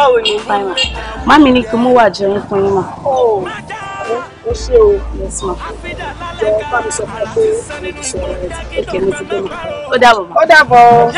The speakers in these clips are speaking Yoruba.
báwo ni. báyìí má mi ní kí mo wà jẹun fún yín mà. Oh. ó ṣe o yes ma. jọ bá mi sọ fún ẹ pé mo ti sọ ọ ẹ ok mo ti dé ma. ó dàbọ̀ ó dàbọ̀.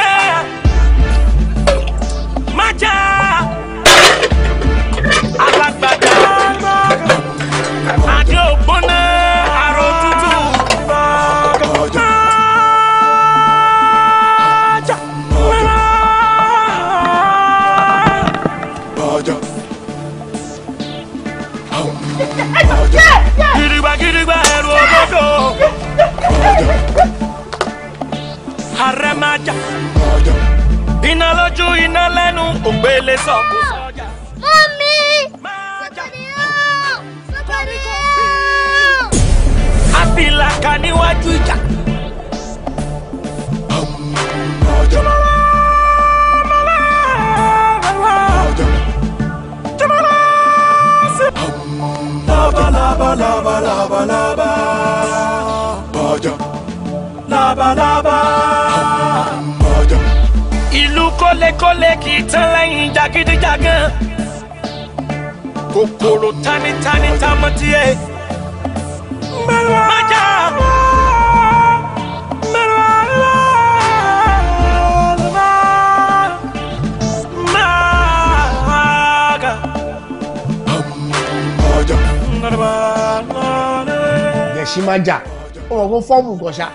kan ṣá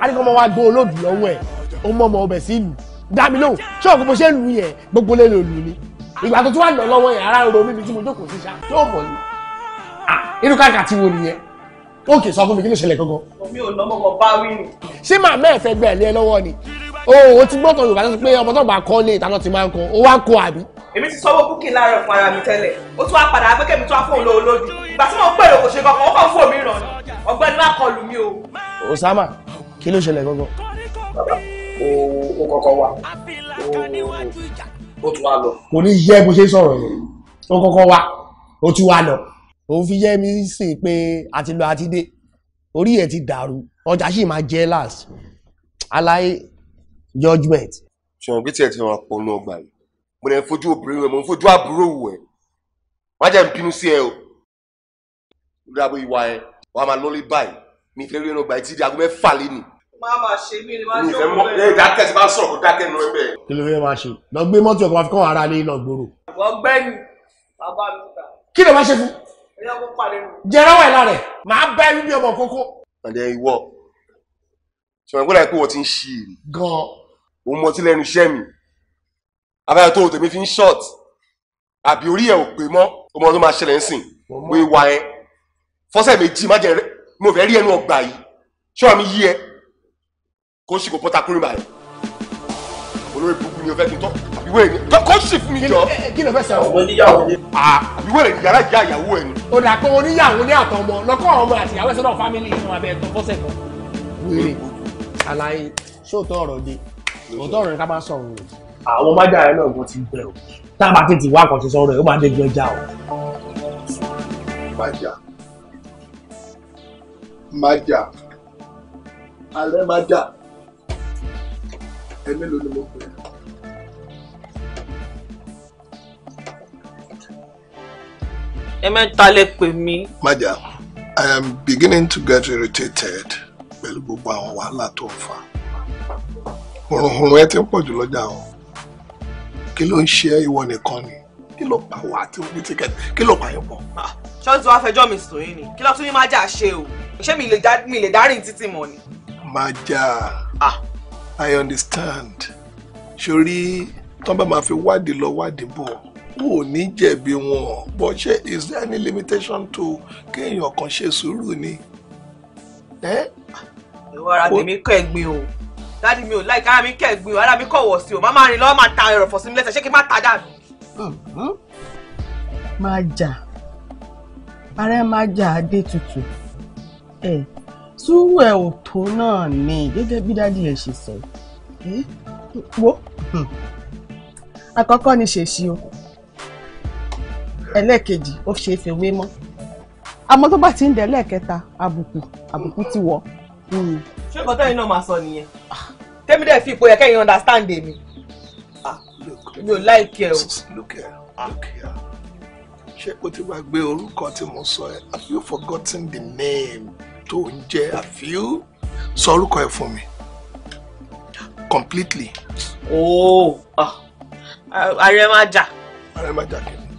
a ní kí ọmọ wa gbọ́ olóòdù lọ́wọ́ ẹ̀ ó mọ ọmọ ọbẹ̀ sí ìlú dá mi lóhùn ṣọ́ọ̀kì bó ṣe lù yẹn gbogbo lè lò lù ni ìgbà tó tún wà lọ lọ́wọ́ yẹn ara ń ro mímí tí mo jókòó sí ṣá yóò bọ̀ ni inú káàkà tí wo nìyẹn ókè sọ fún mi kí ló ṣẹlẹ̀ gangan. mi ò lọ́mọ kan bá ni. ṣé màá mẹ́ẹ̀fẹ́ gbẹ̀ lé ẹ lọ́wọ́ ni o ò ti gbọ́tọ̀ Yorùbá sọ pé ọmọ tó kọ́ lé ìtaná ti máa ń kọ́ ó wá ń àbí. èmi ti sọ́wọ́ búkì láàárọ̀ fún ara mi tẹ́lẹ̀ ó tún wá padà abẹ́kẹ́ mi tún wá fóun lóolódì ìgbà tí mo ń pèrò kò ṣe kankan ó kàn fún òmíràn ọgbẹ́ni má kọlù mi o Osama kí ló ṣẹlẹ̀ gangan. o o tún wá lọ. kò ní yẹ bó ṣe sọ̀rọ̀ yẹn o kọ́kọ́ wá o tún wá lọ. òun fi yẹ mi sí pé a ti lọ àti dé orí ẹ̀ ti dàrú ọjà sì máa jẹ́ last aláì judgement. ṣùgbọ́n bí tiẹ̀ ti ràn pọ̀ nù ọgbà yìí mo lè fojú obìnrin rẹ̀ mo ń fojú àbúrò wò ẹ̀ wájà ń bínú sí ẹ o. ó ìwà ẹ wàá máa lọ́lé báyìí mi fẹ́ rí irun gbà títí aago mẹ́fà lé ni. máa ma ṣe mí ni máa ń jọ mọ bẹ́ẹ̀. dákẹ́ ti máa sọ̀rọ̀ kó dákẹ́ nu ẹgbẹ́. kí ló fẹ́ máa ṣe lọ gbé mọ́tò ọkọ̀ àfikún ara lé lọ gbòòrò. ọ̀gbẹ́ni bàbá mi ta. kí ló máa ṣe fún. ẹyọ kó pàdé mi. jẹrọ wà lára ẹ máa bá ẹrú bí ọmọ kókó. ọ̀dẹ ìwọ sọ̀rọ̀ gbọ́dọ̀ pé wọ́n ti ń ṣí i. gan-an. òun mọtí lẹ́nu iṣẹ́ mi abáyọ tó tèmi fi ń short àbí orí ẹ̀ ò pé mọ́ ọmọ tó máa ṣẹlẹ̀ ń sìn wọ́n ìwà fọ́sẹ̀ méjì má jẹ́ mo fẹ́ rí ẹnu ọgbà yìí ṣé wàá mi yí ẹ kó sì kó pọ́tà kúrin báyìí olórí burúkú ni o fẹ́ kí n tọ́ àbí wẹ́rẹ̀ ni kó sì fún mi jọ. kí ló fẹ́ sọ. ọmọ oníyàwó ni. àbí wẹ́rẹ̀ ni yàrá ìyá ìyàwó ẹ̀ ni. o là kó oníyàwó ní àtọmọ lọkọ ọmọ àti ìyàwó ẹsẹ náà fámìlì ìfún abẹ ẹtọ fọsẹ kan. wíìrì àlàyé sóòótọ́ ọ̀rọ̀ de òótọ́ ọ̀rọ̀ ni ká máa sọ̀rọ̀ rẹ̀. àwọn májà rẹ náà gan ti bẹ̀rù tá a bá tètè wá àkànṣe sọ̀rọ̀ ẹ̀ ó máa dé gbẹ́jà o. májà máa jà alẹ́ máa jà ẹ̀mí ló ni mo pè é. ẹ máa ń pè mí. májà I am beginning to get irritated pẹ̀lú gbogbo àwọn wàhálà tó ń fa hùrùhùrù ẹ ti ń pọ̀ jù lọ́jà o kí ló ń ṣe ẹ́ ìwọ nìkan ni kí ló pa wà àti omi tíkẹ́tì kí ló pa yín pọ̀. ṣọ́ọ́tù wàá fẹjọ́ mi sùn yín ni kí lọ́ọ́ tún yín má jà ṣe o ṣé mi lè dárìn títì mọ̀ ni. màjà ah. i understand sori tán bá máa fi wádìí lọ wádìí bọ̀ ó ní jẹ̀bi wọn bọ́ ṣé is there any limitation to kéèyàn kan ṣe sùúrù ni. ìwọ ara tèmi kọ́ ẹ̀gbin o dáàdi mi ò láì kára mi kẹ́ ẹ̀gbin o ara mi kọ̀ wọ̀ sí o má máa rìn lọ́wọ́ máa ta ẹ̀rọ̀fọ̀ sí mi lẹ́sẹ̀ ṣé kí n má ta dànù. Mm-hmm. máa jà ara máa jà adé tutù ẹ sùúrù ẹ ò tó náà ni gẹ́gẹ́ bí dádì ẹ ṣe sọ eh, wo hmm. àkọ́kọ́ ni ṣèṣì o ẹlẹ́ẹ̀kejì ó ṣe é fèwé mọ́ àmọ́ tó bá ti ń dẹ̀ lẹ́ẹ̀kẹta àbùkù àbùkù ti wọ̀. Hmm. ṣé nǹkan tẹ́yìn náà máa sọ nìyẹn tẹ́mi dẹ̀ fi ipò yẹ kẹ́yìn understand mi ah, mi ò láìkẹ́ o. look here look here ṣé o ti wá gbé orúkọ tí mo sọ ẹ have you forgotten the name tó ń jẹ àfíù sọ orúkọ ẹ fún mi completely. ooo oh, ah. ààrẹ máa jà. ààrẹ máa jà kí ni.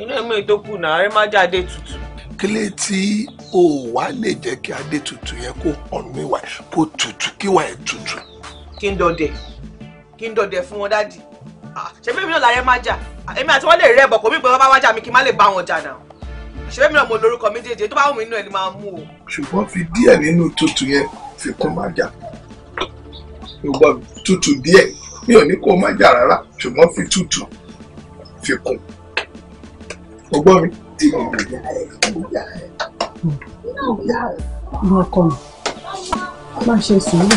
inú ẹ̀mí tó kù náà ààrẹ máa jà dé tutù. kílé tí o wá lè jẹ́ kí adé tutù yẹn kó ọ̀nù mi wà kó tutù kí wà ẹ̀ tutù. kí n dọdẹ kí n dọdẹ fún wọn dádì ah, ṣé bí èmi náà làárẹ̀ máa jà èmi àti wọn lè rẹ́ bọ̀ kò mí pé wọn bá wá kí n má lè bá wọn jà náà ṣebí mi náà mo lórúkọ méjèèjì tó bá wù mí nínú ẹ ni máa mú o. ṣùgbọ́n fi díẹ̀ nínú tútù yẹn fi kún máa jà ṣùgbọ́n tútù díẹ̀ mi ò ní kó má jà rárá ṣùgbọ́n fi tútù fi kún o gbọ́ mi. ọmọ ọkọ mi má ṣe sùúrù.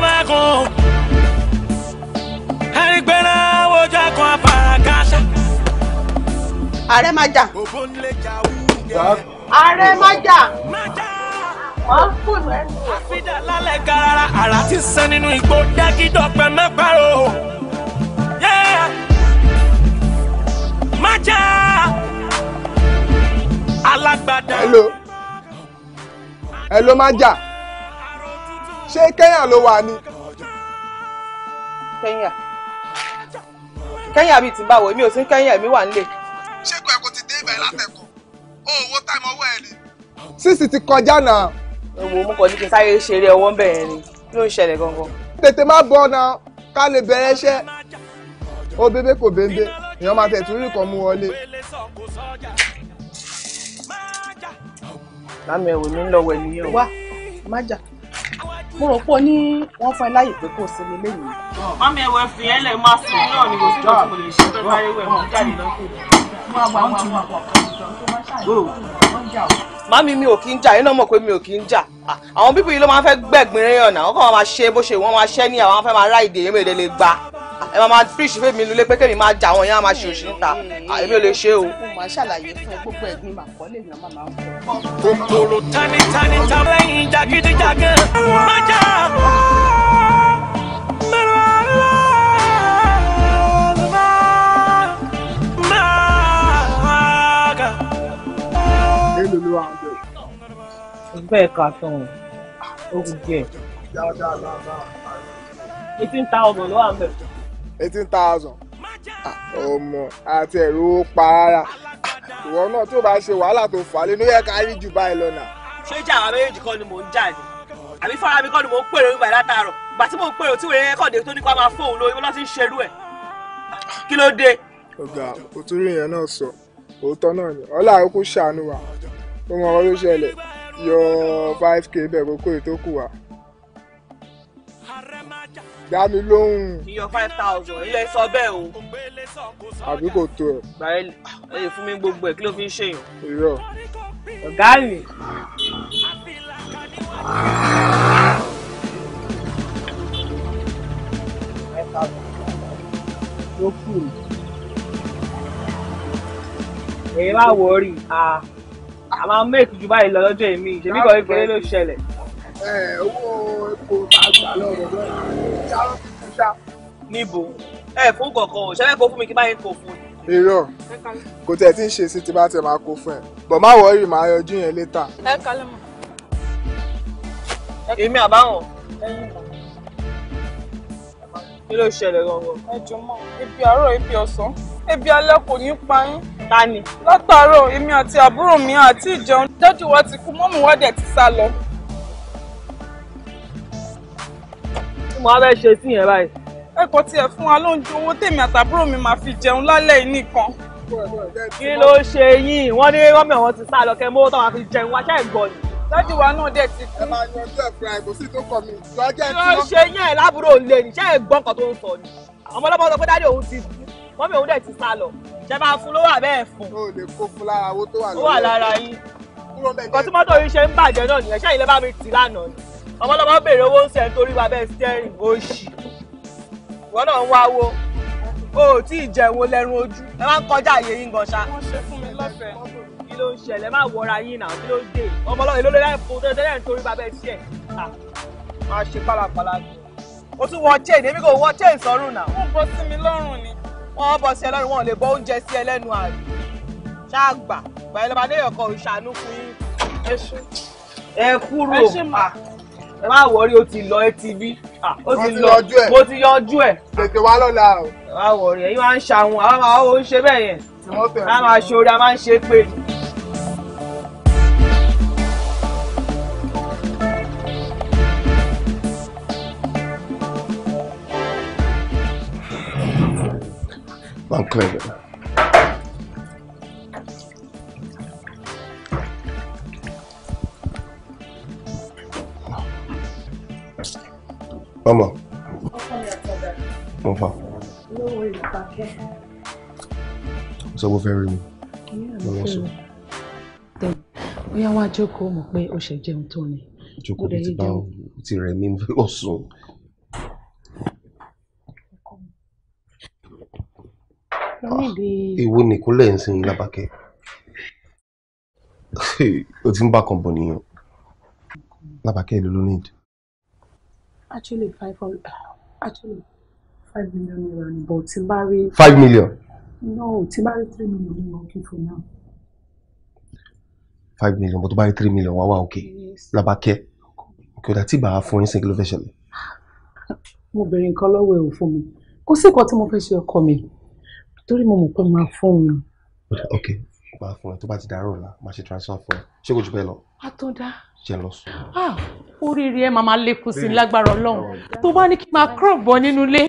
ààrẹ má jà. ààrẹ má jà. wọ́n fún ẹ. àfidà lálẹ́ garara àrà ti sàn nínú igbó dákídọ́pẹ́ má parọ́. má jà. alágbádá. hello hello má jà ṣé kẹ́yà ló wà ní. kẹ́yà kẹ́yà bíi ti báwo èmi ò sí kẹ́yà èmi wà nílé ṣé kò ẹ kò ti dé ibẹ̀ látẹ̀kọ̀ o owó táìmù ọwọ́ ẹ ni. sísì ti kọjá náà. èwo mo kàn ní kí n sáré ṣeré ọwọ́ ń bẹ̀rẹ̀ ni ló ń ṣẹlẹ̀ gangan. tètè má bọ̀ ọ̀nà ká lè bẹ̀rẹ̀ iṣẹ́ ó bébé kò béńbé èèyàn máa tẹ̀tù rí nǹkan mú wọlé. lámì ẹ̀wò mi ń lọ wẹ̀ nìyẹn o. wá má jà mo rò pé o ní wọ́n fún ẹ láyè pé kò sí mi lẹ́yìn. mami ẹ̀wẹ̀ fi ẹ máa sùn náà ni kò kò lè ṣe tó bá wẹ̀ mọ́ jáde lọ́kùnrin mami mi ò kí ń jà iná mọ̀ pé mi ò kí ń jà ah, àwọn bíbí yìí ló máa fẹ́ gbẹ̀gbìn rẹ̀ ọ̀nà wọ́n kàn máa ṣe bó ṣe wọ́n máa ṣẹ́ ní àwọn afẹ́ máa ráìdè èmi ò lè gba ẹ máa máa fíríṣì fún mi lulẹ̀ pé kémi máa jà àwọn yẹn máa ṣe òṣì níta ah, èmi ò lè ṣe o. kòkòrò tanitani tamẹ́yìn jagidijagan máa jà mélòó ló wà ń bẹ̀. ẹgbẹ́ ẹ̀ka tán ó kù díẹ̀. eighteen thousand ló wà ń bẹ̀. eighteen thousand ah, ọmọ àti ẹ̀rù ó pa rárá ìwọ náà tó bá ṣe wàhálà tó fà á lé ló yẹ ká rí jù báyìí lọ́nà. ṣé ìjà àwọn méjèèjì kọ́ ni mò ń jà ni àbí fara mi kọ́ ni mò ń pèrò nígbà látàárọ̀ ìgbà tí mò ń pèrò tí wèrè rẹ́kọ̀dé tó ní kó a máa fóun lórí wọn lọ́sí ń ṣerú ẹ̀ kí ló dé. ọ̀gá òtúrú yẹn náà sọ òótọ́ náà ni ọlá àkókò ṣàánú wa ó mọ ọkọ tó ṣẹlẹ̀ yọ five k bẹ́ẹ̀ kó kó ètò kù wá. dá mi lóhùn. yíyọ five thousand ilé sọ bẹ́ẹ̀ o. àbí kò tó ẹ. gbàrẹ́ ẹ lè fún mi gbogbo ẹ̀ kí ló fi ń ṣèyàn. irọ́. ọ̀gá mi. ló kù. èyí máa wọ̀ a. Ah a máa make ju báyìí lọ lọ́jọ́ èmi ìṣèlú kan kékeré ló ṣẹlẹ̀. owó epo máa gbà lọ́rọ̀ lọ́rọ̀ níbo ẹ fún kọ̀ọ̀kan ò ṣẹlẹ̀ kó fún mi kí báyìí kò fún mi irọ́ kò tẹ̀ tí ń ṣe sí ti bá tẹ̀ máa kó fún ẹ bọ̀ má wọ́ọ̀rì máa yọjú yẹn létà. ẹ kalẹ̀ mọ́. èmi àbáwọ̀n. kí ló ṣẹlẹ̀ gangan. ẹ jọmọ ibi àárọ̀ ibi ọ̀sán ebi alẹ́ kò ní pa yín tani látàárọ̀ èmi àti àbúrò mi àti ìjẹun dádì wa ti kú mọ́mù wa dẹ̀ ti sá lọ. kí mo fẹ́ ṣe sí yẹn báyìí. ẹ kò tiẹ̀ fún wa lóúnjẹ owó tèmi àtàbúrò mi máa fi jẹun lálẹ́ yìí nìkan. kí ló ṣe yín wọ́n ní rọ́mì àwọn ti sá lọ kẹ́ mọ́wó táwọn fi jẹun wáṣẹ́ ìgbọ̀n yìí dádì wa náà dẹ̀ ti kú. ẹ máa yan ọjọ́ ìfura ìbò sí tó kọ mi. lọ́jọ́ tí ṣe yẹn lábúrò lè ní sọ pé dádì òun ti wọ́n fi òun dẹ̀ ti sá lọ ṣe máa fún lówó àbẹ́ẹ̀ fún. o lè kó fún lára owó tó wà lọ́wọ́ ó wà lára yín nǹkan tí mọ́tò yìí ṣe ń bàjẹ́ náà nìyẹn ṣẹ́yìn lè bá mi tì lánàá ni ọmọlọmọ béèrè owó ń sẹ́ nítorí wa bẹ́ẹ̀ stẹ́rìn oṣì ìwọ náà ń wá owó o ò tí ì jẹun lẹ́run ojú ẹ máa ń kọjá àyè yín gan ṣá. wọ́n ṣe fún mi lọ́fẹ̀ẹ́ o tún wọ chain èmi kò wọ chain sọ́rùn náà. ó ń bọ́ sí mi lọ́rùn ni wọ́n bọ̀ sí ẹlẹ́nu wọn lè bọ́ oúnjẹ sí ẹlẹ́nu àrè ṣáàgbà gbàyẹ lọ́ba ní ẹ̀kọ́ ìṣàánú fún yín. ẹ kúrò ẹ má wọrí o ti lọ ẹ ti bí o ti lọ mo ti yọjú ẹ. tètè wá lọ́la o. ẹ má wọrí ẹ yín máa ń ṣàwọn àwọn àwọn ò ń ṣe bẹ́ẹ̀ yẹn. a máa ṣe orí a máa ń ṣe pé. I'll close it. Mama. Mo fa. Sọ bó fẹ́ rí mi. Mo lọ sùn. Ó yá wá jókòó mọ̀ pé ó ṣe jẹun tó ni. Jókòó bí ti bá ti mí lọ sùn. ìwo ah, nìkúnlẹ̀ ń sin lábàkẹ́ o ti ń bá kan bọ̀ nìyẹn lábàkẹ́ ìlú ló need. actually five hundred actually five million naira ni but tí bá rí. five million. no tí bá rí three million ni mo kí fún náà. five million but tó bá rí three million wá wá òkè lábàkẹ́ kódà tí bàá fún yín sí kí ló fẹ́ ṣẹlẹ̀. mo bèrè nǹkan lọ́wọ́ ẹ̀ ò fún mi kò sí nǹkan tí mo fẹ́ ṣe ọkọ mi torí mo mọ̀ pé máa fún mi. ok máa fún ẹ tó bá ti dárò ọ̀la máa ṣe transfer fún ẹ ṣé kò jù bẹ́ẹ̀ lọ. àtọ́dá jẹ lọ sùn. Ah, oríire ẹ máa máa lékún sí i lágbára ọlọ́run tó bá ní kí n máa crop bọ nínú ilé.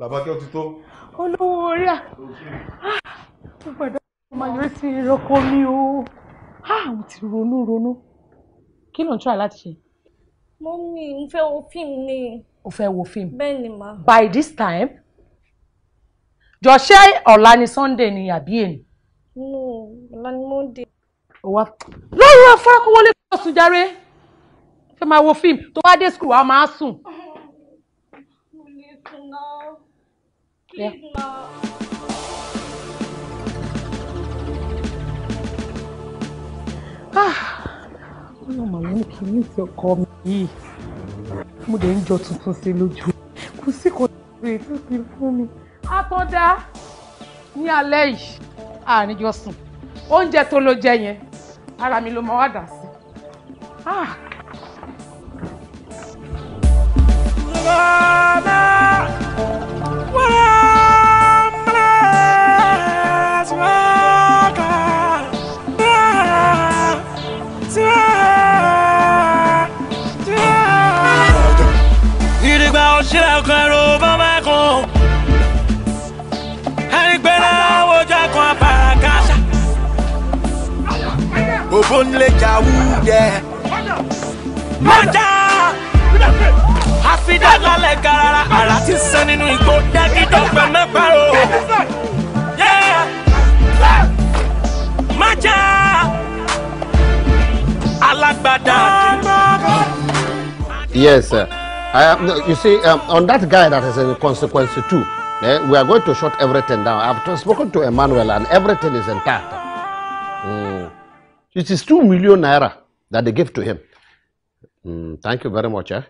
làbákẹ́ ó ti tó. olówó orí à ó ah, gbọ́dọ̀ máa yọrí sí ẹranko mi o ah, mo ti ronú ronú kí ló ń try láti ṣe. mọ́mí n fẹ́ wo fíìmù ni. o fẹ́ wo fíìmù. bẹ́ẹ̀ ni ma. by this time jọ ṣé ọ̀la ni Sunday ni àbí èmi. ọ̀la ni Monday. òwa lọ́rùn afárakọ́wọlé kò sùn járe fẹ́ máa wo fíìmù tó bá dé skul wa máa sùn. mo lè ọ̀nà màlúù kì í ti ọkọ mi yìí mo dẹ̀ ń jọ tuntun sí lójú kò sí kò tó ètò ìfún mi àtọ̀dá ní alẹ́ yìí àníjọ sùn oúnjẹ tó ló jẹ yẹn ara mi ló máa wá dà sí. Ah! Bàbá wàá. òbó ńlẹ̀ jáwù yẹ. garara àrà ti sẹ́ nínú igbó dágídọ́gba mẹ́fà o. mọ́jà alágbádá. Yes, Uh, no, you see, um, on that guy that is a consequence too, eh, we are going to shut everything down. I've spoken to Emmanuel and everything is intact. It is 2 million naira that they gave to him. Mm, thank you very much. Eh?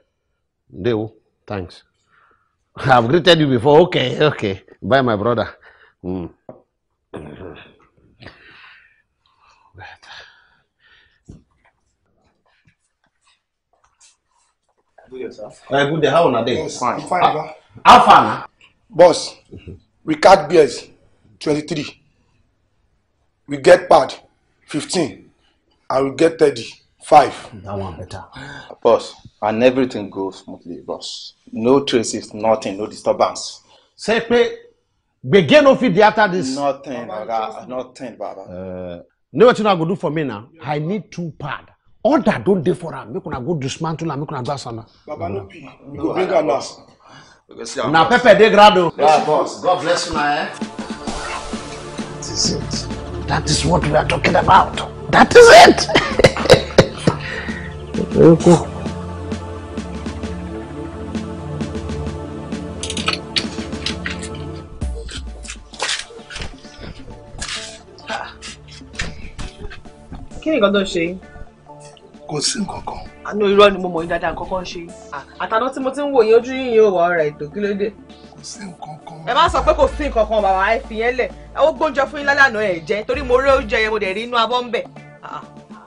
Deo, thanks. I've greeted you before. Okay, okay. Bye, my brother. Mm. Good day, sir. Uh, good day. How are they? Yes, fine. fine ah, boss. how far? Ricard Beers, 23. We get pad, 15. I will get thirty five. That one better. Boss, and everything goes smoothly, boss. No traces, nothing, no disturbance. Say, pé begin no it after this. Nothing, Baba, nothing, Baba. Uh, know what wetin una go do for me now? I need two pad. All that don't do for am, make una go dismantle and make una do as una. Baba no pee, you go bring am last. Na pepper dey ground o. God bless una. Eh? This is it. That is what we are talking about that is it. Eko. kí ni nǹkan tó ń ṣe kò sí nǹkan kan. àánú irọ́ ni mo mọ̀ yín dáadáa nǹkan kan ṣe. àtàná tí mo ti ń wò yín ojú yín yóò wà ọ̀rọ̀ ètò kí ló dé. kò sí nǹkan kan. ẹ má sọ pé kò sí nǹkan kan bàbá ẹ fi yẹn lẹ̀ ẹ ó gbóúnjẹ fún yín lálẹ́ àná ẹ̀ jẹ́ torí mo rí oúnjẹ yẹn mo dẹ̀ rí inú abọ́ ń bẹ̀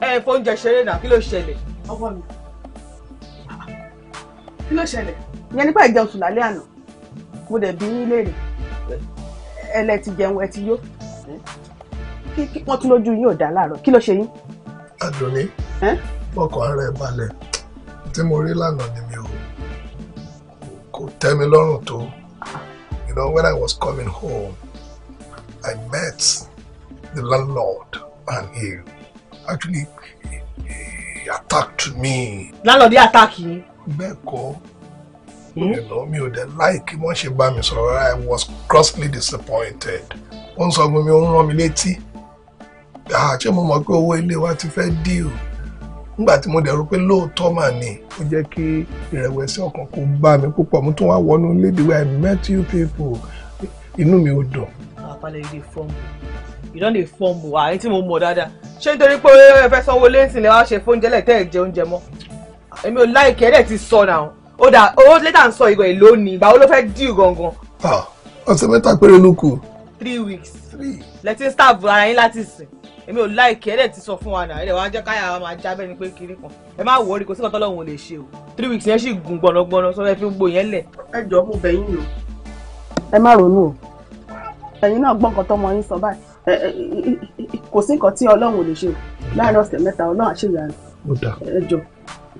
ẹ fóúnjẹ ṣeré náà kí ló ṣẹlẹ̀. ọkọ mi kí ló ṣẹlẹ̀. ìyẹn nípa ìjẹ oṣù lálẹ́ àná mo dẹ̀ bí nílé rẹ̀ ẹ ti jẹun ẹ ti yó kí wọ́n tún lójú yín ò dá láàárọ̀ kí ló ṣe yín. àdùnní ọkọ ara ẹ balẹ̀ tí mo rí lánàá ni mi ò kò tẹ́ mi lọ́rùn tó you know when I was coming home I met the landlord and he actually he eh, attacked me. lálọ́dí attack yín. bẹ́ẹ̀ kọ́ ìlọ hmm? mi ò dé láìkí wọ́n ṣe bá mi sọ̀rọ̀ I was grossly disappointed ó ń sọ fún mi ó ń rán mi létí àṣé mo mọ̀ pé owó ilé wa ti fẹ́ dí o nígbà tí mo dẹ̀rù pé lóòótọ́ mà ni ó jẹ́ kí ìrẹ̀wẹ̀sì ọkàn kó bá mi púpọ̀ mo tún wá wọnú lédi I met you people inú mi ò dùn àpàlẹ̀ yìí fọ́ọ̀mù you don fọ́ọ̀mù àyè tí mo mọ̀ dáadáa ṣé nítorí pé ẹ fẹ́ sanwó lẹ́sìn lè wá ṣe fóúnjẹ lẹ̀ jẹ oúnjẹ mọ́ èmi ò láìkí ẹ̀ dẹ̀ ti sọ náà ó dà owó lẹ́tà ń sọ ìgò èlò ni ìgbà wo ló fẹ́ díù gangan. ọ̀sẹ̀ mẹ́ta péré ló kù. three weeks lẹ́tí staff ara yín láti sìn èmi ò láìkí ẹ̀ dẹ̀ ti sọ fún wa náà ẹ̀ dẹ̀ wá jẹ́ káyà wa máa já bẹ́ẹ̀ ni pé kiri kan ẹ má wọrí kò sí kan tọ́lọ́hún ò lè ṣe o three weeks yẹn sì gùn gbọ̀nàgbọ̀nà sọ fẹ́ fi gbò yẹn lẹ̀. ẹ jọ mú bẹyìn o. ẹ má ronú o ẹ̀yin náà gbọ́ nǹkan tọmọ yín sọ báyìí kò sí nǹkan tí ọlọ́run ò lè ṣe láàárín ọ̀sẹ̀ mẹ́ta ọlọ́run àṣeyà rẹ̀. ó dà ẹ jọ.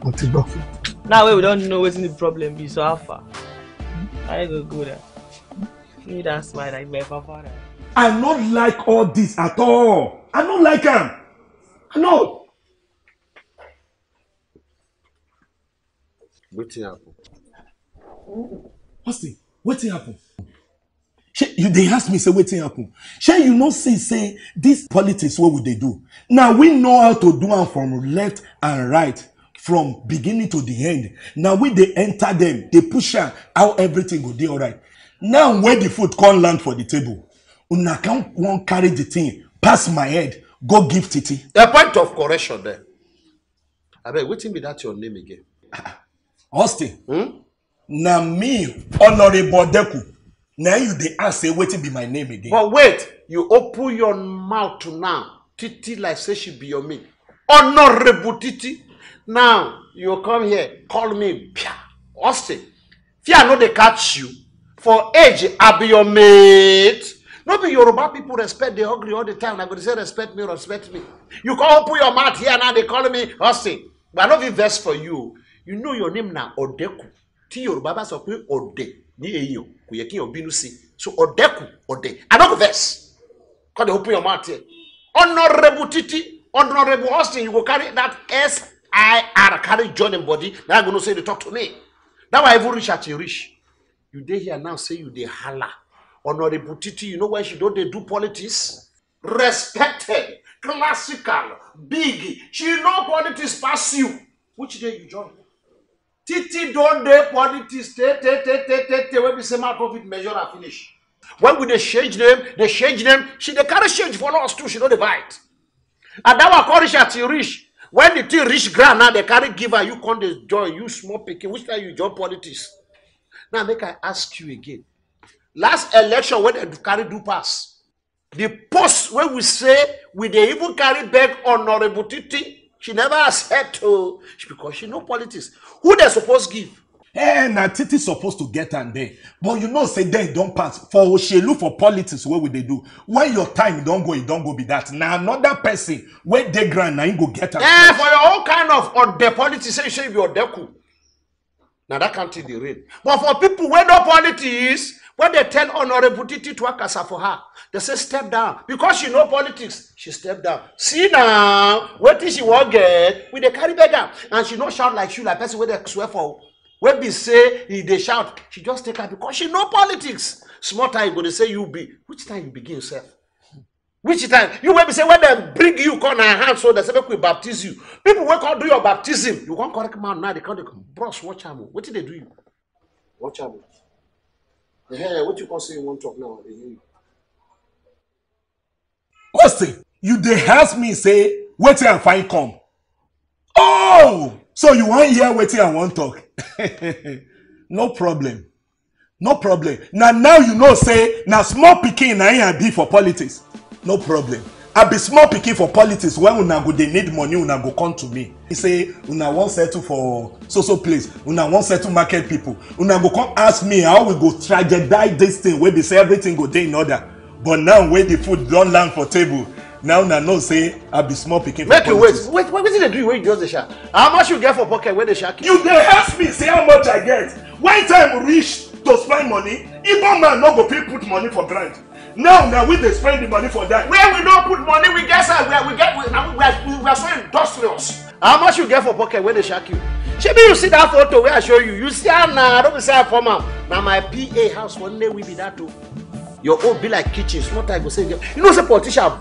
mo ti gbọ́. now wey we don know wetin the problem be so how far i go go there need that smile like my papa na. i no like all this at all i no like am i no. wetin happen. pastor wetin happen you dey ask me say wetin happen shey you no see say dis politics wey we dey do na we know how to do am from left and right from beginning to di end na we dey enter dem dey push am how everything go dey alright now wey di food come land for di table una come wan carry di thing pass my head go give titi. a point of correction there abeg wetin be dat your name again. austin hmm? na me honourable deku na you dey ask say wetin be my name again. but wait you open your mouth now titi like say she be your maid honourable titi now you come here call me bia austin fear no dey catch you for age i be your mate no be yoruba people respect dey hungry all the time na go dey say respect me respect me you come open your mouth here now dey call me austin but i no fit vex for you you know your name na odeku ti yoruba bá sọ pé ode ni èyí o kò yẹ kéèyàn bínú sí so ọ̀dẹ́ kù ọ̀dẹ́ another verse God dey open your mouth here honourable titi honourable austin you go carry that s i r carry join im body na i go know say you dey talk to me that one even reach at you reach you dey here now say you dey hala honourable titi you know why she don dey do politics respected classical big she know politics pass you which day you join titi don dey politics tey tey tey tey tey tey wey be say man profit measure and finish when we dey change name dey change name she dey carry change follow us too she no dey bite and that one come reach as reach when the thing reach ground now dey carry give her you come dey join you small pikin which time you join politics now make i ask you again last election wey dem carry do pass the post wey we say we dey even carry beg honourable titi she never accept o oh. because she know politics who dey suppose give. Eh, na titi suppose to get am there but you know say there don pass for oselu for politics wey we dey do when your time don go e don go be that na another person wey dey ground na him go get am. Eh, for your own kind of ode politics say you say you be odeku na that kind thing dey reign but for people wey no politics When they tell Honorable Titi to Akasa for her, they say, step down. Because she know politics, she step down. See now, what is she won't get? with the carry her And she no shout like you, like person where they swear for. When be say, if they shout, she just take her because she know politics. Small time, go they say you be. Which time you begin yourself? Which time? You will be say, when they bring you, come and hand, so they say, make we baptize you. People will come do your baptism. You can't correct man now, they can't, they can't. Bros, watch him. Oh. What did they do you? Watch him. Hey, what you gonna say you talk now? They hear you. Question, you dey ask me say wetin I find come. Oh, so you want hear wetin I want talk? no problem. No problem. Now now you know say now small picking na him be for politics. No problem i be small pikin for politics when una go dey need money una go come to me He say una wan settle for so so place una wan settle market people una go come ask me how we go tragedize this thing wey be say everything go dey in order but now wey the food don land for table now una know say i be small pikin for make politics. make you wait wait wetin dey do you wey you just dey shout how much you get for pocket wey dey shout. you dey ask me say how much i get when time reach to spend money igbo man no go fit put money for ground now na we dey spend the money for that. where we no put money we get side where we get we na we are we are so industrious. how much you get for pocket wey dey shark you shebi you see dat photo wey i show you you see am na i no be say i form am na my pa house for nnewi be dat o oh. your own be like kitchen small time go say you know say politician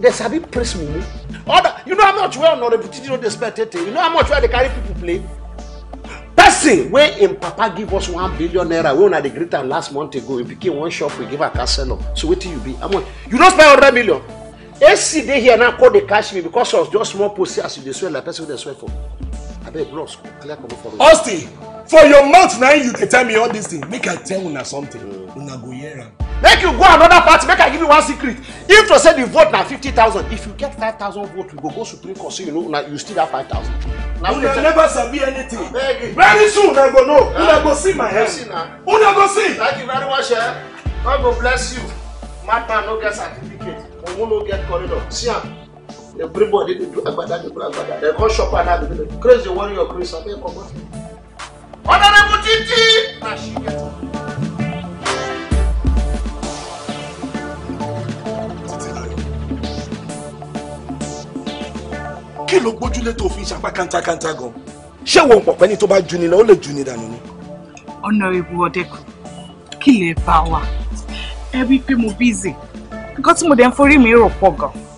dey sabi press mumu Order. you know how much wey honourable titi no dey spend tey tey you know how much wey i dey carry people play person wey im papa give us one billion naira wey una dey greet am last month ago im pikin one shop we give her cash sell am so wetin you be amon you don spend hundred million ac dey here now call dey cash me because of just small post as you dey swear like person wey dey swear for abeg bros clear comot for me. austin for your mouth na you dey tell me all dis thing make i tell una something mm. una go hear am. make you go another party make i give you one secret if to say the vote na fifty thousand if you get five thousand vote you go go supreme court so you know na you still have five thousand. na una never sabi anything very soon una go know ah, una go see my hand ah. una go see. thank you very much eh god go bless you madman no get certificate omo no get corridor see am. everybody dey do agbada dey do agbada dem come chop am now dey craze dey worry your craze abeg comot ọ̀nàdẹ́kù títí. kí ló gbójúlé tó fi ń sapá kántákántá gan ṣé wọn pọ̀pẹ́ ni tó bá juni náà ó lè juni dànù ni. Honorable Ọ̀dẹ́kùn kí lè bá wa ẹ wí pé mo bízì nǹkan tí mo dẹ̀ ń forí mi rò pọ̀ gan-an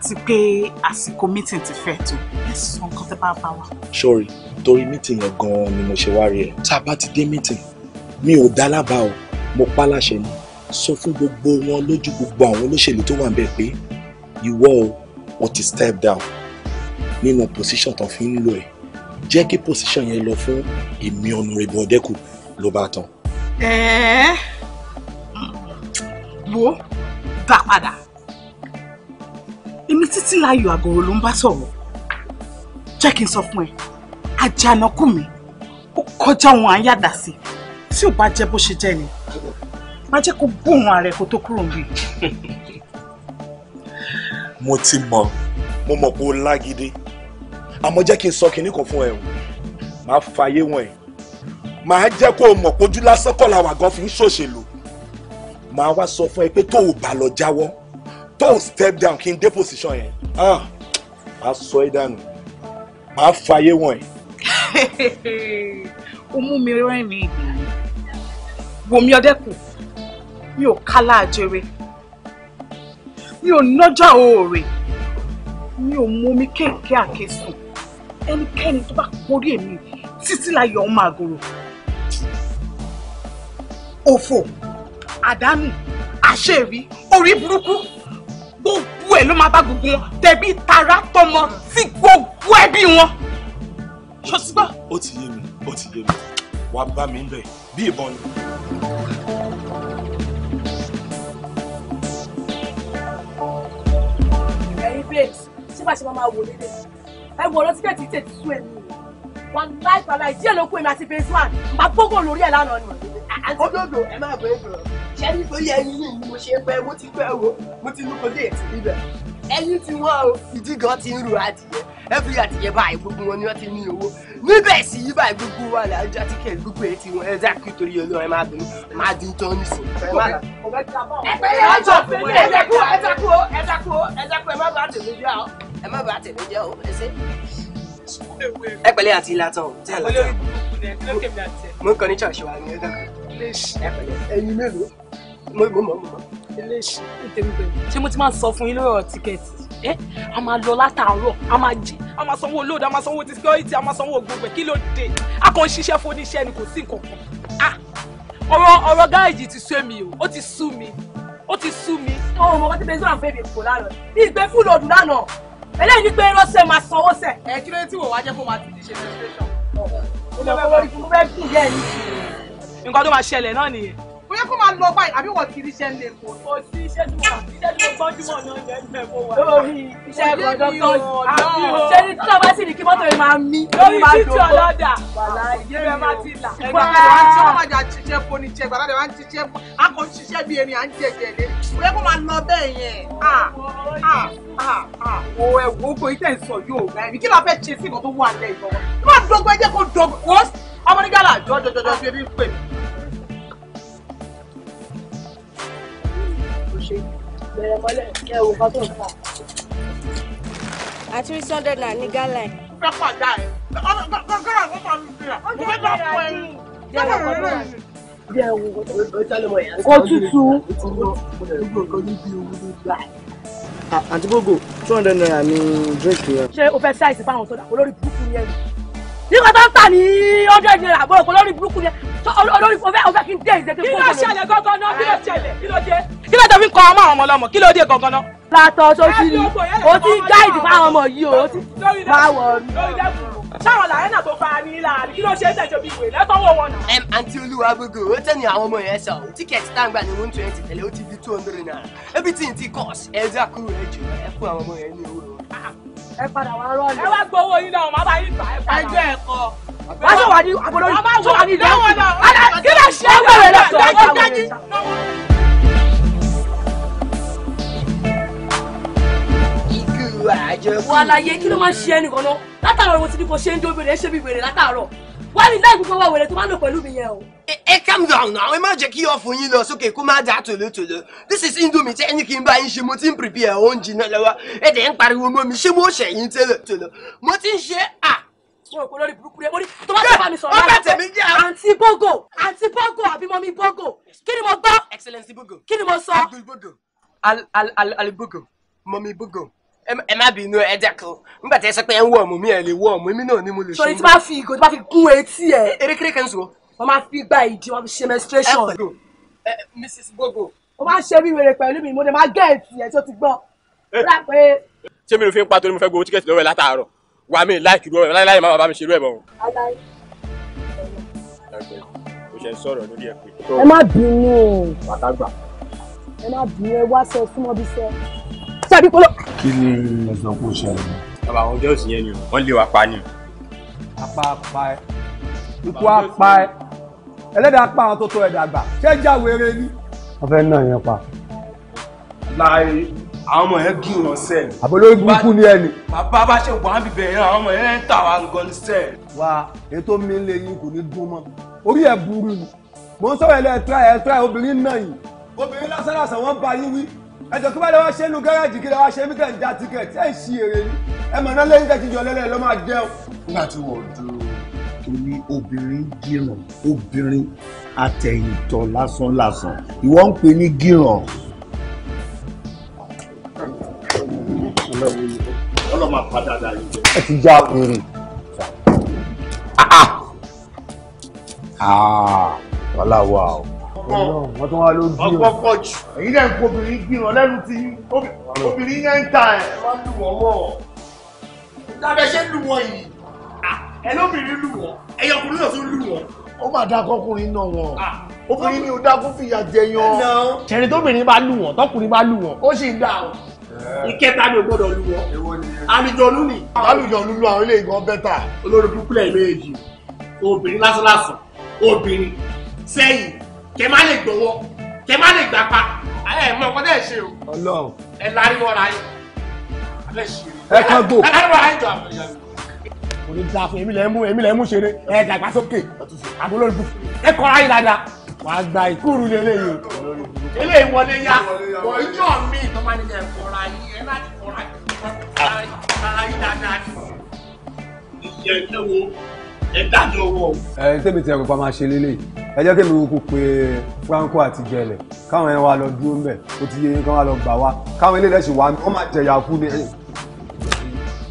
àti pé àsìkò meeting ti fẹ́ tó ẹ sọ nǹkan tẹ́ bá bá wa. sọ́ọ̀rì torí meeting yẹn gan-an ni mo ṣe wá rí ẹ tá a bá ti dé meeting mi ò dá lábàá o mo pa láṣẹ ni sọ fún gbogbo wọn lójú gbogbo àwọn olóṣèlú tó wà ń bẹ pé ìwọ o o ti step down nínú position tó fi ń lò ẹ jẹ́ kí position yẹn lọ fún èmi honorable Odeku ló bá tán. ẹ̀ẹ́ wo dá padà èmi títí láyọ̀ àgọ̀rọ̀ ló ń bá sọ̀rọ̀ jẹ́ kí n sọ fún ẹ àjànàkú mi ó kọjá ohun àyàdà sí tí ò bá jẹ́ bó ṣe jẹ́ ni má jẹ́ kó gbóhùn ààrẹ kó tó kúrò níbí. mo ti mọ mo mọ pé ó lágídé àmọ́ jẹ́ kí n sọ kinní kan fún ẹ o màá fàyè wọn ẹ màá jẹ́ kó o mọ̀ pójú lásán kọ́ làwọn àgọ́ fi ń ṣòṣèlú màá wá sọ fún ẹ pé tó o bá lọ jáwọ́ tó step down kí n dé position yẹn ah a sọ ẹ dànù màá fàyè wọn ẹ. o mú mi rẹ́rìn mi ìgbìmọ̀ wòmí ọdẹkùn mi ò kálá àjẹrẹ mi ò nọjà òòrè mi ò mú omi kéèké àkesùn ẹnikẹ́ni tó bá korí èmi títí la yọ ọmọ àgòrò òfò àdánù àṣẹ èrí orí burúkú gbogbo ẹ̀ ló máa bá gbogbo wọn tẹ̀bí tara tọmọ sí gbogbo ẹbí wọn. ṣọsígbà. ó ti yé mi ó ti yé mi wàá bá mi ń bẹ bí ìbọn ni. ẹ̀yin babes ṣé bá ṣe máa máa wò lédè ẹ wọ ọ̀rọ̀ tí bẹ́ẹ̀ ti tètè sú ẹ̀mí o wọn láì one bá gbógbó lórí ẹ̀ lánàá ni. òdodo ẹ máa bọ èdò ṣé nítorí ẹyin yìí ni mo ṣe pẹ́ mo ti pẹ́ o mo ti lóko dé ètò ibẹ̀ ẹyin ti wọ́n o ìdí gan ti ń ro adìyẹ ẹbí àtìyẹ báyìí gbogbo wọn ni wọ́n ti ní owó níbẹ̀ sí yí báyìí gbogbo wa là ń já tíkẹ̀ gbogbo ẹ̀ tí wọ́n ẹ̀ dá kí torí ọlọ́run ẹ máa dùn máa dín tán nísìn. ẹgbẹ́lẹ́ ọjọ́ ẹ dákú má bàa tèmi jẹ́ o ẹ má ẹ pẹ̀lẹ́ àti ìlàtọ̀ tí a lọ tán mo ń kọ ní ṣọ́ọ̀ṣì wa ní ẹ̀dá ẹ̀yin mélòó mo mọ̀ mo mọ̀. ṣé mo ti máa ń sọ fún yín lórí ọ̀rọ̀ tíkẹ́ẹ̀tì ẹ́ a máa lọ látàárọ̀ a máa jí a máa sanwó lóòdù a máa sanwó ti security a máa sanwó gbogbo ẹ̀ kí ló dé a kàn ń ṣiṣẹ́ fún oníṣẹ́ ni kò sí nǹkan kan ọ̀rọ̀ ọ̀rọ̀ gáàjì ti sú èmi o ó ti sú mi ó ti sú mi. ọmọ ọmọ kan ti bẹ sọ́ra fún èmi kò lánàá ní ìgbẹ́ fúlọ̀dù lánàá eléyìí ni pé ránṣẹ́ máa sanwó sẹ̀. ẹ kí ló tí wò wá jẹ́ kó máa tètè ṣe registration. nǹkan tó máa ṣẹlẹ̀ náà nìyẹn yẹ kó máa lọ báyìí àbí wọ́n ti rí iṣẹ́ ńlẹ̀ kó. kò sí iṣẹ́ tí mo iṣẹ́ tí mo gbọ́dúmọ̀ náà yẹn ń bẹ̀ fún wa. lórí iṣẹ́ gbọ́dọ̀ tó àbí o. ṣé ní tọ́lá bá sì ní kí mọ́tò yẹn máa mí. lórí títí ọlọ́dà ìbẹ̀ máa ti là. ẹgbẹ́ wa ń ṣe wọ́n máa jà ṣiṣẹ́ foni jẹ gbàdá rẹ̀ wá ń ṣiṣẹ́ a kò ń ṣiṣẹ́ bí erin à ń jẹ̀jẹ̀ lé. kò yẹ kó máa lọ bẹ́ẹ̀ yẹn. o ẹ wo ko iṣẹ́ ìsọ yóò gbà ẹ̀mí kí ló fẹ́ ṣe sí ìkan tó wà lẹ́yìn lọ́wọ́. má dọ́gbọ́n ẹ jẹ́ kó dọ́gbọ́n ọmọ nígbà làjọ́ jọjọjọ bí ebi ń pè mí. three ṣe bẹ̀rẹ̀ mọ́lẹ̀ kẹ́ ẹ wò ká tó ń fà. àti rí sunday náà ní gálà yìí. ó fẹ́ pàdá ẹ̀ gọ́gọ́rọ̀ ló máa ń fi hàn mo fẹ́ bá fún ẹ kò tútù. àǹtí gbogbo two hundred naira ni drink yẹn. ṣé o fẹ́ ṣáìsì fáwọn sọ́dà olórí burúkú yẹn nígbà tó ń tà ní ọjọ́ ìdílé àbọ̀ òkú lórí burúkú yẹn olórí ọfẹ́ ọfẹ́ kí n dé ìdẹ́gbẹ́ kí ló ṣẹlẹ̀ gangan náà kí ló ṣẹlẹ̀ kí ló dé. kí ló dé fi ń kọ ọmọ àwọn ọmọ ọlọmọ kí ló dé gangan náà. látọ̀ sójú ni o ti gáìdì fáwọn ọmọ yìí o ti máa wọ̀ ọ́ sáwọn làárẹ̀ náà tó fara ní ilà kí ló ṣe é tẹ̀jọ́ bíi ìwé lẹ́tọ́wọ́ wọn náà. ẹm àǹtí olúwagbogbo ó tẹ́ ni àwọn ọmọ yẹn sọ tíkẹ́ẹ̀tì táǹgbà ní one twenty tẹ̀lé ó ti di two hundred naira everything ti cost ẹ dákúrò ẹ jù ẹ fún àwọn ọmọ yẹn ní owó wọn ẹ padà wá gbowó yín náà màá bá yín gbà ẹ padà. ẹjọ́ ẹ̀kọ́. wàá sọ wà ní agbolo sọ wà ní ìdí ẹkùn alẹ kí lè ṣe ẹgbẹ́ rẹ lọ sọ wọn dájú. ikú àjẹkù. wàhálà kí ló máa ń ṣe ẹnì kan náà látàárọ̀ ni ti ní kò ṣe ń dóbi rẹ̀ ṣe bí wèrè látàárọ̀ wá mi láì gbogbo wa wèrè tó máa ń lò pẹ̀lú mi yẹn o. ẹ calm down now ẹ má jẹ́ kí ọ̀fun yín lọ sókè kó má dà tòlótòló this is indomie tí ẹni kì í bá yín ṣe mo ti ń prepare oúnjẹ náà lọ́wọ́ ẹ dẹ̀ ń pariwo mọ́ mi ṣé mo ṣẹ̀yìn tòlótòló mo ti ń ṣe à wọn kò lórí burúkú rẹ mo ní tó bá tó bá mi sọ̀rọ̀ lára pé àǹtí bógò àǹtí bógò àbí mọ́mí bógò kí ni mo gbọ́. kí ni mo sọ. abdul al al al bógò mọ́mí bógò ẹ má bínú ẹ dẹ́kun nígbà tí ẹ sọ pé ẹ ń wọ ọmọ mi ẹ lè wọ ọmọ mi náà ni mo lè ṣe. sọ̀rọ̀ tí máa fi ìgò tí máa fi gún etí ẹ. erékeré kan sọ. wọ́n máa fi gba ìdí wọn fi ṣe menstruation. ẹ pẹ̀lú Mrs. Gogo. wọ́n máa ṣe bí wèrè pẹ̀lú mi mo lè máa gẹ́ ẹ̀tì ẹ̀ tó ti gbọ́. Eh. ṣé mi ò fi ń pa torí mo fẹ́ gbowó tíkẹ́ẹ̀tì lọ́wọ́ ẹ̀ látàárọ̀ wà mí láì kìlú ọ̀rẹ́ láì máa bá mi ṣe irú ẹ̀ mọ́. ẹ má sábì polo. kí ni ẹ sọ pé ó ṣẹlẹ̀. bàbá àwọn ọjọ́ ìsìn yẹn ni wọ́n lé wa pa ni. apá apá ẹ ikú apá ẹ ẹlẹ́dàá pa àwọn tó tó ẹ̀dá gbà ṣé jáwèrè ni. wọ́n fẹ́ náà yẹn pa. láì àwọn ọmọ yẹn kí wọn sẹ́ẹ̀. àbólórí burúkú ni ẹni. bàbá bá ṣe wà bíbẹ̀ yẹn àwọn ọmọ yẹn ń tà wá gan sẹ́ẹ̀. wa ètò mi lè yín kò ní dún mọ́ orí ẹ̀ burú ni mo ń sọ̀rọ̀ ẹ̀ lẹ́ẹ̀ tíra ẹ̀ tíra obìnrin náà yìí obìnrin lásán lásán wọ́n bá yín wí ẹjọ kí wàá lọ wá ṣe nu gáràjì kí lọ wá ṣe mí kàn já tíkẹ̀tì ẹ̀ ṣí èrè ni ẹ mọ̀ náà lẹ́yìn tẹ̀sí yọ lẹ́lẹ́ ló máa jẹun. nígbà tí wọ́n dúró torí obìnrin gíràn obìnrin àtẹ̀yìntọ̀ lásán lásán ìwọ ń pè ní gíràn. ẹ ti já orin. Ah, ah. Ah, wàhálà wà o ọgbọ́n wọ́n tún wá ló ń bí o ọgbọ́n pọ̀ jù èyí dẹ̀ ń kó obìnrin gbìyànjú lẹ́nu tí obìnrin yẹn ń ta ẹ̀ wọ́n lù wọ́n mọ́ ọ lábẹ́ ṣe ń lù wọ́n yìí ẹ lóbìnrin lù wọ́n ẹ̀yọ ọkùnrin náà tún lù wọ́n. ó mà dá akọkùnrin náà wọn obìnrin ni ó dá kó fìyà jẹ yan. ṣẹ̀rí tóbìnrin bá lù wọ́n tọkùnrin bá lù wọ́n ó sì dá o eh. ìkẹta ni o gbọ́dọ̀ lù wọ́n alùjọ̀lù ni. alùjọ̀lù lu àwọn ilé ìgbọ̀n bẹ́tà. olórí púpìlẹ̀ méjì obìnrin lásánlásán obìnrin sẹ́yìn kẹ má lè gbọ́wọ́ kẹ má lè gbapá ẹ mọ ọkọ dẹ ṣe o Ọlọ́run ẹ láríwọ ra yín abẹ ṣe ẹ kàn gbò ẹ láríwọ ra yín jọ àbẹyà kò ní dáa fún èmi lẹ mú èmi lẹ mú ṣeré ẹ dàgbà sókè àbúrò ìbú ẹ kọra yín dáadáa wàá gba ìkúrú ní eléyìí eléyìí wọlé yá bọ ìjọ mi tó máa ní ẹ yín ẹ láti kọra yín dáadáa ìyẹn tẹ́wọ́ ẹ dáná owó. ẹ tẹ́mi tí ẹ̀rù pa máa ṣe lélẹ̀ ẹ jẹ́ kémi kò pé Franco àti Gẹ̀lẹ̀ káwọn ẹran wa lọ dúró ń bẹ̀ ó ti yẹ kán wa lọ gbà wá káwọn ilé rẹ̀ sì wá ó máa jẹ̀yà kú ni.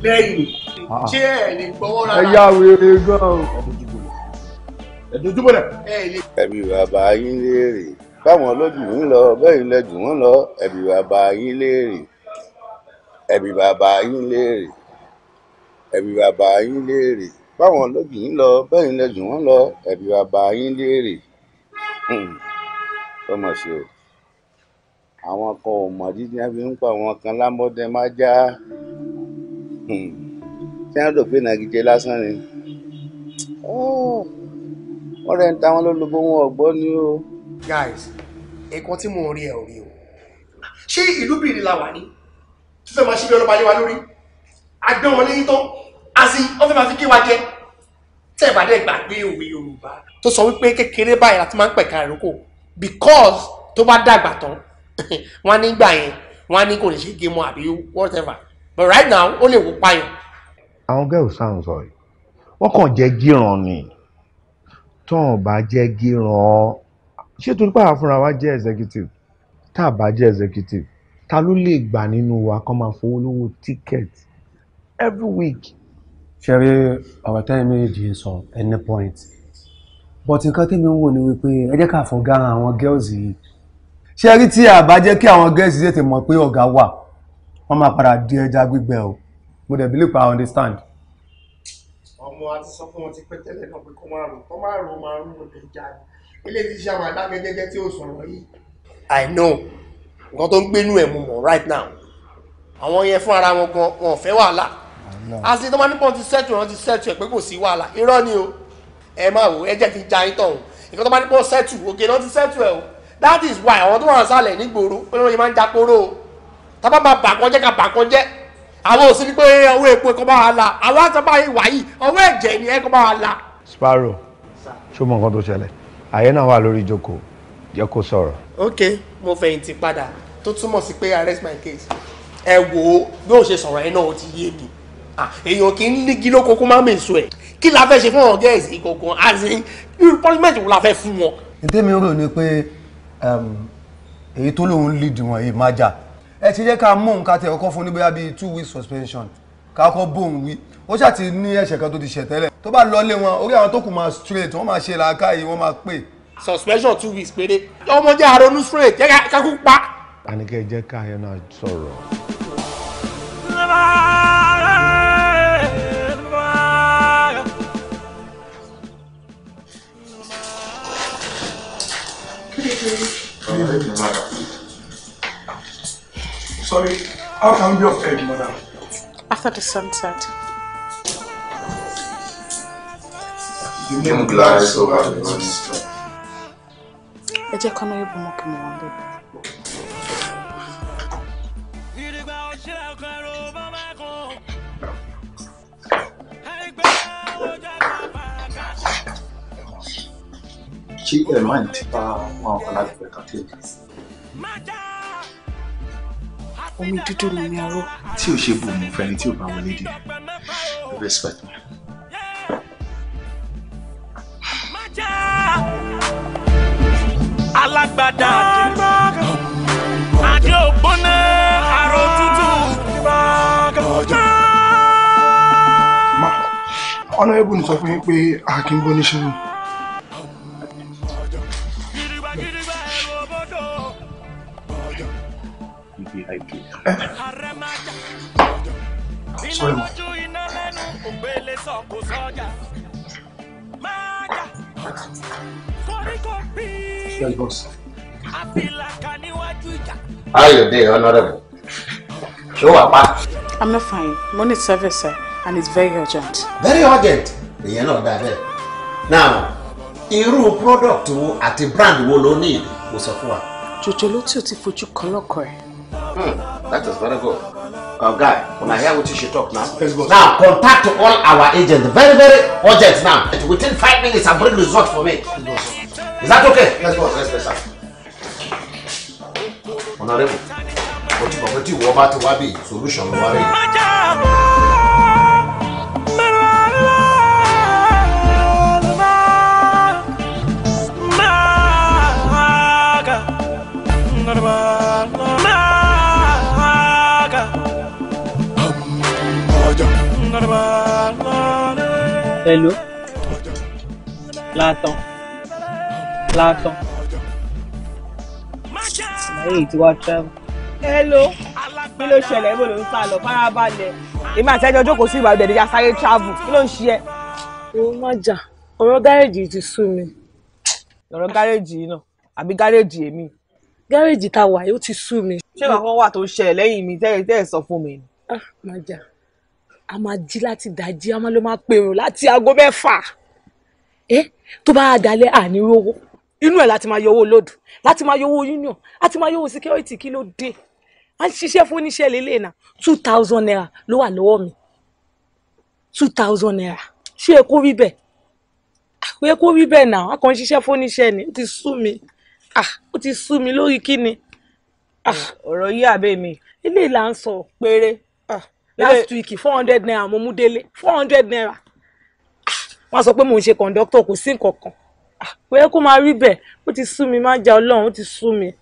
lẹ́yìn ah, ah. ṣé ẹ̀ lè gbọ́wọ́ rárá. ẹ yá wèrè gan-an. ẹ̀dùnjúmọ̀ rẹ̀. ẹ̀mí bàbá yín léèrè káwọn lójú ń lọ bẹ́ẹ̀ ilẹ̀ jù wọ́n lọ ẹ̀mí bàbá yín léèrè ẹ̀mí bàbá yín léèrè ẹ̀mí bàbá yín léèrè báwọn lójú yín lọ bẹ́ẹ̀ ni lẹ́jù wọ́n lọ ẹ̀bí bàbá yín léèrè tó hmm. mọ̀ sí o àwọn kan ò mọ̀ dídí wọn fi ń pa àwọn kan lámọ́dé má já hmm. tí wọ́n rò pé nàgíjẹ lásán ni oh. wọ́n rẹ̀ ń ta wọn lólobó wọn ọ̀gbọ́ ni o. guys ẹ̀kọ́ tí mo rí ẹ̀ ò rí o ṣé ìlú bìrì la wà ní tó fẹ́ máa ṣe bí ọlọ́pàá lé wa lórí agbẹ́ wọn tán àti wọ́n fẹ́ máa fi kí wa jẹ tẹ́ ẹ bá dẹ̀ gbàgbé òwe Yorùbá tó sọ wípé kékeré báyìí láti máa ń pẹ̀ka ìrókò because tó bá dàgbà tán wọ́n á ní gbà yẹn wọ́n ní kò lè ṣe gémọ àbí whatever but right now ó lè wò payàn. àwọn girls sáà ń sọ yìí wọ́n kàn jẹ́ gíran ni tán bá jẹ́ gíran ṣé torí pàrọ̀ fúnra wa jẹ́ executive tá a bá jẹ́ executive ta ló lè gbà nínú wa kó máa fowó lówó ticket every week ṣẹ́rí ọ̀rọ̀ tẹ́yìn méjì sọ any point but nǹkan tẹ́mi ń wò ni wípé ẹ jẹ́ ká fún gáran àwọn girls yìí ṣẹ́rí tí a bá jẹ́ kí àwọn girls yìí tètè mọ̀ pé ọ̀gá wà wọ́n máa padà di ẹja gbígbẹ o mo dẹ̀ believe pa understand. ọmọ àti sọ fún wọn ti pẹ́ tẹ́lẹ̀ náà pé kó máa rò kó máa rò máa rò lè jà eléyìí ti ṣe àwọn adágẹ́ jẹ́jẹ́ tí ò sọ̀rọ̀ yìí. I know nǹkan tó ń gbénú ẹ̀ mú mọ̀ right now àwọn yẹn fún ara wọn gan wọn ò fẹ́ wàhálà àti tó máa ní pọ́n sẹ́tù rán ti sẹ́tù ẹ̀ pé kò sí wàhálà irọ́ ni o ẹ máa wò ẹ jẹ́ kí ja yín tọ̀hún ìkan tó máa ní pọ́n sẹ́tù òkè náà ti sẹ́tù ẹ̀ o that is why àwọn tó wà sálẹ̀ nígboro pé wọ́n yẹn máa ń ja kóró o tábà máa bà kan jẹ́ ká bà kan jẹ́ àwọn ò sí ní pé owó epo ẹ̀kọ́ bá wa la àwọn àtàbà yìí wáyì owó ẹ̀jẹ̀ ni ẹ̀kọ́ bá wa la. Sparrow ṣó mọ nǹkan tó ṣẹlẹ̀ àyẹ̀ náà wà lórí ìjókòó jẹ́ kó sọ̀rọ̀. ok mo fẹ̀yìntì padà tó túmọ̀ sí pé arrest my case ẹ wò ó bí ó ṣe sọ̀rọ̀ ẹ náà ó ti yé mi Ah, èèyàn kì í lígi lóko kó má mèso ẹ̀ kí la fẹ́ ṣe fún ọ̀gá ẹ̀sìn kankan àti irú punishment wo la fẹ́ fún wọn. ìtẹ́mi rò ni pé um, èyí tó lóun lead wọn yìí má jà ẹ ti jẹ́ ká mú òun ká tẹ̀ ọkọ́ fún ní bóyá bíi two weeks suspension ká kọ́ bóun wí ó ṣàti ní ẹ̀ṣẹ̀ kan tó ti ṣẹ̀ tẹ́lẹ̀ tó bá lọ lé wọn orí àwọn tó kù máa straight wọ́n máa ṣe làákàyè wọ́n máa pè. suspension two weeks péré ọmọ jẹ́ straight jẹ́ ká pa. àníkẹ́ jẹ́ ká yẹn náà sọ̀rọ̀. Leave it, madam. Sorry, how can we be of help, madam? After the sunset. You moon glides over the running storm. Ẹ jẹ́ kọ́nà ìbùmọ̀ kí mo wọlé. ṣé ẹ máa ń tipa àwọn alágbẹ̀ẹ́ kàkiri. omi dúdú ni mi arọ. tí o ṣe bù mí fẹni tí o bá wọlé dé respect me. alágbádá adé ògbóná àrò tútù. ọ̀nà ẹ̀bùn sọ fún mi pé a gbóni ṣẹ́yìn. boss. How are you there, honorable? Show up, I'm not fine. Money service, sir, and it's very urgent. Very urgent? Ìyẹn náà dá bẹ́ẹ̀. Now, irú product at a brand will ló need. mo sọ fún wa? Jòjòló tí ti fojú kan lọ́kọ̀ hmm, That is very good. Uh, guy, when I hear what you should talk now. Now, contact all our agents. Very, very urgent now. Within five minutes, I bring result for me. Is that okay? Yes, boss. Yes, yes, sir. Honorable, mo ti mọ̀ pé tí ìwọ bá solution ló wá rí. Hello. Látàn lásán ọmọ yìí ti wá travel. hello kí ló ṣẹlẹ̀ ibo ló ń sá lọ farabalẹ̀ èmi àti ẹjọ́ jókòó sí ìbàdàn ìdíjà sáré travel kí ló ń ṣe ẹ́. owó má jà ọ̀rọ̀ gáréèjì ti sú mi. ọ̀rọ̀ gáréèjì yìí náà àbí gáréèjì èmi. gáréèjì tá wà yóò ti sú mi. ṣé kankan wà tó ṣẹlẹ̀ lẹ́yìn mi tẹ́lẹ̀ tẹ́lẹ̀ sọ fún mi. Ah, má jà a máa jí láti dájí a máa lọ máa pèrò láti aago mẹ́fà ẹ eh? tó bá dalẹ̀ àníròwó inú ẹ̀ láti máa yọ owó lóòdù láti máa yọ owó union láti máa yọ owó security kí ló dé à ń ṣiṣẹ́ fún oníṣẹ́ lélẹ̀ náà two thousand naira ló wà lọ́wọ́ mi two thousand naira ṣé ẹ kó rí bẹ́ẹ̀ àpò ah, ẹ kó rí bẹ́ẹ̀ náà a kàn ń ṣiṣẹ́ fún oníṣẹ́ ni ó ti sú mi ah, ó ti sú mi lórí kí ni. Ah. ọ̀rọ̀ yí àbẹ́ mi. ilé ìlà ń sọ péré last week four hundred naira mo mú délé four hundred naira wọ́n sọ pé mò ń ṣe kọ̀ǹdọ́tọ̀ kò sí nǹkan kan kò yẹ kó máa rí bẹ́ẹ̀ ó ti sú mi má ja ọlọ́run ó ti sú mi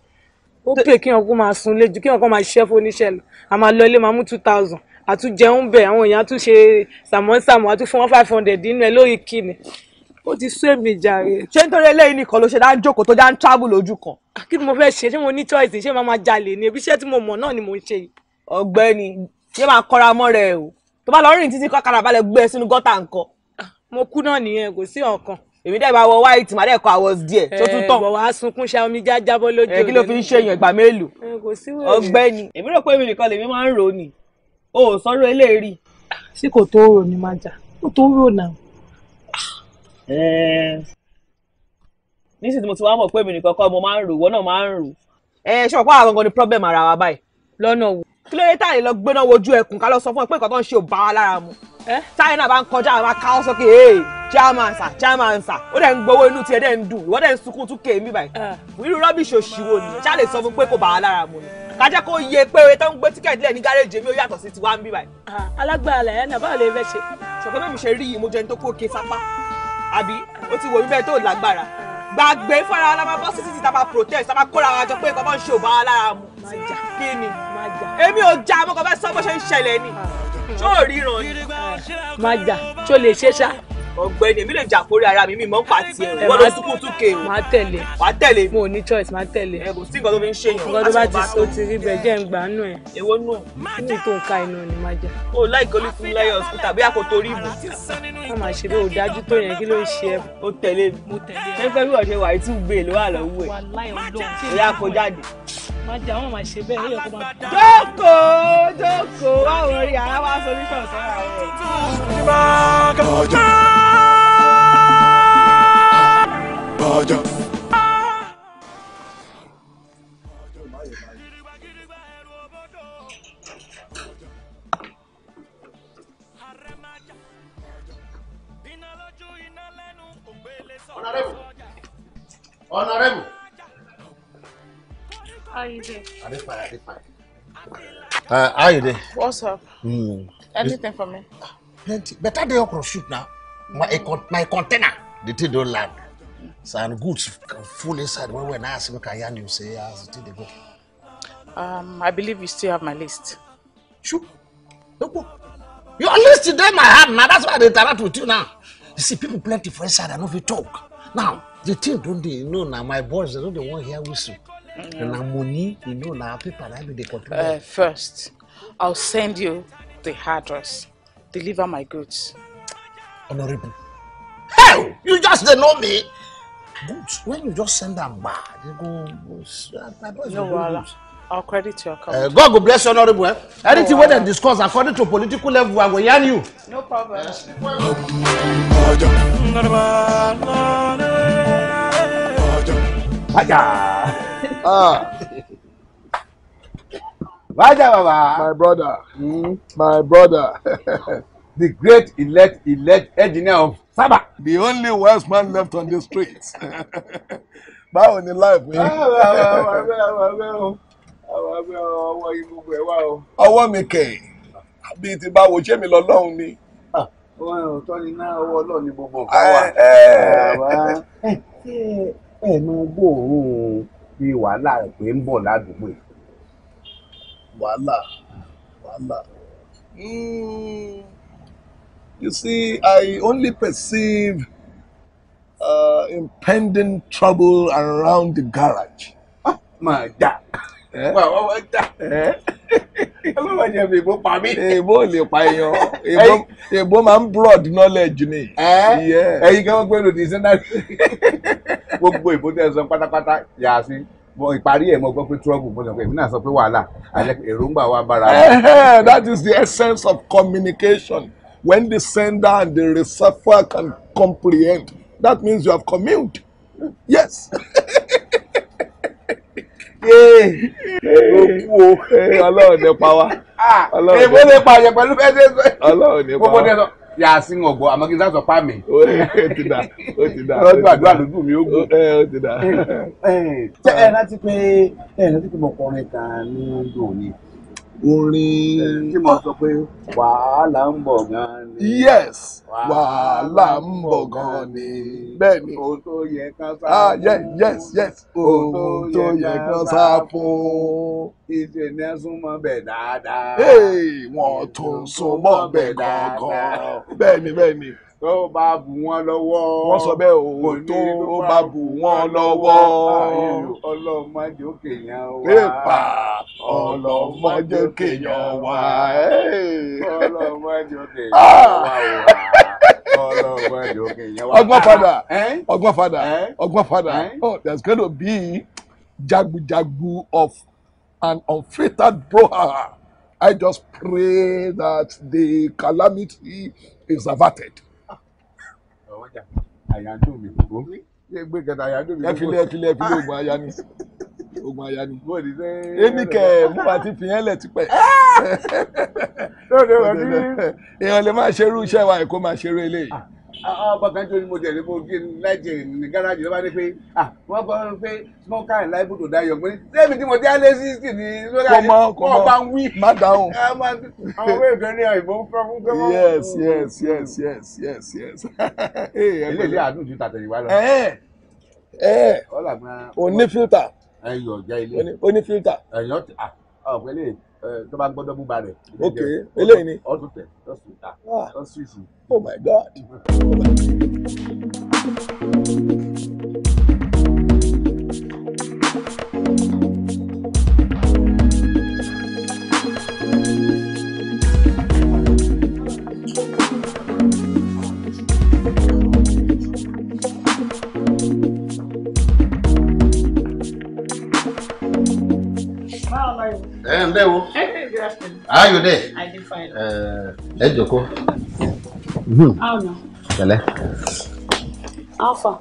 ó pè kí wọn kó máa sun léjú kí wọn kó máa ṣiṣẹ́ fóníṣẹ́ lọ a máa lọ ilé máa mú two thousand àtúnjẹun bẹ̀ àwọn èèyàn àtúnṣe sàmọ́sàmọ́ àtúnfún wọn five hundred nínú ẹ lórí kíni ó ti sú èmi jàre. ṣé nítorí eléyìí nìkan ló ṣe dá ń jókòó tó dá ń travel lójú kan. Ah, kí ni mo fẹ́ ṣe ṣé mo ní choice ṣé màá máa jalè ni ebi iṣẹ́ tí mo mọ̀ náà ni mo ń ṣe yìí. ọ̀gbẹ́ni ṣé máa kọra mọ́ rẹ o tó bá lọ rìn títí kọkàrà balẹ̀ gbé sínú gọ́tà nǹkan. Ah, mo kú náà nìyẹn kò sí ọ̀kan èmi dẹ́ wọ white màá dẹ́ kọ àwọ̀ díẹ̀ tó tún tàn. bọ̀wá sunkún ṣe omi jájá bọ́ lójú. kí ló fi ń ṣe èèyàn ìgbà mélòó. kò sí wèrè ọ̀gbẹ́ni èmi rò pé èmi nìkan lèmi máa ń rò ní o ò sọ̀rọ̀ eléèrí. sí kò tó rò ní máa jà kò tó rò náà. nísìsiyìí mo ti wá mọ̀ pé èmi nìkan kọ́ mo máa ń rò ìwọ náà máa ń rò. ẹ ṣọ̀pá àwọn gan ni problem ara wa báyìí. lọ́nà wo kí ló dé tá lè lọ gbéná wojú ẹkùn ká lọ sọ fún ẹ pé nǹkan tó ń ṣe ò bá wa lára mu China bá ń kọjá àwọn akáwọ́ sókè ee German sà German sà ó dẹ̀ ń gbowó inú tiẹ̀ dẹ̀ ń dùn ìwọ́n dẹ̀ ń sunkún tún kéèmí báyìí irú rọ́bìṣì òṣìwò ni ṣá lè sọ fún pé kò bá wa lára mu ni kájẹ́ kó yẹ pé ewé tó ń gbé tíkẹ́ẹ̀tì lẹ̀ ní gáréèjì mi ó yàtọ̀ sí tiwa ń bí báyìí. alágbára lẹ̀ ẹ́ nà báwo lè fẹ́ ṣe. ṣùgbọ́n bí mi ṣe rí yìí mo jẹ́ ní tó kó ke sápá àbí a máa protest tá a máa kóra wa jọ máa jà kí ni máa èmi ò jà mo kàn fẹ́ sọ bó ṣe ń ṣẹlẹ̀ ni ṣó ò ríran ni máa jà ṣó lè ṣe ṣá. ọ̀gbẹ́ni èmi lè jà kórè ara mi mi mọ pa tiẹ o lọ sùkú túkè o máa tẹ̀lé wàá tẹ̀lé mi ò ní choice máa tẹ̀lé ẹ kò sí nǹkan tó fi ń ṣe yàn nǹkan tó bá ti so ti rí bẹ́ẹ̀ jẹ ń gbà nù ẹ èwo nù kí ni tó ń ka iná ni máa jà. o láì gọlí fún láyé ọ̀sùn tàbí àkótó rí ibù. a máa ṣe bó o dájú tó yẹn kí ló ń ṣe ẹ. o tẹ̀lé mi mo tẹ̀lé ẹ. ṣé bí wọ́n ṣe wà máa jẹ àwọn máa ṣe bẹ́ẹ̀ yóò kó máa. jókòó jókòó báwo rí ara wá sórí fẹ̀sán àwọn Honorable. Honorable. How are you doing? I fine, I fine. Uh, how are you doing? What's up? Mm. Anything for me? Ah, plenty. Better they all shoot now. My, my container, the thing don't land. Some goods full inside when when I ask you can you say as ah, the thing they go. Um, I believe you still have my list. Sure. Don't go. Your list today my hand now. That's why they interact with you now. You see, people plenty for inside. I know if you talk. Now, the thing don't they know now. My boys, they don't they want to hear whistle. Mm. and na you know na paper na be dey control. Uh, first i will send you the address deliver my goods. honourable hell you just dey know me. goods when you just send am gba you go uh, no wahala i'll credit your account. Uh, god go bless you honorable. eh? anything oh, wow. wey dem discuss according to political level i go yarn you. no problem. Yes. Wájà bàbá. My brother. Mm. My brother. the great elect elect engineer of Saba. The only wise man left on the streets. Báwo ni life yẹn? Ọwọ́ mi kẹ̀, bí ti báwo ṣé mi lọ lọ́hùn ni? Ọwọ́ ọ̀tọ́ ni náà ọwọ́ Ọlọ́run ni gbogbo ọ̀kan wà. Ẹ ẹ máa gbóòórùn bí wàhálà pé ń bọ̀ ládùúgbò yìí. wàhálà wàhálà hmm, you see I only perceive uh, impending trouble around the garage. Ah, my God ọlọ́wọ́ jẹ́ mi ìbò pa mí. ìbò lè pa èèyàn ìbò máa ń broad knowledge ni. ẹyin kí gbé lòdì sí gbogbo ìbò tẹ̀ sọ pátápátá yà á sí ìparí ẹ̀ mọ́ gbọ́ pé trouble mo sọ pé èmi náà sọ pé wàhálà àjẹ èròǹgbà wa bára. that is the essence of communication when the sender and the receiver can comprehend that means you have communed yes. ló kú o ọlọ́run ní pa wá. èèbó lè pa àyẹ̀ pẹ̀lú bẹ́ẹ̀ sẹ́sọ. ọlọ́run ní pa wá yà á sin ọgbọ àmọ́ kí n sá sọ pa mi. ó ti dà ó ti dà lọ́jọ́ àdúrà lójú mi ó gùn. ó ti dà. ṣé ẹ rántí pé ẹ rántí pé ọkùnrin kan ní ojú òní orin. kí mo sọ pé wàhálà ń bọ̀ gan ni. yes wàhálà ń bọ̀ gan ni. bẹ́ẹ̀ ni ohun tó yẹ ká sá ah, fún. ah yes yes yes ohun tó yẹ ká sá fún. ìṣe ni a bẹ̀ dáadáa. wọ́n tún sún mọ́ bẹ̀ dáadáa. bẹ́ẹ̀ ni bẹ́ẹ̀ ni tó bá bù wọ́n lọ́wọ́. wọ́n sọ bẹ́ẹ̀ o tó bá bù wọ́n lọ́wọ́. ọlọ́mọdé kèèyàn wá. pépà ọlọ́mọdé kèèyàn wá. ọlọ́mọdé kèèyàn wá ọgbọ́n padà ọgbọ́n padà ọgbọ́n padà oh there's going to be jagujagu of an unfettered brouhaha I just pray that the calamity is averted àyà ń dùn mí gbogbo gbé kẹta àyà ń dùn mí gbogbo. ẹ filẹ filẹ filẹ oògùn aya ni oògùn aya ni. bọ́ọ̀dì ṣe é. èmi kẹ mú àti fìyẹn lẹ̀ tipẹ́. èèyàn lè máa ṣerú iṣẹ́ wa ẹ̀ kó máa ṣerú eléyìí. Ah. Ah, ah, ọba kan tó ní mo tẹ̀lé mo gé láìjẹ ní gáràjì ló bá dé pé ah, wọ́n bá ń pé small car láì bùdó dayọ̀ pé sẹ́mi tí mo tẹ́ alẹ́ sísì ní lórí àyè kọ́ ọba ń wí. má dáhùn. àwọn ọmọ èdè ní ìbò ń fẹ́ fún gbẹ́mọ́. yes yes yes yes yes yes. ilé ilé àdùn ju tàtẹ̀yìnwá lọ. Eh, eh, oní filter. ẹyọ jẹ ilé. oní filter. ẹyọ tẹ Ah, ọ̀pọ̀ tó bá gbọ́dọ̀ bú ba ok eléyìí ni. ọdún tẹ lọ́sùn ta ah. lọ́sùn ìsìn. Oh my god. Oh you there? I did fine. Uh, ẹ jókòó. Mm-hmm. How now? Pẹ̀lẹ́. Alpha.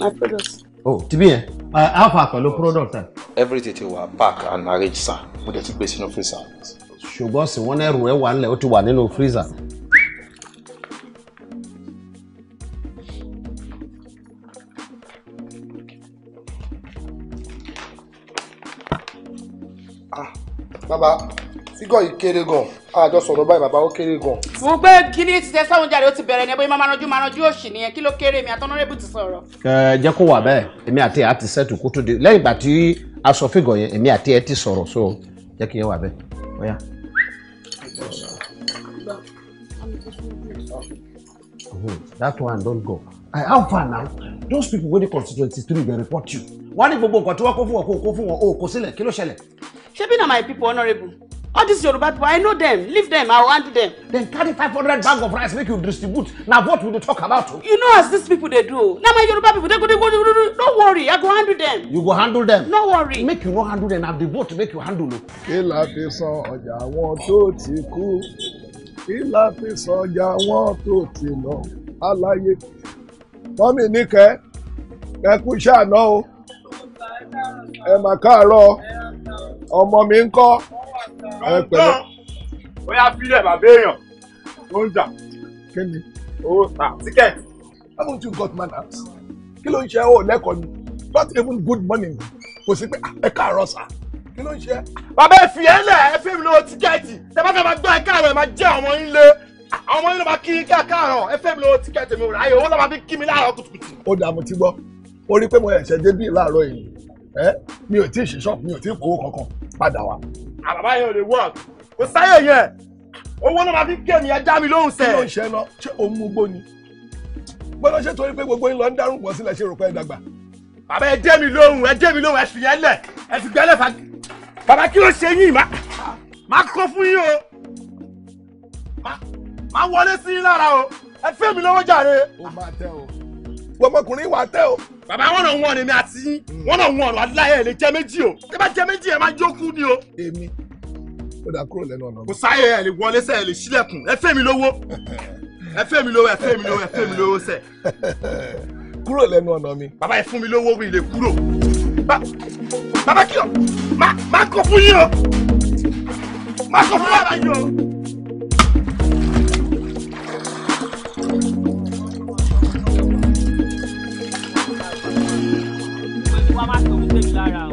My product. Oh, Tibi. bí yẹn. Uh, Alpha pẹ̀lú product. Everything ti wà pack and arrange sir. put dẹ̀ ti gbé sínú freezer. Ṣùgbọ́n sì wọ́n ẹrù ẹ̀ one ńlẹ̀ ó ti wà nínú freezer. Ah, bàbá fígọ̀ yìí kéré gan àjọ sọ̀rọ̀ báyìí bàbá ó kéré gan. mo gbé kíní ti tẹ sáwọn jáde ó ti bẹ̀rẹ̀ ní ẹbí máa ranjú máa ranjú òsì nìyẹn kí ló kéré mi àtọ́nú rẹ́bù ti sọ̀rọ̀. ẹ jẹ́ kó wà bẹ́ẹ̀ èmi àti ẹ̀ á ti sẹ́tù kó tó di lẹ́yìn ìgbà tí a sọ fígọ̀ yẹn èmi àti ẹ̀ ti sọ̀rọ̀ so jẹ́ kí yẹn wà bẹ́ẹ̀ ọ̀yà. Oh, that one don go I, how far now those people wey dey constituency three dey report you wọ́n ní gbogbo nǹkan tí wọ́n kó fún wọn kó kó fún wọn o kò sílẹ̀ kí ló ṣẹlẹ̀. ṣebí na my people honourable all these yoruba people i know them leave them i will handle them. then carry five hundred bag of rice make you distribute Now what we dey talk about you know as these people they do Now my yoruba people they go dey go dey go no worry i go handle them. you go handle them. no worry. make you no handle them na the to make you handle them. kí la fi san ọjà wọn tó ti kú kí la fi san ọjà wọn tó ti lọ aláyé mọ́mì níkẹ́ ẹ kú iṣẹ́ mi ń ẹ pẹ̀lẹ́. ó yá fílẹ̀ bàbá èèyàn ó ń jà. kí ni. owó you got manners? kí ló ń ṣe not even good morning kò sí pé ah, ẹ káàárọ̀ sá kí ló ń ṣe. bàbá ẹ fi ẹ lẹ ẹ fẹ́ mi lọ́wọ́ tíkẹ́ẹ̀tì tẹ bá fẹ́ máa gbọ́ ẹ káàárọ̀ ẹ máa jẹ́ ọmọ yín lé àwọn ah, ọmọ yín ló máa kí yín káàárọ̀ ẹ fẹ́ mi lọ́wọ́ tíkẹ́ẹ̀tì mi rà ayé owó lọ́ọ́ máa fi kí mi láàárọ̀ kùtùkùtù. ó dààmú ti gbọ́ orí pé mo ẹ̀ṣẹ̀ débí láàárọ̀ yìí ẹ mi ò tí ì ṣe ṣọ́ọ̀bù mi ò tí ì kówó kankan padà wá. àbàbá ah, yẹn ò lè work kò sáyè yẹn owó náà máa fi kí ènìyàn já mi lóhùn sẹ. kí ló ń ṣe lọ ṣé òun mú gbó ni gbọ́dọ̀ ṣe torí pé gbogbo yín lọ ń dárún pọ̀ sílẹ̀ ṣe rò pé ẹ dàgbà. bàbá ẹ dé mi lóhùn ẹ dé mi lóhùn ẹ sì yẹn lẹ ẹ sì gbẹlẹ fà bàbá kí ló ṣe yín má má kọ fún yín o má wọlé sí yín lára o ẹ fẹ́ mi lọ́wọ́ jàre. ó máa tẹ o ọmọkùnrin wà tẹ́ o. bàbá wọn náà wọn ni mi àti yín wọn náà wọn ọ̀rọ̀ adúláyẹ̀ lè jẹ méjì o ẹ bá jẹ méjì ẹ máa jókòó ni o. èmi ó dà kúrò lẹ́nu ọ̀nà. kò sáyé ẹ lè wọlé sẹ ẹ lè ṣílẹ̀kùn ẹ fẹ́ mi lówó ẹ fẹ́ mi lówó ẹ fẹ́ mi lówó ẹ fẹ́ mi lówó sẹ. kúrò lẹ́nu ọ̀nà mi. bàbá ẹ fún mi lówó mi lè kúrò. bàbá kí o má kọ fún yín o má kọ fún bàbá yín o. David Lara.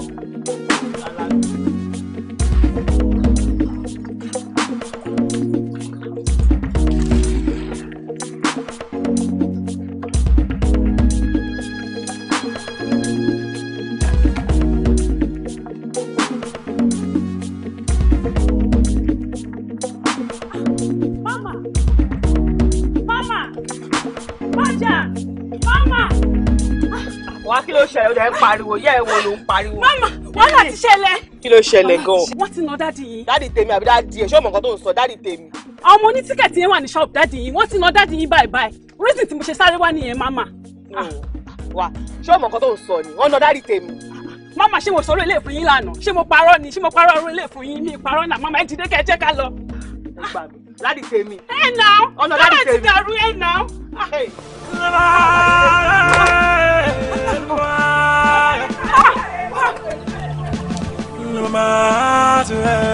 ṣẹlẹ̀ ó pariwo yẹ́ ẹ̀ wo ló ń pariwo. mama wàhálà ti ṣẹlẹ̀. kí ló ṣẹlẹ̀ gan-an. wọ́n ti nà dádì yìí. dádì tèmi àbí dádì ẹ̀ ṣé o mọ̀ nǹkan tó ń sọ dádì tèmi. ọmọ oní tíkẹ̀tì yẹn wà ní ṣọ́ọ̀bù dádì yìí wọ́n ti nà dádì yìí báyìí báyìí reason tí mo ṣe sáré wá nìyẹn mama. Hmm. wa ṣé o mọ̀ nǹkan tó ń sọ ni wọ́n nà dádì tèmi. mama ṣé mo sọ̀rọ̀ ilé fún yín lánàá ṣé mo parọ́ ni ṣé mo parọ́ ọ̀rọ̀ ilé fún yín mi parọ́ náà mama ẹ dìde kẹ́ ẹ jẹ́ ká lọ. láti tèmi. ẹ nà ó ọ̀nà láti tèmi. ọ̀nà ti my to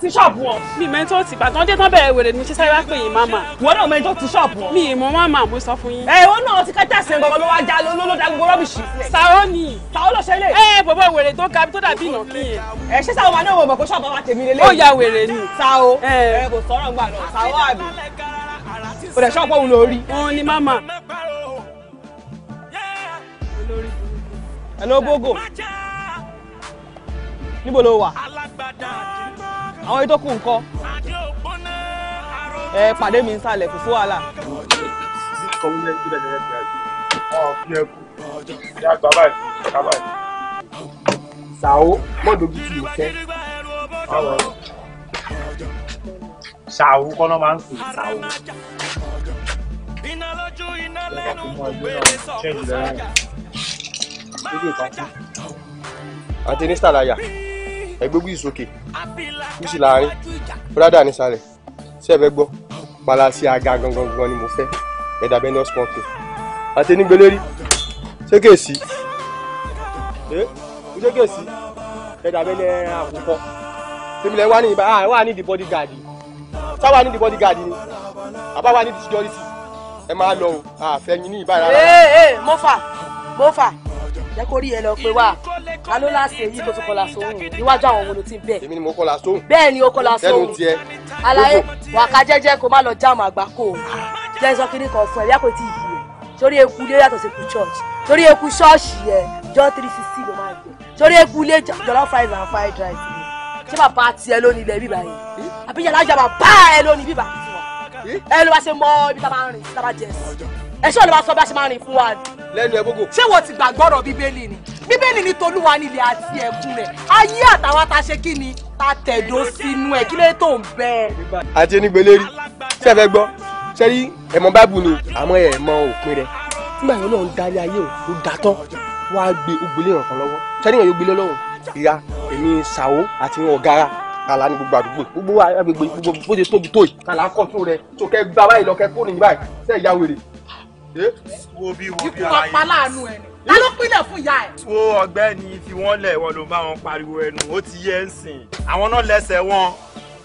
ti ṣọ́ọ̀bù ọ. mi mẹ́ni tó ti gbàgbọ́n dé tán bẹ̀rẹ̀ wèrè ni mo ṣe sáré wá pè yín máma. wọ́n náà mẹ́ni tó ti ṣọ́ọ̀bù ọ. mi ìmọ̀ máma mo sọ fún yín. ẹ ó náà ti kẹ́tà sí ẹ̀gbọ́n ló wá já ló ló da gbogbo rọ́bìṣì. sàó ni. sàó ló ṣe lè. ẹ bọ̀bọ̀ wèrè tó ga tó dàbí ìnà kí yẹn. ẹ ṣé sàó wa náà wọ̀ mọ̀ kó ṣọ́ọ̀bù wa tèmi lélẹ́yìn. ó ya wèrè ni. sàó ẹ kò sọ̀rọ̀ gbà náà sàó àbí. ò dẹ̀ ṣọ́ọ̀pù òun lórí. òun ni máma. ẹ ló bógò níbo ló àwọn ètò kù ńkọ́ ẹ pàdé mi nsàlẹ̀ kò sí wàhálà. sàó mọ́dọ̀gí tí mo fẹ́. sàó kọ́nà máa ń sùn sàó. iná lójú iná lẹ́nu gbogbo èrè sọ̀rọ̀ sájà. àti ní ẹgbẹ́ gbé ìsókè gbèsè láàrin brada nísàlẹ̀ sí ẹ̀fẹ́ gbọ́ palasi aga gangan gan ni mo fẹ́ ẹ̀dà benus pọ́ǹpì àti nígbélérí ṣé kèsì ẹ ṣé kèsì ẹ̀dà àkùkọ tèmi lẹ̀ ní ibà wà ní the bodyguard sáwà ní the bodyguard ni àbá wà ní the security ẹ máa lọ o àfẹ́yìn ní ìbára. ee ee mo jẹ́ kó rí ẹ lọ pé wá ká láṣẹ èyí tó tún kọlà sóhùn níwájú àwọn ọmọ tí ń bẹ̀. èmi ni mo kọlà sóhùn. bẹ́ẹ̀ ni o kọlà sóhùn. alaye wà jẹ́jẹ́ kó má lọ jáàmù àgbà jẹ́ sọ kíní kan fún ẹ bí àpótí ìbí ẹ̀ torí eku ilé yàtọ̀ sí eku church torí eku ṣọ́ọ̀ṣì ẹ̀ jọ́ three fifty ló máa gbẹ torí eku ilé jọlọ́ five and five drive ṣé bàbá tiẹ̀ lónìí ilẹ̀ bíbá yìí àbí yàrá ìjàmbá bá ẹ lónìí bíbá ẹ ló bá ṣe mọ ibi tá a bá rìn tá a bá jẹ sí ẹ ṣé olùwà sọ bá ṣe máa rìn fún wa ni. lẹ́nu ẹ gbogbo. ṣé wọ́n ti gbàgbọ́rọ̀ bíbélì ni bíbélì ni tolúwa nílẹ̀ àti ẹ̀kún rẹ̀ ayé àtàwọn ta ṣe kí ni ta tẹ̀dó sínú ẹ̀ kí lè tó ń bẹ́ ẹ. àti enígbélé rí ṣé ẹ fẹ́ gbọ́ ṣé rí ẹ̀mọ́ báàbù ni àmọ́ ẹ̀ mọ òpin rẹ̀ nígbà yẹn náà ń darí ayé ò ló datọ́ wàá gbé ògbélé ràn kan lọ́wọ́ ṣé níwọ̀n yóò gbélé lọ́wọ́ ìyá èmi ṣàwó àti ọ̀gára kàlá ní gbogbo àdúgbò gbogbo agbègbè gbogbo bó ṣe tóbi tó yìí kàlá kọ́ tó rẹ̀ tó kẹ́ gbá báyìí lọ kẹ́ kó nìyí báyìí sẹ́ẹ̀ yá wèrè wo bí wo bí ara yìí. ikú ọ̀pá láàánú ẹ̀ ni ta ló pínlẹ̀ fún ìyá ẹ̀. wo ọ̀gbẹ́ni fi wọ́n lẹ̀ wọ́n ló bá wọn pariwo ẹnu ó ti yẹ ń sìn àwọn náà lẹ́sẹ̀ wọn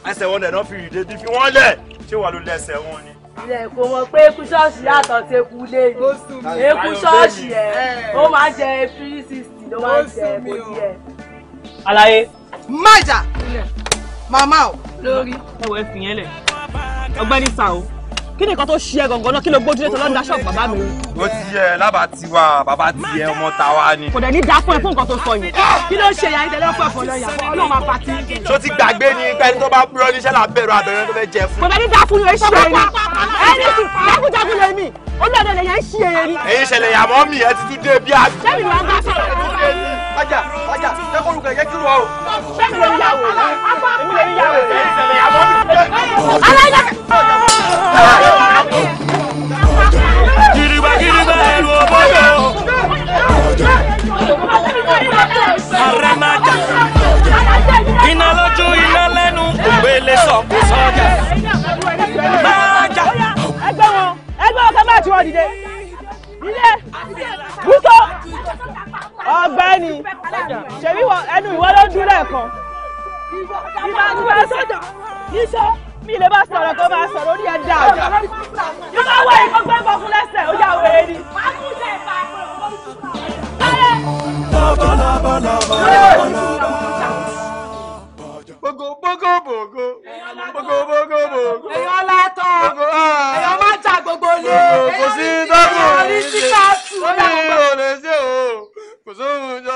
ẹsẹ̀ wọn lẹ̀ náà fi rìndé bí fi wọ́n lẹ̀ ṣé wàá ló lẹ́sẹ̀ wọn ni. ilẹ̀ kò mọ̀ pé eku ṣọ́ọ̀ṣì yàtọ̀ sí eku ilé mi eku ṣọ́ọ̀ṣì ẹ̀ ó máa jẹ three sixty ló máa jẹ kò díẹ̀. alaye. májà màmá o. lórí ẹwẹ fìyẹn lẹ ọ̀gbẹ́ni sa o kí ni nǹkan tó ṣe ẹ gangan náà kí ló gbójúlé tó lọ́ọ́ da ṣọ́ọ̀bù bàbá mi. ó ti yẹ lábàá tiwa bàbá tiẹ ọmọ tàwa ni. kò dẹ̀ ní dá fún ẹ fún nǹkan tó sọ yẹn kí ló ṣe yàrá ìtẹ̀lẹ́ ọ̀pọ̀ ẹ̀fọ́ lọ́ọ̀yà ọlọ́run máa bá ti. tó ti gbàgbé ni pẹ́ni tó bá purọ́ níṣẹ́ là bẹ̀rù abẹ́rẹ́ tó fẹ́ jẹ fún. kò dẹ̀ ní dá fún yóò ṣe é ẹni tí jágunjágun lè mí olóòdè mi ẹ ti tún gidigba gidigba ẹrù òbòdò àrẹ̀màjà iná ẹnu ìwọ ló ń dúró ẹ̀kan ìbá ń bá sọ́jà iṣẹ́ mi lè bá sọ̀rọ̀ kó máa sọ̀rọ̀ orí ẹ̀ dá ọ̀dà yóò bá wọ ìkọ́ gbé bọ̀ fún lẹ́sẹ̀ ó yà wèrè ni. Bogo bogo bogo bogo bogo bogo. Èyàn látọ̀, èyàn ah. máa jà gbogbo lé. Kò sí dọ́gbọ̀n, èyàn rí síkàtù. Ó ní ìrọ̀lẹ́ sí o, kò sóhun jọ.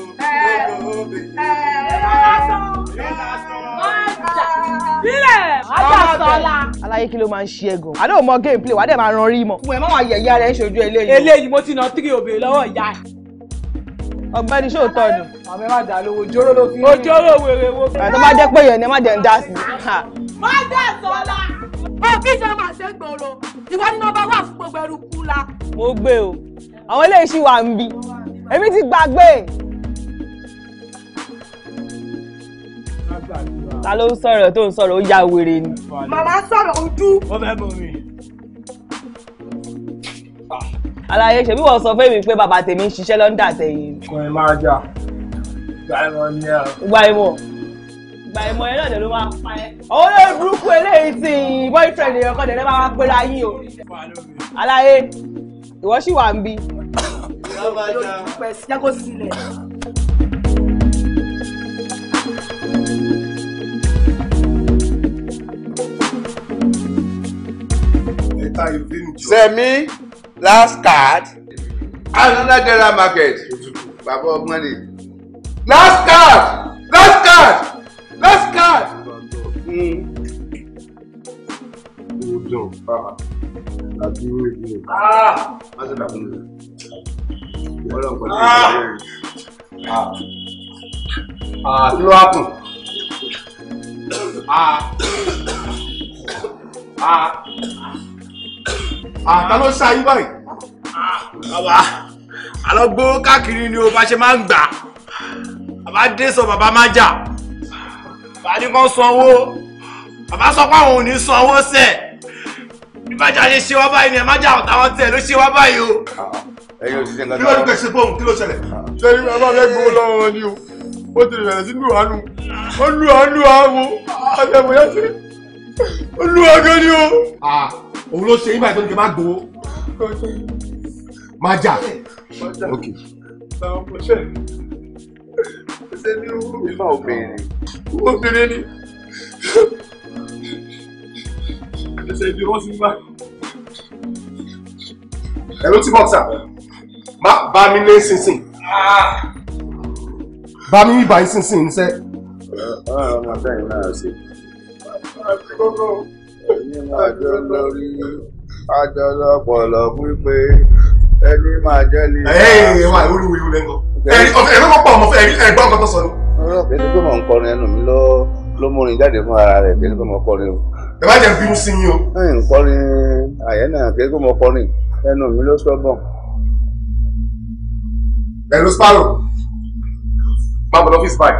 olóbe. Bílẹ̀ Ajásọ́lá. Aláyé kí ló máa ń ṣe ẹ Àdó mọ game play, wàá dẹ̀ máa ran rí mọ. Mo ẹ̀ máa wà yẹ̀yẹ́ rẹ̀ ń ṣojú eléyìí. Eléyìí mo ti nà tírí òbèrè lọ́wọ́ ìyá ẹ̀. Ọ̀gbẹ́ni sóòótọ́ ni. Àmì má dà lówó jóró ló fi rí. Ojóró wèrè wo. Àti má jẹ́ pé yẹn ni má jẹ́ ń dá sí. Má dà sọ́lá. Òbí ṣe máa ṣe gbòòrò. Ìwọ ni nọ́mbà wà fún gbogbo ẹrú kú la. Mo gbé o. Àwọn eléyìí ṣì wà ń bí. Èmi ti gbàgbé. ta ló ń sọ̀rọ̀ tó ń sọ̀rọ̀ ó ya wèrè ni. màmá sọ̀rọ̀ ojú. ó fẹ́ mọ mi. aláyé ṣebí wọ́n sọ fún mi pé bàbá tèmi ń ṣiṣẹ́ lọ́ńdà tẹ̀yìn. ọkùnrin máa jà gba ìmọ̀ ni ẹ. gba ìmọ̀ gba ìmọ̀ yẹn náà dẹ̀ ló máa pa ẹ́. owó lórí burúkú eléyìí ti boyfriend èèyàn kan dẹ̀dẹ̀ máa pé láyé o. aláyé ìwọ ṣì wà ń bí. ìyá bá semi last card another general market bàbá ọgbọ́n ni last card last card last card. Ah. Ah. Ah. Ah àtà ló ṣe ayé báyìí. Ah, bàbá alọ́gbó káàkiri ni o bá ṣe máa ń gbà bàbá dé sọ bàbá má jà bàbá ní kàn sanwó bàbá sọ pé àwọn ò ní sanwó sẹ̀ bí bàjá ṣe ṣe wá ni ẹ má jà ọ̀tá wọn tẹ̀ ló ṣe wá báyìí o. ẹyin ò ti ṣe nǹkan tí wọn. kí ló ń gbèsè bóun kí ló ṣẹlẹ̀. ṣé ní bàbá ni o ó ti rẹ̀ sí lù àánú ó lù àánú àwọ̀ àti ẹ̀mọ̀yá sí olúwa gan ni o. òun ló ṣe yín báyìí tó ní kí n má gbowó. má jà. ok. làwọn ọmọ ṣẹ́ ṣe ní irú mi máa obìnrin. obìnrin ni. ẹsẹ̀ ibi wọ́n ti bá. ẹ̀rọ tí bọ́ọ̀tà má bá mi lé sínsìn. bá mi bá yín sínsìn ń sẹ́. ọ̀rọ̀ ọ̀rọ̀ ọ̀rọ̀ ọ̀rọ̀ ọ̀rọ̀ ọ̀rọ̀ ẹni máa jọ lórí àjọ lọpọlọ pípé ẹni máa jẹ ní. ẹ ẹ wà lórí wíwú lẹ́kọ̀ọ́ ẹ ló pọ̀ ọmọ fẹ́ ẹ gbọ́ ọkọ tó sọ ni. ọlọ́pàá ẹni tó mọ̀ ń kọrin ẹnu mi lọ ló múrin jáde fún ara rẹ̀ ẹni tó mọ̀ kọrin o. ẹ bá jẹ bínú sí yín o. ẹ ń kọrin àyẹ̀ náà kí ẹ kó mọ kọrin ẹnu mi ló sọ bọ̀. ẹ ló sparrow máa bọ̀ lọ́fíìsì báyìí.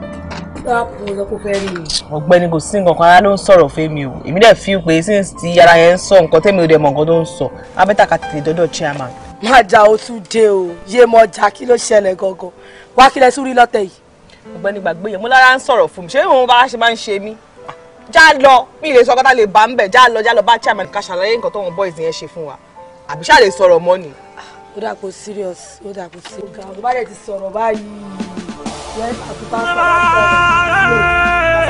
dákun lọ kó fẹ́ rí mi. ọ̀gbẹ́ni kò sí nǹkan kan ara ló ń sọ̀rọ̀ fẹ́mi o èmi dẹ̀ fi pé since ti ara yẹn ń sọ nǹkan tẹ́mi ò dẹ̀ mọ̀ nǹkan tó ń sọ abẹ́tà ká tètè dọ́dọ̀ chairman. má jà ó tún dé o yé mọ jà kí ló ṣẹlẹ̀ gangan wá kí lẹ tún rí lọ́tẹ̀ yìí. ọ̀gbẹ́ni gbàgbé yẹn mo lára ń sọ̀rọ̀ fún mi ṣé òun bá ṣe máa ń ṣe mí ah, já lọ mi ì lè sọ lè bá ń bẹ̀ já lọ já lọ bá chairman ká ṣàlàyé nǹkan tó wọn boys yẹn ṣe fún wa àbí ṣáà lè sọ̀rọ̀ ah, serious ó dà serious. ọ̀gá ọ̀gá bá dẹ̀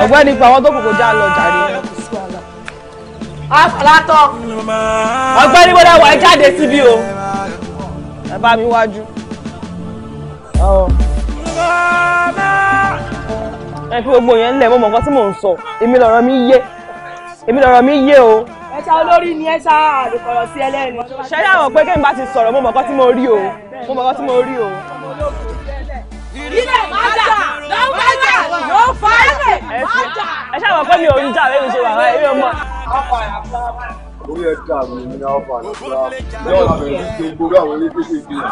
ọ̀gbẹ́ni pa àwọn tó kòkò já lọ jàre. afọlátọ ọ̀gbẹ́ni bọdà wà jáde síbi o ẹ bá mi wájú. ẹ fi gbogbo yẹn lẹ̀ mọ́ mọ́ nǹkan tí mò ń sọ èmi lọ̀rọ̀ mi yé èmi lọ̀rọ̀ mi yé o ẹ̀ṣá olórí ni ẹ̀ṣá àdìkọ̀rọ̀ sí ẹlẹ́ni. ṣẹ́yà mọ̀ pé kẹ́mi bá ti sọ̀rọ̀ mo mọ̀ kọ́ tí mo rí o mo mọ̀ kọ́ tí mo rí o ilẹ̀ má jà lọ́wọ́ má jà lọ́wọ́ fà á lẹ̀ má jà. ẹ ṣàwọn kọ́ mi ò ń jà lẹ́nu ṣe wà láì ẹ̀rọ mọ́. orí ẹ dà mí ní alfa nàìjíríà yóò tó ní ṣe gbogbo àwọn eré kéékèèké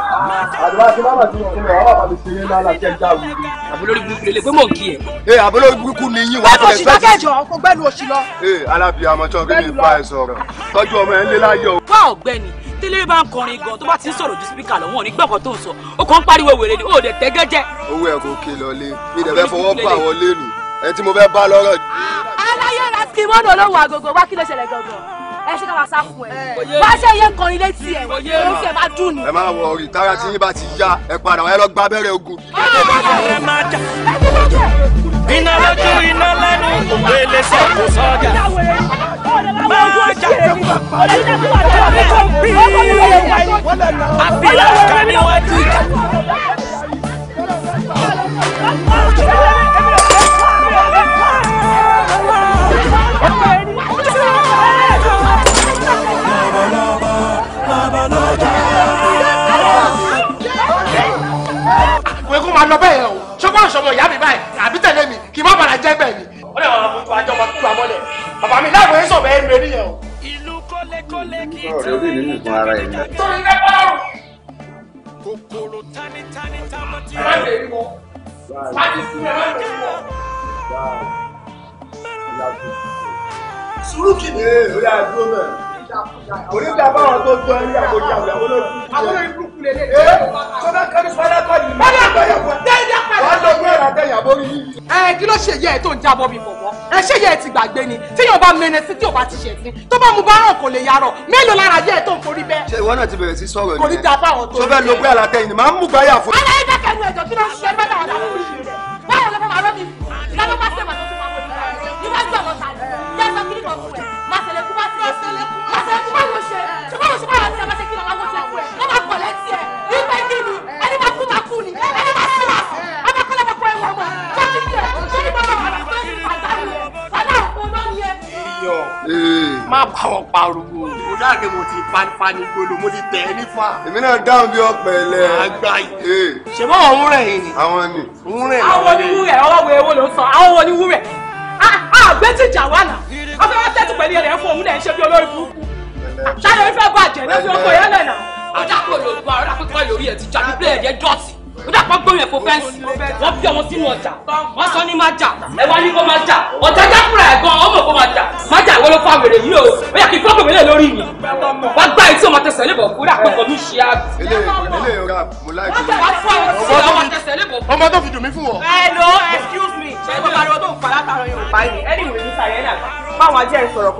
àdúrà tí bàbá ti fún mi àwọn àbámi ṣe é lálá jẹ́ ìjà wù. àbúlórí burúkú lè pé mò ń kí ẹ. ẹ àbúlórí burúkú ni yín wàá tẹ̀lé fẹ́ẹ́. ọkọ̀ òṣìlọ́kẹ́jọ kó gbẹ́nu òṣìlọ́. ẹ alábìyàmọ̀tọ́ kí ni ìpa ẹ̀ sọ̀rọ̀ tọ́jú ọmọ ẹ̀ ń lé láyọ̀. wá ọ̀gbẹ́ni tẹ́lẹ̀ bá ń kọrin gan tó bá ti ń sọ̀rọ̀ ju sípíkà lọ wọn ò ní gbẹ̀kọ́ tó ń sọ ó kàn ń pariwo wèrè ni ó lè tẹ́gẹ́ jẹ́. owó ẹ kò ké lọlé mi dẹ̀ fẹ́ fọwọ́ bá àwọn lẹ́nu ẹ tí mo fẹ́ bá lọ́rọ̀. aláyé ra kí mọ́nà olówó àgọ́gọ́ wá kí ló ṣẹlẹ̀ gangan ẹ ṣe ká wá sá fún ẹ wá ṣe iye kọrin létí ẹ orúkọ ẹ má dùn ni. ẹ má wọ ọrì tára tí yín bá ti yá ẹ padà wá lọ gba abẹ́rẹ́ ogun. ẹ ti bọ́ iná lójú iná lẹ́nu ògbélé sẹ́kù sọ́jà. máa jàdùkú àfihàn kàníwájú ìjà. sọmọ ìyá mi báyìí àbí tẹ̀lé mi kì í má bàrà jẹ́ bẹ́ẹ̀ ni. ó lè wà á fojú ajọ́ máa tú àmọ́lẹ̀ bàbá mi láàbò yẹn sọ̀bẹ̀ ẹ̀ lórí yẹn o. ìlú kọ́lékọ́lé kì í tó ní nìkan ara ẹ̀ ní. tó ní lẹ́pọ̀ lọ́rùn. kòkòrò tánítání támọ́tì. má lè rí má ti fún ẹ má lè rí wọn. sùúrù kìnìún ó yà á dúró náà onídàá báwọn tó tọ́ ẹ̀rí àkójá ọ̀la olóòtú. àwọn olórí burúkú lè lè. ee sọdọ kẹrin sọdọ kọ ni. bàbá àgbẹ̀yẹ kọ déédéé pẹ̀lú. wàá lọ gbé àtẹ̀yà borí yìí. ẹ kí ló ṣe yẹ ẹ tó ń jábọ̀ bí bọ̀bọ̀ ẹ ṣe yẹ ẹ ti gbàgbé ni téèyàn bá mẹnẹ sí tí ò bá ti ṣẹ̀ sí tó bá mu bá ràn kò lè yarọ mélòó lára yẹ ẹ tó ń forí bẹ́ẹ̀. ṣé ìwọ náà ti bẹ̀rẹ̀ sí sọ̀rọ̀ ni. kò ní da báwọn tó. sọfẹ́ ló gbé àlàtẹ̀yìn ni màá mú gbáyà fún ṣùgbọ́n òṣùpá yà sí abáṣe kí lọ́wọ́ wọ́n ti ẹ̀kú ẹ̀ wọ́n máa pọ̀lẹ́ tiẹ̀ nígbà kí ni ẹni máa kú máa kú ni ẹni máa sí máa sí abákọ́lẹ̀ máa kọ ẹ̀ wọ́n mọ̀ tó ti tiẹ̀ tó ní bọ́lá wà lọ́wọ́ tó ti pàtà yẹ fọlá òkú lọ́ni yẹ. má bá wọn pariwo o dáa kí mo ti panipani gbolo mo ti tẹ ẹ nífà. èmi náà dáhùn bí ọ̀pẹ̀lẹ̀. àgbà yìí ṣe bá wọn wúrẹ̀ yìí ni. àwọn ni. wúrẹ̀ àwọn oníwúrẹ̀ ọwọ́ wo ewo ló sọ àwọn oníwúrẹ̀ àgbẹ̀tìjà wà náà ọfẹ́ wọn tẹ́tù pẹ̀lú ẹ̀rẹ̀ fún òun náà ń ṣe bí olórí burúkú ṣáyọ̀ ìfẹ́ bàjẹ́ lórí oko yẹn lẹ̀ náà. ó dàpọ̀ lórí wa ó dàpọ̀ kọ́ lórí ẹ̀ ti jà ní bílẹ̀ ẹ̀jẹ̀ dọ́ọ̀tì ó dàpọ̀ gbóyè fún fẹ́ǹsì wọ́n fi ọmọ sínú ọjà wọ́n sọ ní máa jà ẹ wá ní kó máa jà ọ̀tá jákúrà ẹ̀ gan ọmọ kó máa jà máa jà ìwọ́n ló fa wèrè yìí o ó yà kí n fọ́gbọ̀n mílẹ̀ lórí yìí wá gbá etí ọmọ tẹsẹ̀ lébọ̀ kú dàpọ̀ kọ́ mi ṣe ẹ excuse me ṣe é bàbá gbó.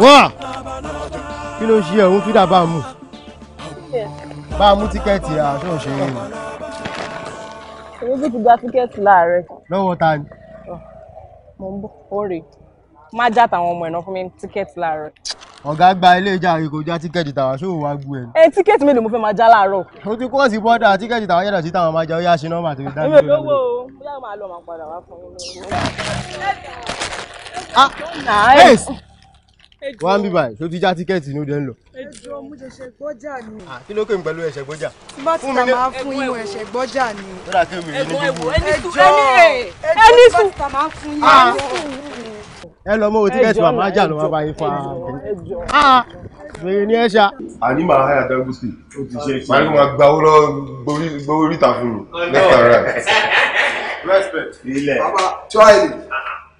wá kí ló ń ṣe ẹ̀hún fídà bá a mú bá a mú tíkẹ́ẹ̀tì aṣọ òṣèré ni. èmi bí ti gba tíkẹ́ẹ̀tì láàárẹ̀. lọ́wọ́ ta ni. mo ń bọ̀ òòrè má já tàwọn ọmọ ẹ̀ náà fún mi tíkẹ́ẹ̀tì láàárẹ̀. ọ̀gá gba ilé ìjà àríkò já tíkẹ́ẹ̀tì tàwa ṣó wàá gbu ẹ̀. ẹ tíkẹ́ẹ̀tì mélòó mo fẹ́ máa já láàárọ̀. o ti kọ́ọ̀sì bọ́dà tíkẹ́ẹ̀tì tàwa yẹ̀dọ̀ sí táwọn máa já ó yá ṣe nọ́mbà tó dá wá ń bí báyìí já tíkẹ́ẹ̀tì ní ó dé ń lọ. ẹjọ́ mo ṣẹ̀ṣẹ̀ gbọ́jà ni. kí ló kéwìn pẹ̀lú ẹ̀ṣẹ̀ gbọ́jà. tí bá ti tà máa fún yín ẹ̀ṣẹ̀ gbọ́jà ni. ó dà kéwìn yìí ní gbogbo. ẹjọ́ ẹni sùn tà máa fún yín. ẹ lọ mọ tíkẹ́ẹ̀tì bàbá jà ló máa bá yín fa. bèrè ní ẹ̀ṣà. àní màá háyà dágúsì ó ti ṣe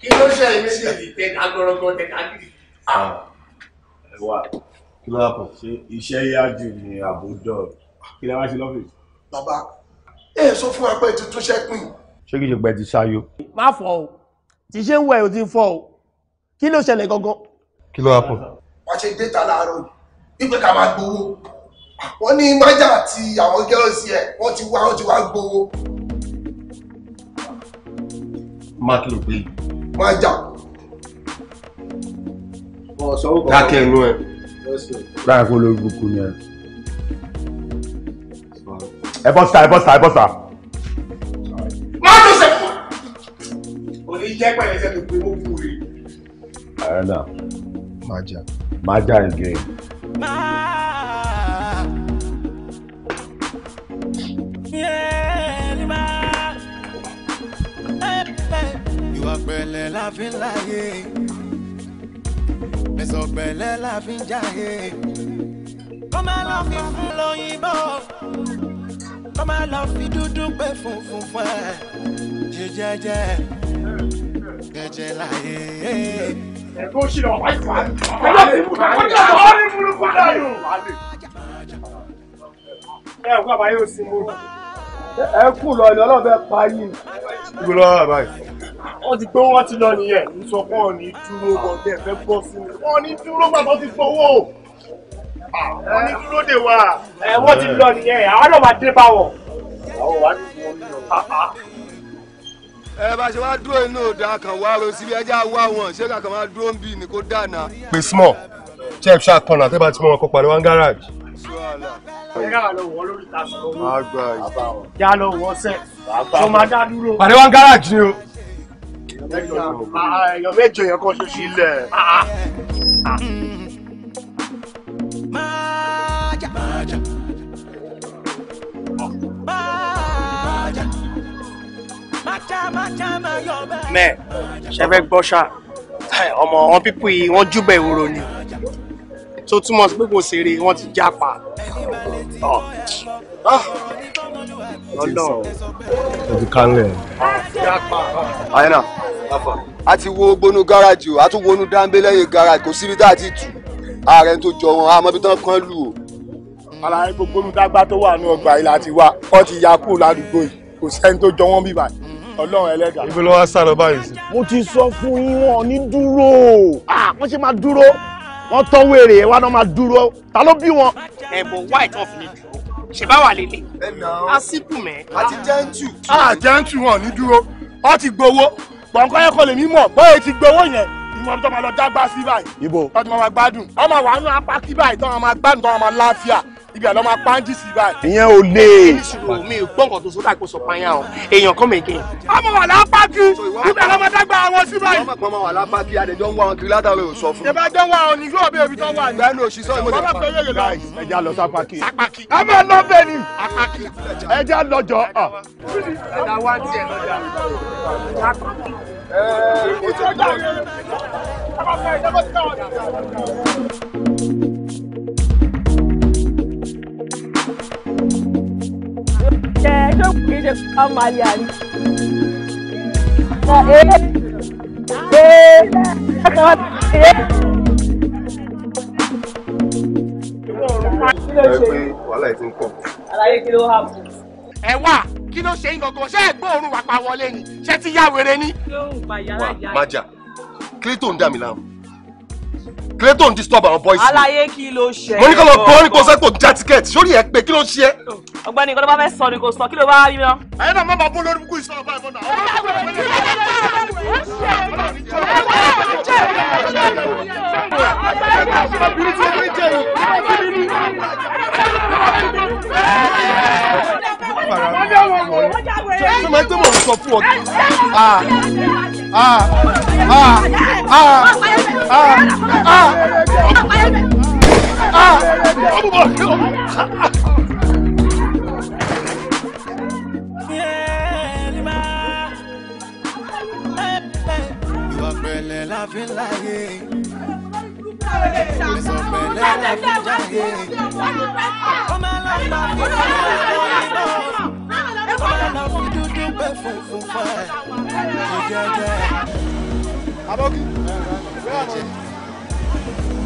kí ló ṣe é mi ẹ wà kí ló wà pọ̀ ṣé iṣẹ́ yá jù ní àbúdọ̀ kí lè wá sí lọ́fíìsì. bàbá ẹ sọ fún wa pé tuntun ṣe pin. ṣé kìí ṣe pé ti ṣáyó. má fọ o tí ṣe ń wẹ o ti fọ o kí ló ṣẹlẹ̀ gangan. kí ló wà pọ̀. wọ́n ṣe data láàárọ̀ wípé ká máa gbowó wọ́n ní májà àti àwọn gẹ́rọ̀sì ẹ̀ wọ́n ti wá wọ́n ti wá gbowó. má kí ló gbé yìí. májà sanwó kan. dákẹ́ inú ẹ̀ báyìí kó lórí burúkú ni ẹ. ẹ bọ́ sá ẹ bọ́ sá ẹ bọ́ sá. má tó ṣe fún ọ ní jẹ́ pẹ̀lẹ́ sẹ́nu pé ó kú rè. ààrẹ náà máa jà máa jà again. ìwà pẹ̀lẹ́ la àìsàn pẹ̀lẹ́ la fi ń jáde. kọ́má lọ fi fún lóyìnbó kọ́má lọ fi dúdú pé funfun fún ẹ jíjẹjẹ jẹjẹ láyé. ẹ̀kọ́ ṣì lọ wáyé fún mi. ẹ̀rọ ti mú kàkọ́ jà lọ ọ́ ní múlù padà yòó. ẹ ò gbàgbá yóò sinmi. ẹ kú lọ ilé ọlọ́ọ̀bẹ pa yín. ìgbòho lọ́wọ́ wọ́n ti gbé wọ́n ti lọ nìyẹn ń sọ pé wọ́n ní dúró gbọ̀ngàn fẹ́ gbọ́ sí mi wọ́n ní dúró gbàgbọ́ ti fowó ah, wọ́n ní dúró dè wá. ẹ eh, wọ́n ti lọ nìyẹn àwọn náà máa dé bá wọ̀. àwọn wàá dùn wọn nínú ah, ah. ẹ bá ṣe wá dúró inú òde akàn wá ro síbi ẹjẹ àwa wọn ṣé kàkà máa dúró ń bì ní kó dànà. pé small chef ṣàkànnà tẹ́ bá ti mọ ọkọ̀ pàdé wá ń gáràjì. àgbà yìí. yà lọ wọ́n sẹ́ẹ̀ tó máa dá dúró. pàdé wá ń gáràjì ni o. Ah, ah, èèyàn mẹ́jọ yẹn kan ṣoṣo ilẹ̀. mẹ ṣe fẹ́ gbọ́ ṣá ọmọ wọn pípú yìí wọ́n júbẹ̀ ìwòrò ni tó túmọ̀ sí pé kò ṣeré wọ́n ti jápa. Ah. lọ́dọ̀. ẹ ti kánlẹ̀. jápa. ayé náà a ti wo gbónú gáràjì o a tún wonú dáńbélẹ́yẹ gáràjì kò síbi tá a ti tù ààrẹ tó jọ wọn àmọ́ bí tán kan lù o. aláàrẹ gbogbo olùdágbà tó wà ní ọgbà yìí láti wá wọn ti ya kúrò ládùúgbò yìí kò sẹ́ni tó jọ wọn bíbá ọlọ́run ẹlẹ́dàá. ibi ló wá sá lọ báyìí sí. mo ti sọ fún yín wọn ní dúró wọ́n ṣe máa dúró wọ́n tọ́wọ́ èrè ẹ̀ náà máa dúró ta ló bí wọn. ẹ̀bùn white off mi dúró ṣèbá wà lélẹ̀. a sì kù mẹ́. àti jẹ́ńtù. a jẹ́ńtù wọn ní dúró wọ́n ti gbowó gbọ̀ǹkan yẹn kò lè mí mọ̀ bóyá ti gbowó yẹn ìmọ̀ tó máa lọ dágbà sí báyìí. ibo tó ti máa gbádùn. ọmọ wàánu apá kí báyìí tó máa gbádùn tó máa láàfíà ibi àlọ́ máa pàǹjì sí báyìí. ìyẹn ò lè. ìṣòro mi ò gbọ́ nǹkan tó sódà kó sọ pààyàn o èèyàn kọ́ mẹ́kẹ́. ọmọ wà lápá ibi àlọ́ máa dágbà àwọn sí báyìí. ọmọ wà lápá adẹjọ́ ń wá wọn kiri látàrí ò sọ fún mi. ìbájọ́ wa ò ní yóò bẹ́ẹ̀ ibi tó wà ní. bẹ́ẹ̀ ni òṣìṣẹ́ ìmọ̀ nípa ẹja lọ sápá Yeah, don't be the Kamalian. Ẹ wá kí ló ṣe ń gangan ṣé ẹ̀gbọ́n òórùn wà pa wọlé ni ṣé ti yá wèrè ni. Má jà, kí ló ń dà mí láàmú? kílẹ̀ tó ń disturb àwọn boys. alaye kí ló ṣe. mo ní kó lọ bọ́ ní kó sọ pé kò já ticket sórí ẹ pé kí ló ṣe. ọ̀gbẹ́ni nǹkan bá fẹ́ sọ ni kò sọ kí ló bá rí náà. ayé náà má máa bó lórí kú ìṣòro báyìí fún sọmọ ẹgbẹ́ mọ̀ sọ fún ọ kí. Ìwà pẹ̀lẹ́ la fi ń láyé. Aboki, where are you?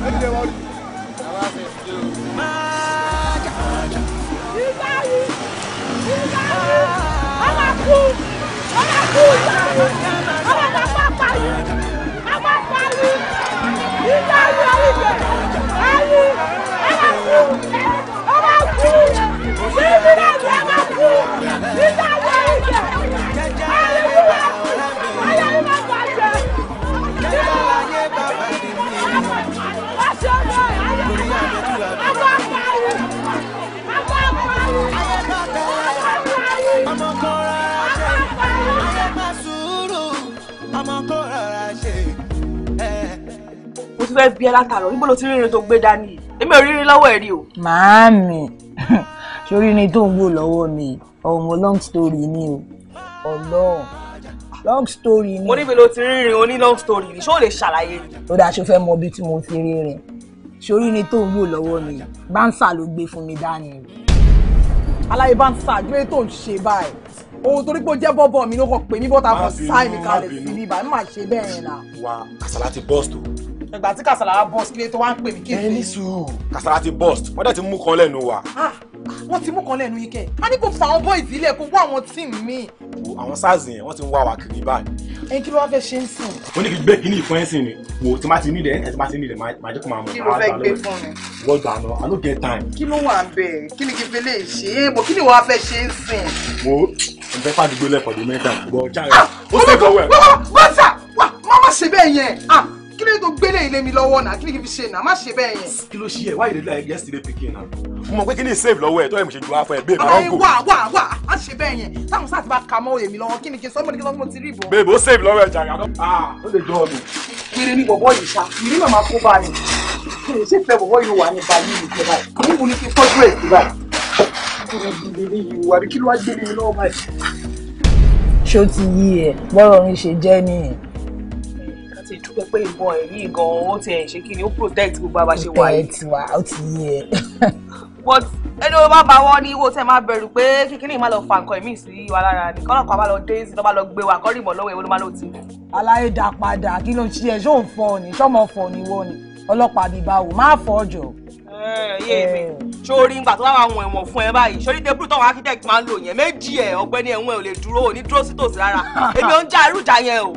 Where did they want you? I was in school. Maja, Maja. You got it. You got it. I'm a fool. I'm a fool. Nígbà tún fẹ́ bí ẹ látàrọ̀ níbo ló ti rírin tó gbé dání yìí èmi ò rírin lọ́wọ́ ẹ̀ rí o. màámi sórí ni tó ń wò lọ́wọ́ mi ọmọ long story ni o ọlọ́run long story ni. mo níbi ló ti rírin oní long story ni ṣé o lè ṣàlàyé ni. ó dáa ṣe fẹ́ mọ ibi tí mo ti rírin sórí ni tó ń wò lọ́wọ́ mi báńsà ló gbé fún mi dání. aláyé báńsà gbé tó ń ṣe báyìí ohun torí pé ó jẹ́ bọ́bọ̀ mi ló kàn pé mi bọ́ta fọ́ sáì mi kalẹ̀ sí bíbá ẹ̀ má ṣe bẹ́ẹ̀ yẹn náà. wa àṣàlá ti bọ́ọ̀sì tó ìgbà tí kàsàlà wa bọ́ sílé tó wá ń pè mí kéèké. ẹ ní sùúrù kàsàlà ti burst wọ́n dẹ̀ ti mú kan lẹ́nu wa. Ah, wọ́n ti mú kan lẹ́nu yìí a ní kò fún àwọn boys ilé kó wá àwọn tíìmù míì. àwọn sars yẹn wọ́n ti ń wá wa kiri báyìí. ẹyin kí ló wá fẹ́ ṣe ń sìn. ó ní kí gbé kíní ìfún ẹ̀ sìn ni wò tí má ti ní dẹ̀ ẹ̀ tí má ti ní dẹ̀ má jẹ́ kó máa mọ̀. kí ló fẹ́ gbé fún mi. wọ́n gbà lọ i no get time. kí ló wà bẹ́ẹ̀ kí ni kí fele ṣe é mo kí ni wàá fẹ́ ṣe ń sìn. mo n fẹ́ fàdúgbò lẹ́kọ̀ọ́ di mẹ́ta gbọ́ ọjà rẹ̀ ó sì gbọ́ wẹ̀. wọ́n sà wà ṣe bẹ́ẹ̀ yẹn ah, kí ló tó gbélé ilé mi lọ́wọ́ náà kí ni kí fi ṣe náà má ṣe bẹ́ẹ̀ yẹn. kí ló ṣe ẹ wáyé lórí ẹ yesterday pikin náà mo mọ pé kí ni save lọ́wọ́ ẹ tó yẹ mo ṣe ju afọ ẹ bẹ́ẹ̀ máa ń kó. wà wà wà á ṣe bẹ́ẹ̀ yẹn táwọn sáà ti bá ka mọ́ èmi lọ́wọ́ kí ni kí sọ́mọ́ ni kí sọ́mọ́ ti rí ìbọn. bẹ́ẹ̀ bó save lọ́wọ́ ẹ jàrá. Ah, ó lè jọ ọdún. ni bọ̀bọ̀ yìí ṣá kiri màmá kó bá ní ṣé fẹ́ bọ̀bọ̀ yìí wà ní báyìí ní ìjọba yìí kò tó pé ìbọn ẹ̀ gan-an ti ẹ̀ ṣe kí ni protect gbogbo àbáṣe wa yìí. protect wa ó ti yí e. but ẹni o bá bá wọn ní owó tẹ máa bẹ̀rù pé kíkínní máa lọ fa nǹkan ìmíì sí wa lára ni kọ́nà kan máa lọ dé sí lọ́ máa lọ gbé wa kọ́rìmọ̀ lọ́wọ́ èwo ló máa lọ ti. aláyé dá padà kí ló ń ṣe ẹ ṣó ń fọ ọ ní ṣọmọ fọ ọ ní wọ ni ọlọ́pàá bíi báwo má fọ ọjọ́. Eh, yé mi sórí ngbà tó bá wà wọn ẹ̀wọ̀n fún ẹ e báyìí sórí débùrù tọ́wọ́n architect máa ń lò yẹn méjì ẹ̀ e, ọ̀gbẹ́ni ẹ̀wọ̀n e, ẹ̀ ò lè dúró ò ní dúró sí tòsí rárá èmi ò ń já irújà yẹn o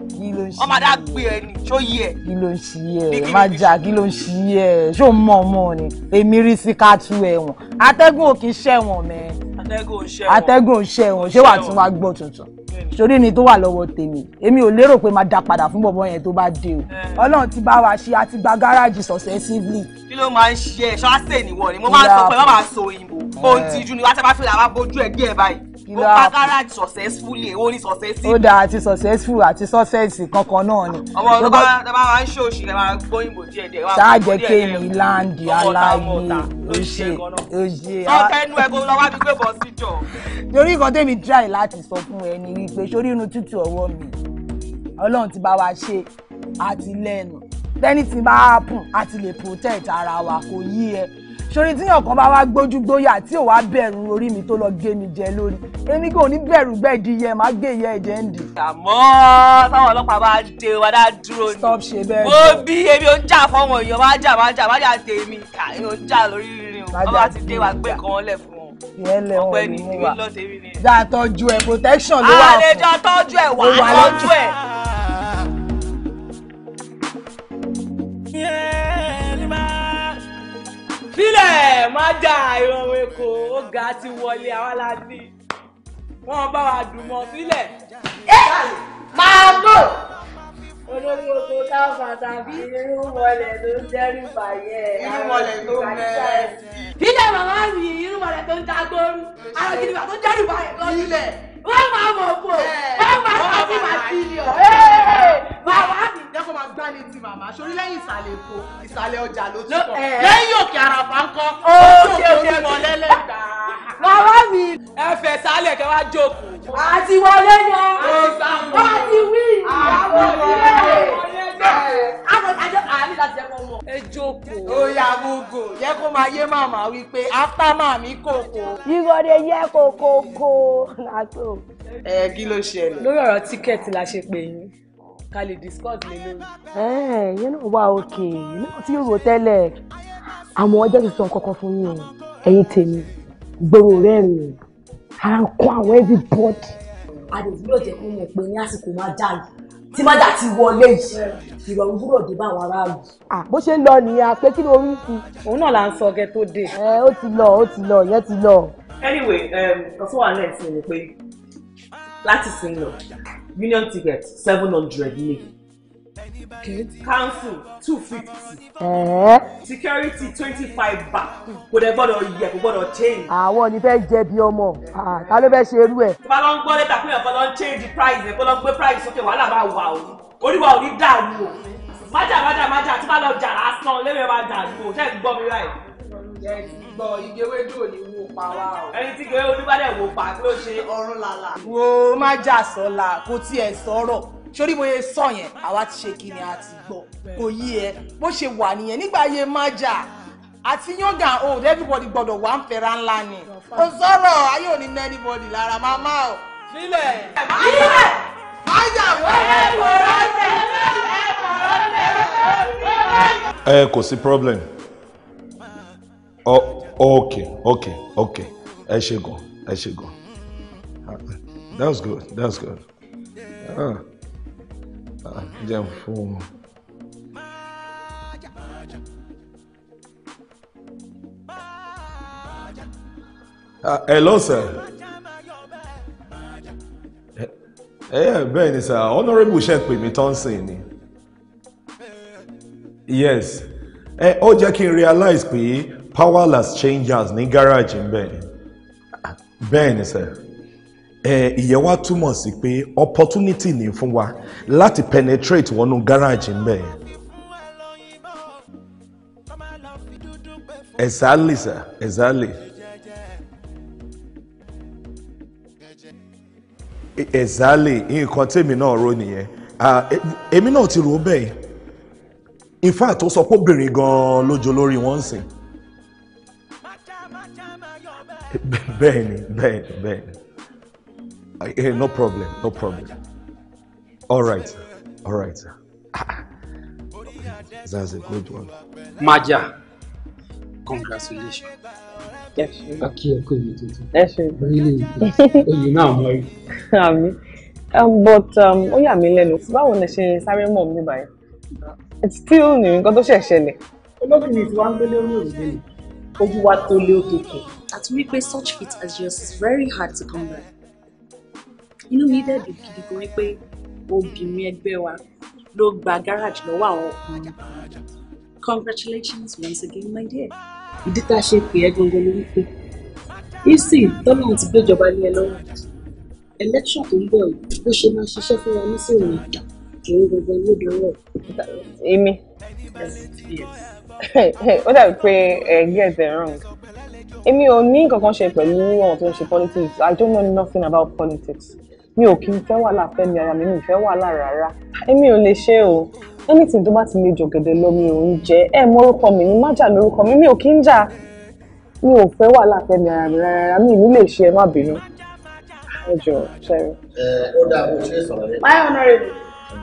ọmọ adá gbé ẹ ní ṣó yí ẹ. kí ló ń ṣí ẹ má jà kí ló ń ṣí ẹ ṣó mọ ọmọ ni èmi rí sí ká tú ẹ̀wọ̀n atẹ́gùn ò kì í ṣẹ̀wọ̀n mẹ́ atẹ́gùn ò ṣẹ̀wọ̀n ṣé wàá tún wá gbọ́ tuntun sórí ni tó wà lọ́wọ́ tèmi èmi ò lérò pé máa dá padà fún bọ̀bọ̀ yẹn tó bá dé o ọlọ́run eh. ti bá wa ṣe àti gba gáràjì successively. kí ló máa ń ṣe ẹ ṣọ́ọ́sẹ̀ nìwọ ni mo máa ń sọ pé wọ́n máa sọ òyìnbó eh. bó ń tijú ni wọ́n á sábà fìlà wá bójú ẹgbẹ́ ẹ báyìí ó pa garage successfully ó mm. ní successful. ó dáa àti successful àti success kankan náà ni. ọmọ ọdún bá bá wá ń ṣòṣì ẹ máa gbóyìnbó díẹ̀ díẹ̀. ṣáàjẹ kéèmí láǹdì aláyé oṣè oṣè. ọkẹnu ẹ kó lọ wá gbígbé bọ síjọ. torí nǹkan tẹ́mi try láti sọ fún ẹ ni wípé sórí inú tútù ọwọ́ mi ọlọ́run ti bá wa ṣe àtìlẹ́nu tẹ́ni ti bá happen àti lè protect ara wa kò yí ẹ sori tíyàn kan bá wá gbójú gbóyà tí ò wá bẹ̀rù orí mi tó lọ gé mi jẹ lórí èmi kò ní bẹ̀rù gbẹ̀dì yẹ má gé yẹ ẹ̀jẹ̀ ń dì. àmọ́ táwọn ọlọ́pàá bá dé wa dá dúró ni stop ṣe bẹ́ẹ̀ bó bí èmi ò ń jà fọwọ́n èèyàn má jà má jà má jà tèmi èmi ò ń jà lórí rírìn o wọ́n bá ti dé wa gbé kan lẹ̀ fún wọn. ìyẹn lẹ wọn ni mo wà jà tọ́jú ẹ protection ló wà fún. àlejò tọ́jú ẹ wà tọ́jú ẹ. Yeah sílẹ̀ má jà ìrànwọ́ èkó ó ga ti wọlé àwa la ní wọ́n bá wa dùn mọ́ sílẹ̀. ẹ máa bò olórí oko táwọn tàbí irú wọlé ló ń dẹ́rù bàyẹ̀ irú wọlé ló ń bẹ́ẹ̀. sílẹ̀ màmá mi irú wọlé tó ń dá gbóòrú àwọn kìnìún dẹ́rù bàyẹ̀ lọ sílẹ̀ wọ́n máa mọ̀ pò wọ́n máa sọ fún màá sí ilé ọ̀ màmá mi jẹ́ kó máa gbá ní ti màmá sórí lẹ́yìn ìsàlẹ̀ èkó ìsàlẹ̀ ọjà ló ti pọ̀ lẹ́yìn òkè àràfà ńkọ́ ojú òkè onímọ̀ lẹ́lẹ́gbà. màmá mi. ẹ fẹ́ sálẹ̀ kẹ́ wá jókòó. àti wọlé yẹn àti wí ìyàwó ilé ẹ jókòó. ó yà gbogbo yẹ kó máa yé màmá wípé after màmí kòkó. yíyọ de yẹ kòkó kó làtò o. ẹ kí ló ṣẹlẹ̀. lórí ọ̀rọ̀ tíkẹ́ẹ̀tì la ṣe pè yín ká lè discuss lé lórí. ẹ ẹ yẹn náà wà òkè náà tí yóò rò tẹ́lẹ̀ àwọn ọjọ́ ti sọ kọ́kọ́ fún mi o ẹ̀yin tèmi gbòòrò rẹ́rìn-ín ara ń kọ́ àwọn everybody. àdèbúrò jẹ́ fún mi pé ní àsìkò máa dà yìí tí má dà ti wọlé yìí ìrọ̀rùn gbúdọ̀ dé bá àwọn aráàlú. bó ṣe ń lọ nìyẹn pé kí ló rí sí. òun náà là ń sọ ọgẹ tó dé. ẹ ó ti lọ ó ti lọ ìyẹn ti lọ. anyway um, nǹkan tó wà lẹ́yìn sí ni pé láti sìn lọ union ticket seven hundred ni council two fifty security twenty five back kò dẹ̀ gbọ́dọ̀ yẹ kò gbọ́dọ̀ change. àwọn ni fẹ́ jẹ bí ọmọ ta ló fẹ́ ṣe irú ẹ̀. tí wọ́n lọ ń gbọ́ lẹ́tà pé ọ̀pọ̀ lọ ń change the price ẹ̀ kó lọ ń gbé price sókè wàhálà máa wà o oníwà ò ní dààmú o májà májà májà tí wọ́n lọ jà lásán lẹ́wẹ̀ẹ́ máa dààmú o ṣe é gbọ́ mi láì. ẹ gbọ́ ìgbéwédò ni w pa wá o. ẹni tí kò ojú bá dẹ̀ wò pa ló ṣe ọrùn làlà. wo má jà sọ́la kò tiẹ̀ sọ̀rọ̀ sórí bóyá sọ yẹn àwa ti ṣe kí ni a ti gbọ́ kò yí ẹ bó ṣe wà nìyẹn nígbà yẹn má jà àti yọ̀ǹgà old oh, everybody gbọ́dọ̀ wà ń fẹ́ra ńlá ni kò sọ̀rọ̀ ayé ò ní ná anybody lára màmá o. nílẹ̀ nílẹ̀ májà wẹ́ẹ́ kò rọ́ọ̀tẹ̀ ẹ̀ kò rọ́ọ̀tẹ̀ ẹ̀ kò sí problem. Oh okay, okay. ok ẹ ṣe gan ẹ ṣe gan that's good that's good ah, ah, jẹun fún wọn. Ah, hello sir. ẹ eh, eh, bẹ́ẹ̀ ni sir honourable ṣe pè mí tọ́nsìn ni yes ẹ eh, ó jẹ́ kí n realize pé powerless changers ní garage ń bẹ̀ ni bẹ́ẹ̀ ni sẹ́ ẹ ìyẹn wá túmọ̀ sí pé opportunity ní fún wa láti penetrate wọnú gáràjì ń bẹ̀ yẹn. Exactly, sir. Exactly. Exactly. Nǹkan tèmi náà rò nìyẹn. Èmi náà ti rò ó bẹ́ẹ̀. In fact, ó sọ pé obìnrin gan-an lójó lórí wọn sìn. bẹ́ẹ̀ni bẹ́ẹ̀ni bẹ́ẹ̀ni eh, no problem no problem all right all right that's a good one. maja congratulations. Yes, Thank you. Imititi. Yes, Really, you now married. Àmì. Um, but um, ó yà mí lẹ́nu báwo ni ṣe sáré mom mí buy? it's still new. nǹkan tó ṣẹ̀ ṣẹlẹ̀. olóògbé mi ti wá ń gbélé orí òrùlé ni ojú wa tó lé At àti wípé such fit as yours is very hard to come by. inú mi dẹ̀ dùn gidi gan wípé obìnrin ẹgbẹ́ wa ló gba garage lọ́wọ́ àwọn ọkùnrin. congratulations once again my dear. ìdí tá a ṣe pè é gangan ló wípé isi tọ́lọ́run ti gbéjọba ní ẹ lọ́wọ́ election tó ń bọ̀ yìí bó ṣe máa ṣiṣẹ́ fún wa ní sèwọ̀n ìdá òun gangan ló dọwọ́. èmi ó dàbí pé ẹ eh, gẹ́ẹ̀tẹ̀ wrong èmi ò ní kankan ṣe pẹ̀lú ọ̀rọ̀ tó ń ṣe politics i don't know nothing about politics mi ò kí n fẹ́ wàhálà fẹ́ mi ara mi mi ò fẹ́ wàhálà rárá èmi ò lè ṣe o anything tó bá ti le jọ̀gẹ̀dẹ̀ lọ mi ò ń jẹ ẹ mọ́rúkọ mi ní má jà lórúkọ mi mi ò kí ń jà mi ò fẹ́ wàhálà fẹ́ mi ara mi rárá mi ìlú lè ṣe ẹ má bínú ẹ jọ ṣẹrẹ. ẹ ó dáa kó ṣe sọ̀rọ̀ yẹn. my honourable.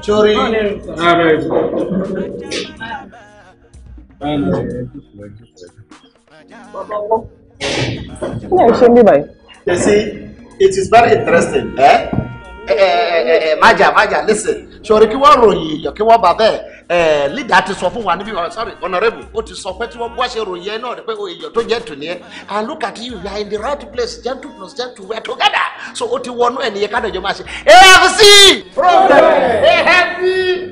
sori honourable. my honourable ilé ìṣe ń you see it is very interesting. Eh? Eh, eh, eh, májà eh, eh, májà listen sori kí wọ́n ròyìn èèyàn you. wọ́n bá bẹ́ẹ̀ eh, leader ti sọ fún wa níbi ọ̀rọ̀ oh, sorry honourable ó ti sọ pé tí wọ́n bá ṣe ròyìn ẹ náà ni pé oh, èèyàn tó jẹ́ tù and look at you you are in the right place gentle plus gentle we are together so ó ti wọnú ẹ̀ nìyẹn káàdọ̀ ìjọ máa ṣe AFC.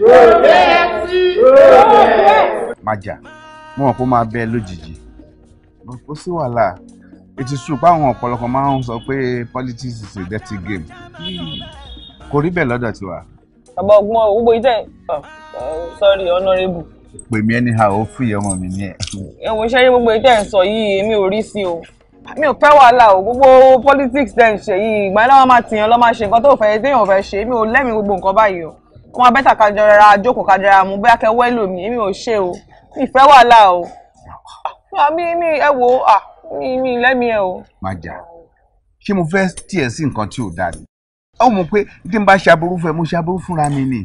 AFC AFC. májà mo going to be a lójijì kò sí wàhálà ètò ìṣùpá àwọn ọ̀pọ̀lọpọ̀ máa ń sọ pé politics is a dirty game kò rí bẹ́ẹ̀ lọ́dọ̀ tiwa. bàbá ọgbọ́n gbogbo ìtẹ̀ ah, sorry honourable. pè mí anyhow ó fìyà ọmọ mi ní ẹ. ẹ̀wọ̀n ṣẹ́rí gbogbo ìtẹ̀ ń sọ yìí èmi ò rí sí o mi ò fẹ́ wàhálà o gbogbo politics dẹ̀ ń ṣe yìí ìgbà náà wọ́n máa tìyàn lọ́ máa ṣe nǹkan tó fẹ́ téèyàn fẹ́ ṣe mi ò lẹ́mìí gbogbo nǹkan báyìí o wọ́n máa kájọra jókòó kájọra mú bóyá kẹ́ wẹ́lò mi ò ṣe o mi ì fẹ́ wàhálà o. Ah, mi ẹ wò ah mi mi lẹ́mi ẹ o. Ah, má jà ṣé mo fẹ́ tiẹ̀ sí nǹkan tí ò dáa ni ó mọ̀ pé kí n bá ṣaburú fẹ́ mo ṣaburú fúnra mi ni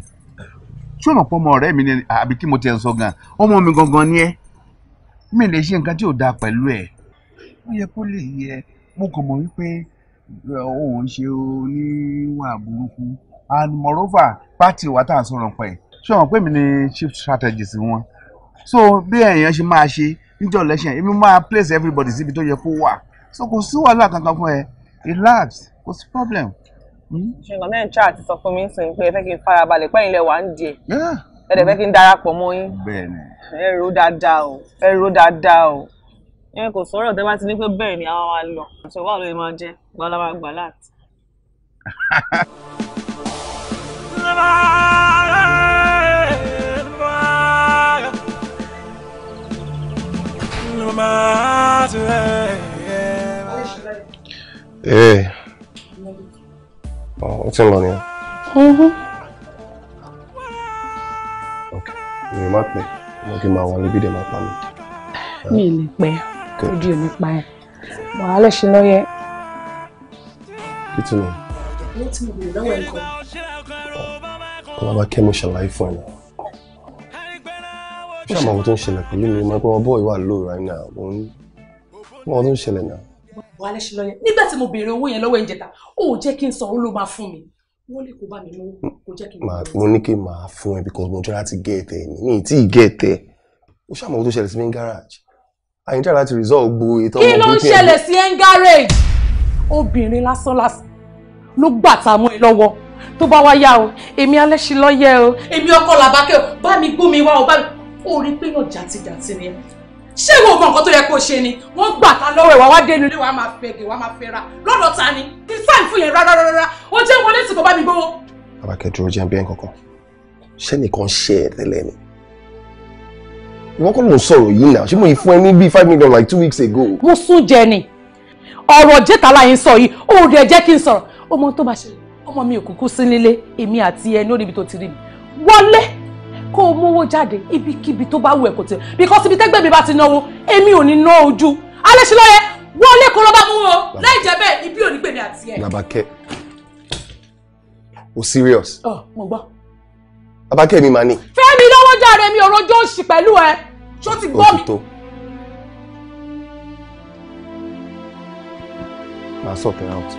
ṣé ọ̀nà pọ̀ ọmọ ọ̀rẹ́ mi ni àbí kí mo tiẹ̀ sọ gan ọmọ mi gangan ni ẹ mi lè ṣe nǹkan tí ò dáa pẹ̀lú ẹ ó yẹ kó lè yẹ mo kàn mọ̀ wípé òun ṣe oníwà burúkú and moreover pátì wa tá à ń sọ̀rọ̀ pẹ̀ ṣé ọ̀nà pé mi ni chief strategist wọn so bí èèyàn ṣe máa ṣe níjọ́ election èmi máa place everybody síbi tó yẹ kó wà so kò sí wàhálà kankan fún ẹ relax kò sí problem. Hmm? ṣùgbọ́n mẹ́rin chat sọ fún mi sìn pé ẹ fẹ́ kí n farabalẹ̀ pẹ́yìn lẹ́wà ń di ẹ̀ ẹ dẹ̀ fẹ́ kí n darapọ̀ mọ́ yín ẹ rò dáadáa o ẹ rò dáadáa o ẹ kò sọ̀rọ̀ tẹ́ bá ti ní pé bẹ́ẹ̀ ni àwa wa lọ àti ọ̀wá ló máa jẹ́ gbọ́dọ̀ máa gbà láti. Ee. Ọ̀ ọ́ ti ń lọ ni. Ok, mi ò má pẹ́, mo kì í máa wọlé bí dè máa pa mi. Mi ò lè pẹ́, ojú ò ní pa ẹ̀. Wàá lọ ṣe lọ́yẹ. Kí tí mo? Mo ti mọ̀ lọ́wọ́ ẹ̀kọ́. Ọlọ́ba kẹ́ mo ṣàlàyé fún ẹ náà ṣé àmọ́ ohun tó ń ṣẹlẹ̀ pẹ̀lú mi mo pé ọbọ̀ ìwà low right now mo ń mọ ohun tó ń ṣẹlẹ̀ náà. wàá lẹ́sẹ̀ lọ yẹn nígbà tí mo béèrè owó yẹn lọ́wọ́ ìjẹta ó jẹ́ kí n sọ ó ló máa fún mi wọ́n lè kó bá mi lówó kó jẹ́ kí n. mo ní kí n máa fún ẹ because mo jẹ́ láti gẹ̀ẹ́tẹ̀ mi ì tí ì gẹ̀ẹ́tẹ̀ ó ṣàmọ̀ ohun tó ṣẹlẹ̀ sí mi garage àyíntà láti resolve gbogbo ìtọ́ ọmọ kí ló ń ṣẹlẹ̀ sí ẹ́ ń garage obìnrin lásán lásán ló gbà tá a mú ẹ lọ́wọ́ tó bá wá yá o èmi alẹ́ ṣe lọ́yẹ o èmi ọkọ làbákẹ́ o bá mi gbó mi wá o bá mi ó rí pé yàn jàtijàti ni ṣé ìwọ mọ nǹkan tó yẹ kó ṣe ni wọ́n gbà ta lọ́wọ́ ẹ wá wá dénú ilé wa máa fẹgẹ wa máa fẹra lọ́dọ̀ ta ni kí sáì fún yẹn rárá rárá ó jẹ wọlé tí kò bá mi gbowó. àbákẹ́ dúró jẹ́ bẹ́ẹ̀ kankan ṣé nìkan ṣe ẹ̀ tẹ́lẹ̀ ni ìwọ́n kọ́ ló ń sọ̀rọ̀ yìí náà ṣé mo yìí fún ẹ ní bíi five million like two weeks ago. mo sún jẹ ni ọ̀rọ̀ jẹ́tàlá yìí ń sọ yìí ó rẹ̀ jẹ́ kí n sọ̀rọ̀ ọmọ tó bá ṣe ọmọ mi ò kúkú sí nílé èmi àti ẹni ó níbi tó ti rí mi wọlé kó o mówó jáde ibikíbi tó bá wù ẹ́ kò tẹ̀ because ibi tẹ́gbẹ́ mi bá ti náwó èmi ò ní ná ojú alẹ́ sí lọ́yẹ wọ́n lé kó lọ́ bá mú wọn láì jẹ́ bẹ́ẹ̀ ibi ò ní gbèmí àti ẹ̀. Làbákẹ́ o serious. ọ mo gbọ́. Làbákẹ́ mi máa ní. Fẹ́mi lọ́wọ́ jáde mi ò rojọ́ òṣì pẹ̀lú ẹ ṣó ti gbọ́ mi. òtítọ́ máa sọ̀tẹ̀ out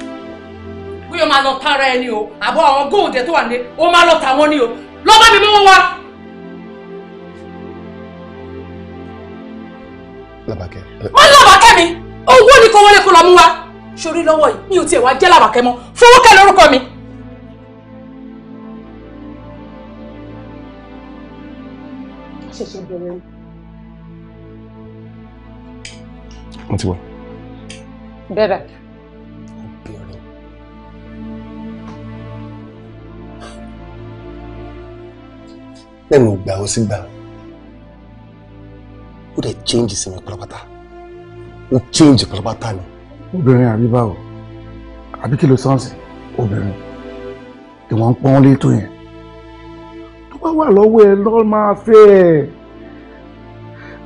bóyá o máa lọ tara ẹni o àbọ̀ àwọn góòdẹ tó wà ní o máa lọ tà wọ́n ní o lọ́ba mi mú wọn wá làbàkẹ́. wọ́n ní làbàkẹ́ mi owó ni kò wọlé kó lọ mú wa sórí lọ́wọ́ yìí mi ò tiẹ̀ wá jẹ́ làbàkẹ́ mọ́ fowókẹ́ lórúkọ mi. ṣẹ̀ṣẹ̀ bẹ̀rẹ̀ ni. mo ti wọ. bẹ́ẹ̀ obìnrin. lẹ́nu ìgbà ó sì gbà ó dẹ̀ change sí mi pátápátá ó change pátápátá ni. obìnrin àbí báwo àbí kí ló sáǹsì obìnrin tí wọ́n ń pọ́n lé tó yẹn tó bá wà lọ́wọ́ ẹ lọ́ọ́ máa fẹ́ ẹ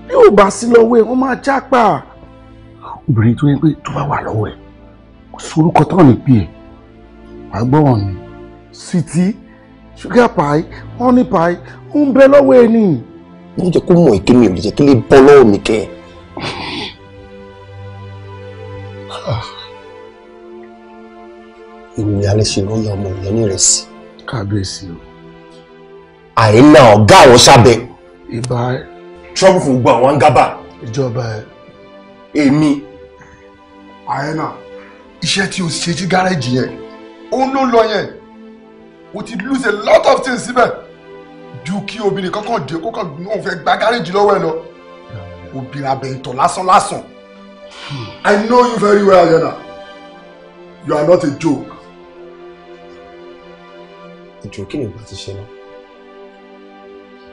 bí ò bá sí lọ́wọ́ ẹ wọ́n máa jápa obìnrin tó yẹ pé tó bá wà lọ́wọ́ ẹ kò sorúkọ tán ní pí ẹ wàá gbọ́ wọn ni sítì sugar pie honey pie ó ń bẹ lọ́wọ́ ẹ nìyí mo jẹ́ kó mọ̀ èké mi ò lè jẹ́ kí lè bọ́ lọ́wọ́ mi kẹ́ ẹ̀. alẹ́ ṣe ló ń yan ọmọ ìyẹn ní ìrẹsì. kábíyèsí o. àìlà ọ̀gá àwọn sábẹ́. ibà ẹ. trump fún gbogbo àwọn gábà. ìjọba ẹ. èmi. àìlà iṣẹ́ tí o ṣe sí gárẹ́jì yẹn òun ló lọ yẹn o ti lose a lot of things síbẹ̀ ju kí obìnrin kankan dé kó náà fẹ́ gba gáréjì lọ́wọ́ ẹ lọ obìnrin abẹ́ntọ̀ lásán lásán I know you very well Ayana you are not a joke. ìjọ kí ni ìgbà ti ṣe náà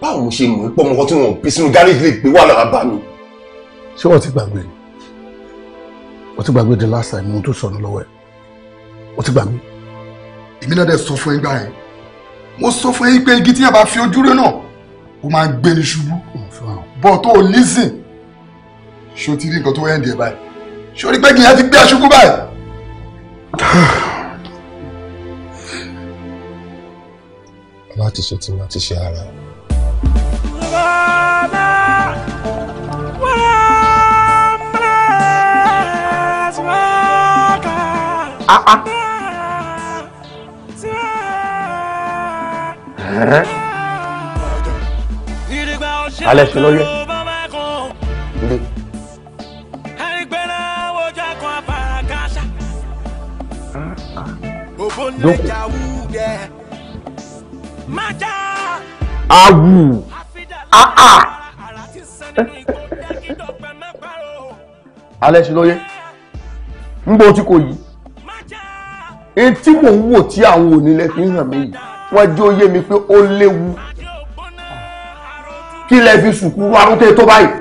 báwo ṣe mọ̀ pé ọmọkọ tí wọn bí sínú gáréjì lè gbé wà lára bá mi. ṣé wọ́n ti gbàgbé ni wọ́n ti gbàgbé the last time mo tó sọnù lọ́wọ́ ẹ̀ wọ́n ti gbàgbé. èmi náà dẹ̀ sọ fún ẹgbàá yẹn mo sọ fún yín pé igi tí yẹn bá fi ojú rẹ náà ó máa gbé ní ṣubú bọ́ tó o lísìn ṣó ti rí nǹkan tó wẹ́ǹdì ẹ̀ báyìí ṣó rí pé kìyàn ti gbé aṣúkú báyìí. láti ṣe tí wọ́n ti ṣe ara ẹ̀. Ah ah. Alex, ṣe lọ́yẹ̀ lé. dókò awu aa ah, ah. alẹ́ ṣe lọ́yẹ̀ ń bọ́ tí kò yìí etí mò ń wò tí àwọn onílẹ̀ fi ń hàn mí yìí wọ́n jẹ́ oyé mi pé ó léwu kí lẹ fi sùkú arúté tó báyìí.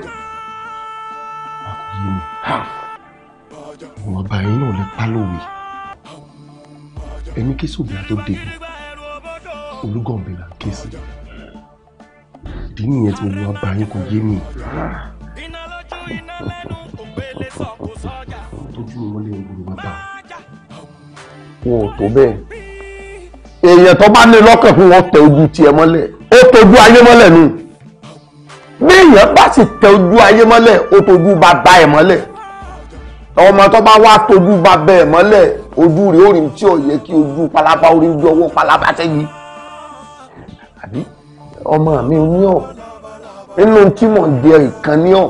àwọn ọba yìí náà lè pa lówe ẹni kéésì òbí àtó dèbò olúgọ̀ǹbẹ̀ là ń ké sí ìdí nìyẹn tí olúwa bá yín kò yé mi. tójú mi wọlé ìwúrò bàbá wọn ò tó bẹ́ẹ̀ èèyàn tó bá ní lọ́kàn fún wọn tẹ ojú tiẹ̀ mọ́lẹ̀ ó tọ́jú ayé mọ́lẹ̀ nù bí èèyàn bá sì tẹ ojú ayé mọ́lẹ̀ ó tọ́jú bàbá ẹ̀ mọ́lẹ̀ ọmọ tó bá wá tọ́jú bàbá ẹ̀ mọ́lẹ̀ ojú rẹ̀ ó rí tí ò yẹ kí ojú palapa orí ju ọwọ́ palapa sẹ́yìn àbí ọmọ mi ò ní ọ̀ nínú tí mò ń di ìkan ní ọ̀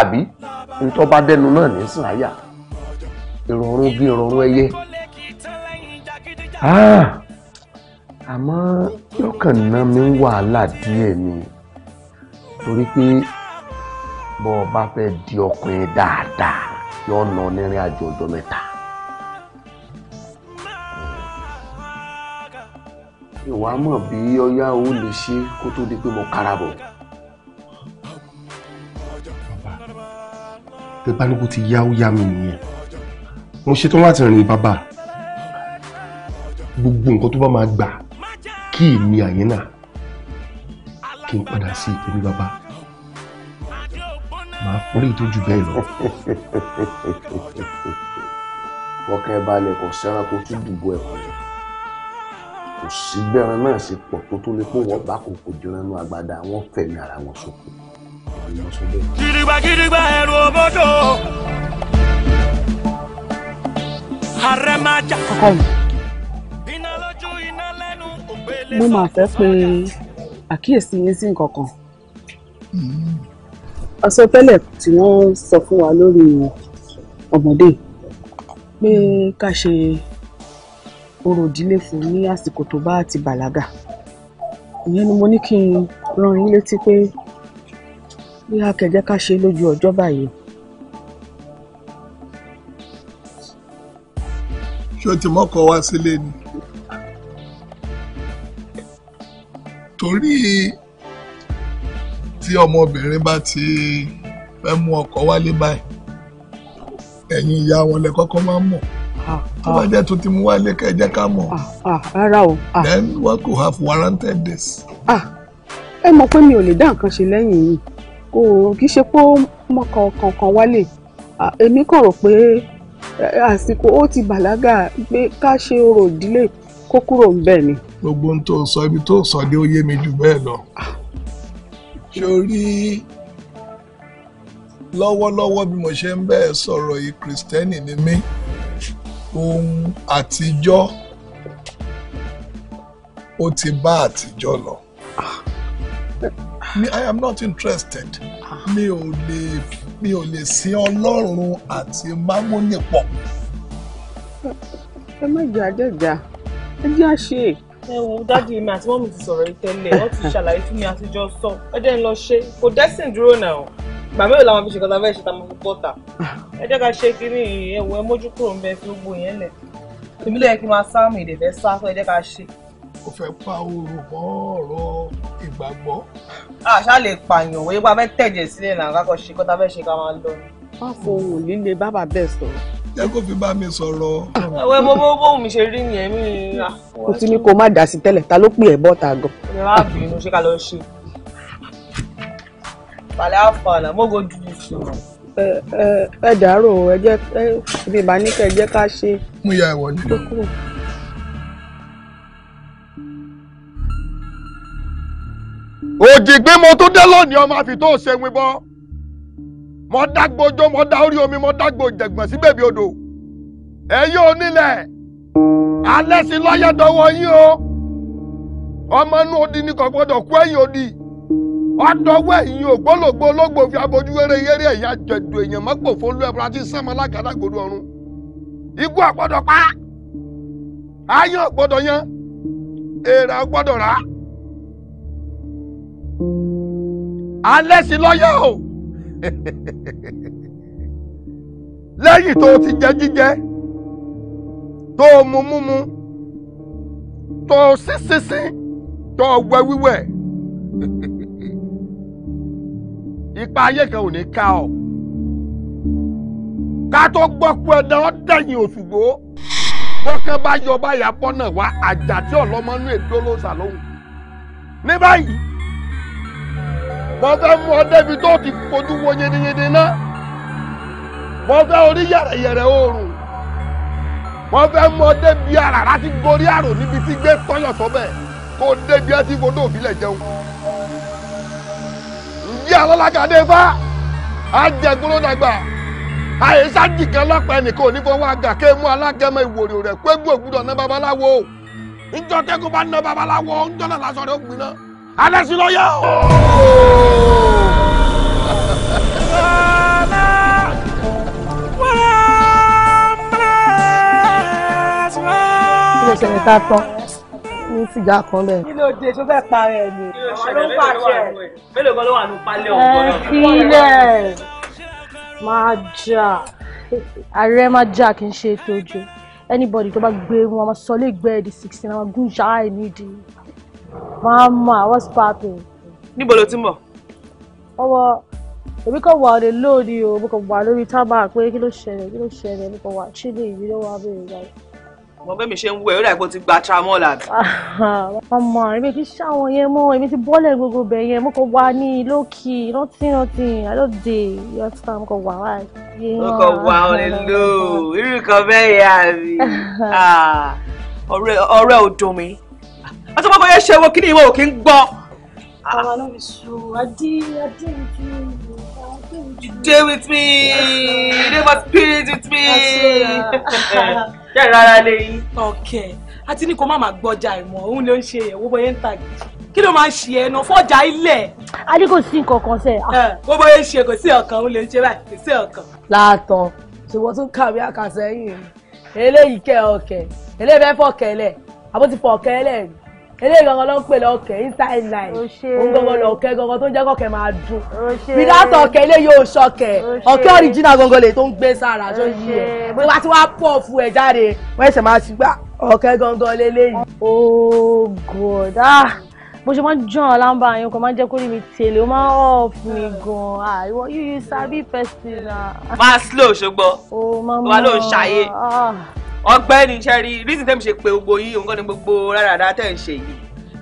àbí ntọ́ bá dẹnu náà ní sàn áyà ìrọ̀rùn bí ìrọ̀rùn ẹyẹ. Ah! àmọ́ lọ́kàn náà mi ń wàhálà díẹ̀ ni torí pé bọ́ ọ bá fẹ́ di ọkùnrin dáadáa yóò nà onírìn àjò ọjọ́ mẹ́ta. ìwà mọ̀ bí ọyá ò lè ṣe kó tó di pé mo karabọ̀. bàbá pé balógun ti yá yá mi nìyẹn mo ṣetán láti rìn bàbá gbogbo nǹkan tó bá máa gbà kí èmi àyínà kí n padà sí ipò mi bàbá màá fún èyí tó jù bẹ́ẹ̀ lọ. ọkàn ẹ balẹ̀ kò sẹ́ran kó tún dùbò ẹ̀ kọjá kò sí gbẹ́ran náà sí pọ̀ tó tó lè kó wọ́n bá kòkò jẹran nú agbada wọn fẹ̀mí ara wọn sókè. gidigba gidigba ẹrù òbodò àrẹ máa jà. ọkọ mi mo máa fẹ́ pe àkíyèsí yín sí nǹkan kan àsọtẹ́lẹ̀ hmm. tí wọ́n sọ fún wa lórí ọmọdé pé ká ṣe orò ìdílé fún ní àsìkò tó bá ti bàlágà ìyẹn ni mo ní kí n rán yín létí pé bí akẹjẹ ká ṣe lójú ọjọ́ báyìí. ṣé o ti mọ́kọ wá sílé ni. torí tí ọmọbìnrin bá ti fẹ́ mú ọkọ wálé báyìí ẹ̀yin ìyá wọn lẹ kọ́kọ́ máa ń mọ̀ ah, tó bá ah. jẹ́ tó ti mú wálé kẹ́ jẹ́ ká mọ̀. Ah, then what could have warranted this. ẹ mọ̀ pé mi ò lè dá nǹkan ṣe lẹ́yìn yìí kò kì í ṣe pé ó mọ̀kàn kankan wálé èmi kàn rò pé eh, àsìkò ó ti bàlágà pé ká ṣe orò ìdílé kó kúrò ń bẹ̀ ni. gbogbo ohun tó sọ ibi tó sọ dé ó yé mi jù bẹ́ẹ̀ lọ. sórí lọ́wọ́lọ́wọ́ bí mo ṣe ń bẹ́ẹ̀ sọ̀rọ̀ yìí kìrìsìtẹ́nì ni mí ohun àtijọ́ ó ti bá àtijọ́ lọ. I am not interested. mi ò lè mi ò lè sin ọlọ́run àti máwónì pọ̀. ẹ má jà jẹ́ jà ẹ jẹ́ àṣe. ẹ wo dáàdi mi àti mọ́mí ti sọ̀rọ̀ yìí tẹ́lẹ̀ wọ́n ti ṣàlàyé fún mi àtijọ́ sọ ẹ jẹ́ ń lọ ṣe kò dẹ́sìn dúró náà gbà mẹ́rin làwọn fi ṣe kọ́ta fẹ́ẹ́ ṣe ta fún bọ́tà ẹ jẹ́ ká ṣe kínní ẹ wo ẹ mójú kúrò ń bẹ fi gbogbo yẹn lẹ̀ èmi lẹ́yìn kí n máa sáàmù ìdẹ̀fẹ́ sá fún ẹ jẹ́ ká ṣe. ó fẹ́ pa oòrùn mọ́ ọ̀rọ̀ ìgbàgbọ́. àṣà lè pààyàn wọ́n yípa fẹ́ tẹ̀jẹ̀ sílẹ̀ náà kákọ́ ṣe kọ́ta fẹ́ ṣe ká máa lọ. má fọ ohun bábà bẹ́ẹ̀ sọ̀rọ̀ jẹ́ kó fi bá mi sọ̀rọ̀. ẹ̀wẹ̀ mo bó bóun mi ṣe rí nìyẹn mi. o ti ní kó má dà sí tẹ́lẹ̀ ta ló pè ẹ́ bọ́ta gan. ìrora àbínú ṣé ká lọ ṣe. balẹ̀ àfàlà mo go do this one. ẹ ẹ ẹ dàárò ẹ jẹ́ ẹ mi bá ní kẹ́ ẹ jẹ́ ká ṣe. mú ìyá ẹ wọlé. òjì gbé mo tó dé lónìí ọmọ àfi tó ṣe mo dágbo ojó mo dá orí omi mo dágbo jẹ̀gbọ̀n sí bèbí odò ẹ̀yin onílẹ̀ alẹ́ sí lọ́yẹ̀ dọ́wọ́ yín o ọmọ inú odi ni kò gbọdọ̀ kú ẹ̀yìn odi ọdọwọ́ ẹ̀yìn ògbólógbó ológbò fi abojú wéré yéré ẹ̀yà jẹ̀dù èèyàn mọ́pòfó lú ẹ̀fọ́ àti sẹ́mọ́ lágàdàgbòdo pa rà sí o. lẹ́yìn tó ti jẹ jíjẹ tó mu múmu tó sí sísín tó wẹ wíwẹ̀ ipa ayé kan ò ní ká ọ ká tó gbọ́ pé ẹ̀dá dẹ̀yìn òṣùgbó bọ́kẹ́ bá yọ báyà pọ́nà wá àjà tí ọlọ́mọ inú èdè ló sà lóhùn ní báyìí. wọ́n fẹ́ mú ọ débi tó ti fojú wo yedeyede náà wọ́n orí yẹ̀rẹ̀yẹ̀rẹ̀ oòrùn wọ́n mú ọ débi ti gorí àrò níbi tí gbé tọ́yọ̀ sọ́bẹ̀ kó débi ẹtí fodó òbílẹ̀ jẹun ǹjẹ́ alọ́lágadé fá ajẹgbóró dàgbà lọ́pẹ́ nìkan onífọwọ́ àgà ké mú alẹ́sìn lọ́yà ooo. ilé ìṣẹ̀lẹ̀ tá a tán ní sìgá kan bẹ́ẹ̀. kí ló dé tó fẹ́ parẹ́ ni. ló ń pàṣẹ. mélòó kan ló wà ní palẹ̀ ọ̀gbọ́n. ẹ sílẹ̀ máa jà ààrẹ máa jà kì í ṣe ètò òjò anybody tó bá gbé wọn a máa sọ lé gbẹ́ ẹ̀dì sixteen a máa gún ṣáà ẹ̀ nídìí. Mama, what's popping? Níbo lo ti ń bọ̀? Ọwọ́ èmi kan wà ọ̀dẹ lóòdì o, mo kàn wà lórí tábà pé kí ló ṣẹlẹ̀ kí ló ṣẹlẹ̀ mo kàn wà chílì yìí ló wà bẹ̀rẹ̀ báyìí. Mo bẹ́ẹ̀ mi ṣe ń wú ẹ̀ ó dà pé ti gba tramol àbí. Mama, èmi kì í ṣàwọn yẹn mọ́, èmi ti bọ́lẹ̀ gbogbo bẹ̀ yẹn, mo kàn wà ní lókì, nothing nothing, I don't dey, you understand, mo kàn wà wá. Mo kàn wà ọ̀dẹ lóò, irú kan bẹ́ẹ̀ yà mí, ah, ọ̀rẹ́ ò dùn mí àti pé bóyá ṣe wo kí ni ìwọ ò ń gbọ́. àwọn ah. náà mi sùn adé adé mi kí n you dey with me you dey my spirit with me. yàrá ara lè yí. ọ̀kẹ́ àti ní kò má máa gbọ́jà ìmọ̀ òun ló ń ṣe ìyẹ̀wò bóyá ń tàgé kí ló máa ń ṣe ẹnu fọ́jà ilẹ̀. a ní kò sí nǹkan kan sẹ́ẹ̀. bó bóyá ń ṣe kò sí ọ̀kan òun ló ń ṣe báyìí kò sí ọ̀kan. láàtọ̀ ṣùgbọ́n tún kàwé àkàṣẹ́yìn eléyìí kẹ́ ọ̀kẹ́ eléyìí fẹ́ fọ̀kẹ́lẹ̀ àbó ti fọ̀kẹ́lẹ̀ rí eléyìí gangan ló ń pè lọ́kẹ̀ inside line òun gangan lọ́kẹ̀ gangan tó ń jẹ́ kọ́kẹ́ máa dùn without ọ̀kẹ́ eléyìí ò ṣọ̀kẹ́ ọ̀kẹ́ original gangan lè tó ń gbé sára tó yí ẹ̀ pé wá tí wàá pọ̀ fún ẹ jáde wọ́n ṣẹ̀ máa ṣùgbà ọ̀kẹ́ gangan lélẹ́yìí. oh god ah bó ṣe máa ń jàn án lámbà yẹn kò máa ń jẹ́ kó rí mi tèlé ó máa ń off mi gan-an ah, ìwọ yíyí sábì fẹ́sìtì náà. máa slow ṣùgbọ́n oh, wà ló ń ṣàyè ọ̀gbẹ́ni sẹrí reason tẹ́mi ṣe pé gbogbo yín òun kọ́ ni gbogbo rárá tẹ́ ń ṣe yìí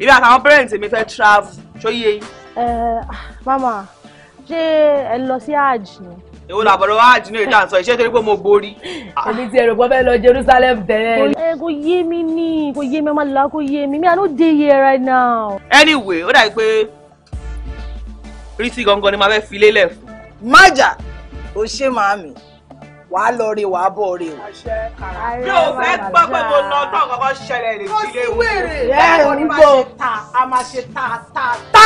ìbí àtàwọn parents mi fẹ́ travel ṣóyè yín. ẹ mama ṣé ẹ lọ sí hajj ni. èwo làbọ̀rọ̀ hajj ní èdè àǹsọ̀ ìṣe torí pé mo borí. Ah. èmi ti ẹ̀rọ pọ́fẹ́ lọ Jerusalem tẹ́lẹ̀. ẹ kò yé mi ní kò yé mi ọmọ làlá kò yé mi mi I no dey here right now. anyway ó dàbí pé rísí gangan ni màá fẹ́ fi lélẹ̀ fún. májà ò ṣe màámi wàá lọ rè wàá bọ̀ rè o. mi ò fẹ́ gbọ́ pé mo lọ tó kọ́kọ́ ṣẹlẹ̀ lè fi lé wò. ẹ ò ní bò ta a máa ṣe ta ta ta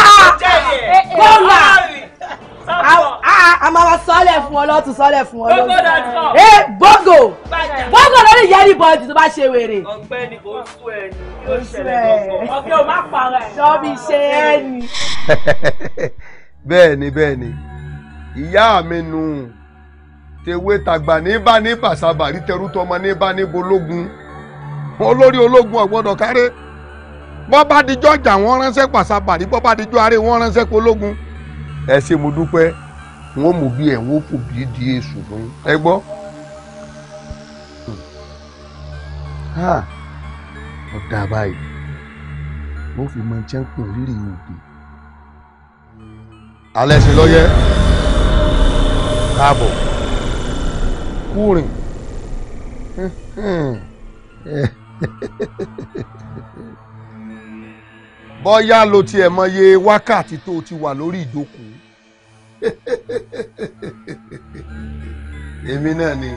bọ́ọ̀lù eh, eh, eh. a máa wá sọ́lẹ̀ fún ọ lọ́tún sọ́lẹ̀ fún ọ lọ́tún. ẹ gbọ́gò gbọ́gò lórí yẹ́rì bọ́ọ̀dù tó bá ṣe wèrè. ọ̀gbẹ́ni kò sú ẹ yóò ṣẹlẹ̀ lọ́kọ̀ ọ̀gbẹ́ ò má para ẹ̀. sọ́ọ́bì ṣe é ni. bẹ́ẹ̀ ni bẹ́ẹ̀ ni ìyá mi nù. No tèwe tàgbà ní bá ní pàṣàbà rí tẹrú tọmọ ní bá níbo lógun olórí ológun ọ̀gbọ́dọ̀ kárẹ́ bọ́ bá dijọ́ ọjà wọ́n ránṣẹ́ pàṣàbà rí bọ́ bá dijọ́ aré wọ́n ránṣẹ́ pológun ẹ ṣe mo dúpẹ́ wọn mú bí ẹ̀ wọ́n fò bí di èṣù fún ẹ gbọ́. ọ̀dà báyìí wọ́n fi máa ń jẹ́ pé rírì òde. alẹ́ sí lọ́yẹ́ káàbọ̀ kú rìn bọ́yá ló tiẹ̀ mọye wákàtí tó ti wà lórí ìjókòó èmi náà ni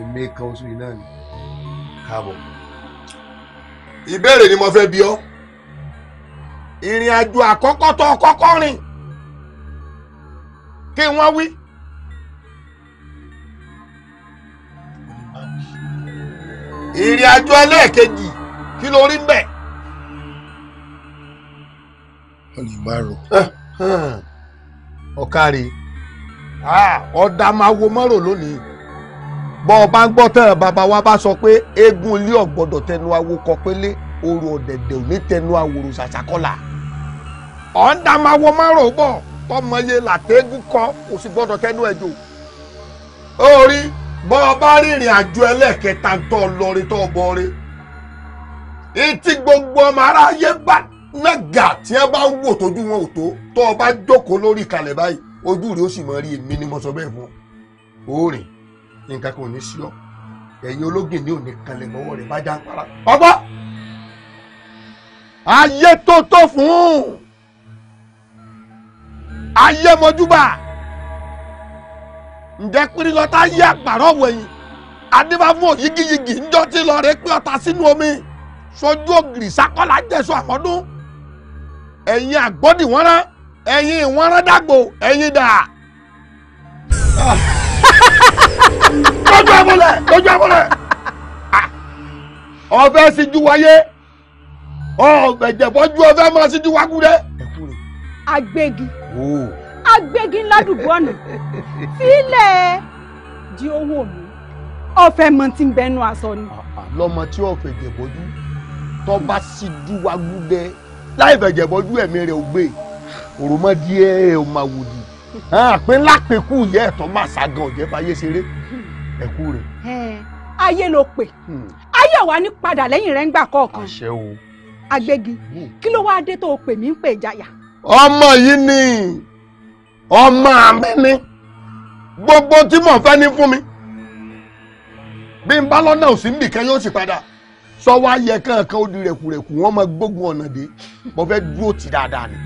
èmi kan oṣù yìí náà ni káàbọ̀. ìbéèrè ni mo fẹ́ bi ọ́ ìrìn àjò àkọ́kọ́ tó kọ́kọ́ rìn kí wọ́n wí. ìrìn àjò ẹlẹ́ẹ̀kejì kí ló rí mbẹ̀. wọ́n lè máa rò. ọ̀kàrè ọ̀dà máa wo mọ́rò lónìí bọ́ ọ bá ń gbọ́ tán wa bá sọ pé eégún ilé ọ̀gbọ́dọ̀ tẹnu awo kọ pélé oru ọ̀dẹ̀dẹ̀ ò ní tẹnu awòrò ṣàṣàkọ́là ọ̀ǹda máa bọ̀ tọmọye làtẹ́gùn kọ́ kò sì gbọ́dọ̀ tẹnu ẹ̀jọ̀ bọ́ ọ bá rìnrìn àjò ẹlẹ́ẹ̀kẹta tó lọrí tó bọ́rí etí gbogbo ọmọ aráyé bá nága tí wọ́n bá wò tójú wọn ò tó tó o bá jókòó lórí ìkàlẹ̀ báyìí ojú rẹ̀ ó sì mọ̀ rí èmi ni mo sọ bẹ́ẹ̀ fún ọ ó rìn nǹkan kan ò ní sí ọ ẹ̀yin ológin ni ò ní kanlẹ̀ mọ́wọ́ rẹ̀ bá já ń para ọgbọ́n ayé tó tó fún un ayé mojúbà. ǹjẹ́ pírílọ́tà yí àpàrọ̀ wẹ̀yìn adébáfún òyigiyigi ńjọ́ tí lọ rẹ pé ọta sínú omi sojú ògiri sákọ́lá jẹ̀sọ àmọ́dún ẹ̀yin àgbọ́dì wọ́n ẹ̀yin ìwọ́n dàgbò ẹ̀yin dà. lójú àbúlẹ̀ lójú àbúlẹ̀ síjú wáyé máa síjú wákúrẹ́. agbégin ládùúgbò ọ̀nà sílẹ̀ di owó mi ọ̀fẹ́ mọ tí ń bẹnu aṣọ ni. lọmọ tí ó fẹ̀jẹ̀ bọ́jú tó bá sì dúwa gúdẹ láì fẹ̀jẹ̀ bọ́jú ẹ̀mí rẹ̀ ò gbé òròmọdí ẹ̀ ò máa wòdì pínlá pẹ̀kú yẹ ẹ̀tọ́ máa ṣàgàn ọ̀jẹ̀ fàyè ṣeré ẹ̀kú rẹ̀. ayé ló pè hmm. ayé wa ní padà lẹ́yìn rẹ̀ ń gbà kọ̀ọ̀kan agbégi hmm. kí ló wáá dé tó o pè mí ń pè jáyà. ọmọ yìí ni. ọmọ mi ni gbogbo tí mò ń fẹ́ ní fún mi bí n bá lọ́nà òsì ń bì kan yóò sì padà sọ wá yẹ kankan ó di rẹ̀kùrẹ̀kù wọ́n máa gbógun ọ̀nà dé mo fẹ́ dúró tì dáadáa ni.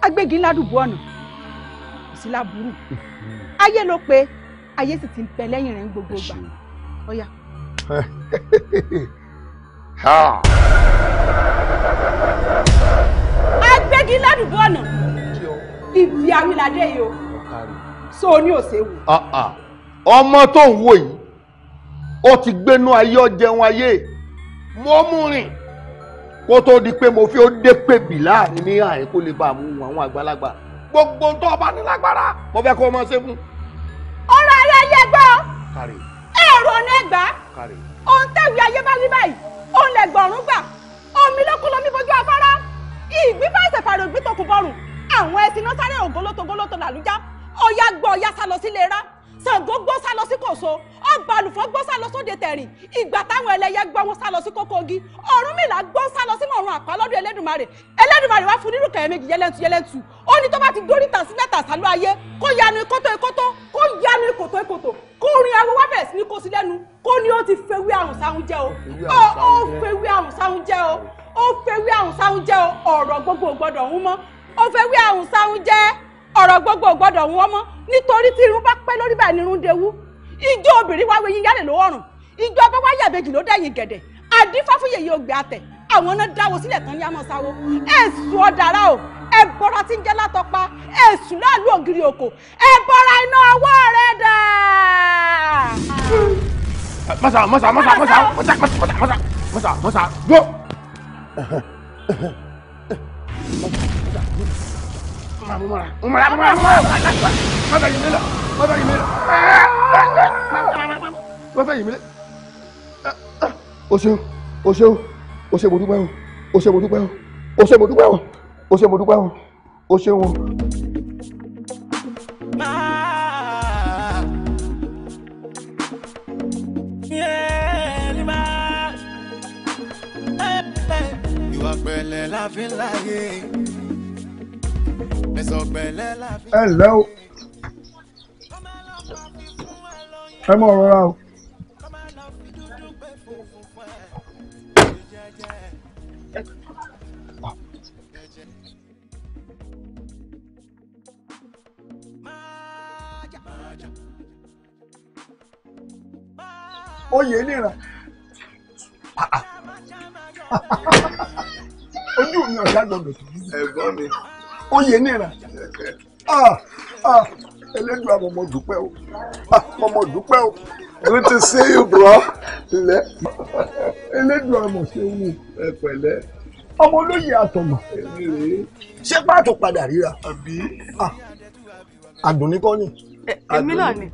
agbègi ládùúgbò ọ̀nà òsì sí láburú ayé ló pé ayé sì ti ń bẹ lẹ́yìn rẹ̀ ń gbogbo gbà ọ̀yà. agbègi ládùúgbò ọ̀nà. ibi awilade yìí o so ní òsèwò. ọmọ tó ń wò yìí ó ti gbénú ayé ọjẹun ayé mo mú rìn kó tó di pé mo fi ó dé pèbì láàrin ní àyè kó lè bá àwọn àwọn àgbàlagbà gbogbo tó ọba ní lágbára mo fẹ́ kó ọmọ ṣe fún. ọ̀rọ̀ ayé ayé gbọ́ èrò ní ẹgbà ohun tẹ̀wé ayé bá rí báyìí òun lè gbọ̀rún gbà omi lókun lomi bójú afárá ìgbín bá ìṣẹ̀fà rẹ̀ tó kú bọ́rùn àwọn ẹṣin náà sáré ògólótó ògólótó làlújá ọ̀yá gbọ́ ọ̀yá sá lọ sílé rá Ṣàngó gbó sá lọ sí Kòso ọba àlùfọ́ gbó sá lọ sóde tẹ̀rìn ìgbà táwọn ẹlẹ́yẹ gbọ́ wọn sá lọ sí Kókógi Ọ̀rúnmìlà gbó sá lọ sínú ọ̀run àpá lọ́dún Ẹlẹ́dùmarè Ẹlẹ́dùmarè wá fún nírùkẹ̀ méjì yẹlẹ́ntu yẹlẹ́ntu ó ní tó bá ti gbórí tàn sí mẹ́ta sálú ayé kó yanu ikótó ikótó kó yanu ikòtó ikòtó kó rin awo wá bẹ̀rẹ̀ sí ní kó sí lẹ́nu kó ní ó ti fewé àrùn sáhun jẹ́ o ó fewé àrùn sáhun jẹ́ o ó fewé àrùn sáhun jẹ́ o ọ̀rọ̀ gbogbo gbọ́dọ̀ ń mọ́ ó fẹ́ wí àrùn sáhùn jẹ́ ọ̀rọ̀ gbogbo gbọ́dọ̀ wọn mọ́ nítorí tí irun bá pẹ́ lórí báyìí nírun dewú ijó obìnrin wá wẹ̀yìn yálẹ̀ ló ọ̀rùn ijó ọba wáyà bèjì ló dẹ̀yìn gẹ̀dẹ̀ àdífáfúyè yìí ògbé àtẹ̀ àwọn náà dáwọ́ sílẹ̀ tán ní amọ̀sáwó èsù ọ̀dàrà o ẹ̀bọra tí ń jẹ́ látọ̀pa èsù láàlú ògiri òkò ẹ̀bọra iná ọwọ́ rẹ̀ dà. masa mọ̀ra mo mọ̀ra mo mọ̀ra mo mọ̀ra mo mọ̀ra má bẹ̀ yìí mi lọ má bẹ̀ yìí mi lọ má bẹ̀ yìí mi lọ. o ṣeun o ṣeun o ṣe mo dúpẹ́ o o ṣe mo dúpẹ́ o o ṣe mo dúpẹ́ o o ṣe mo dúpẹ́ o o ṣeun o. ìwà pẹ̀lẹ́ la fi ń láyé. Hello. ǹlẹ́ o ẹ mọ̀ rọra o. oyè níra ojú mi ọ̀dà gbọdọ̀ tó. ẹ̀gbọ́n mi oyè níran ẹlẹ́dùn ah, ah, àmọ̀mọ̀ dúpẹ́ o àmọ̀mọ̀ ah, dúpẹ́ o good to see you bro lẹ́ ẹlẹ́dùn àmọ̀ ṣe wù ẹ pẹ̀lẹ́ ọmọ olóyè àtọ̀mọ̀ ṣé pàtó padà ríra àbí àdùnní kọ́ ni. èmi náà ni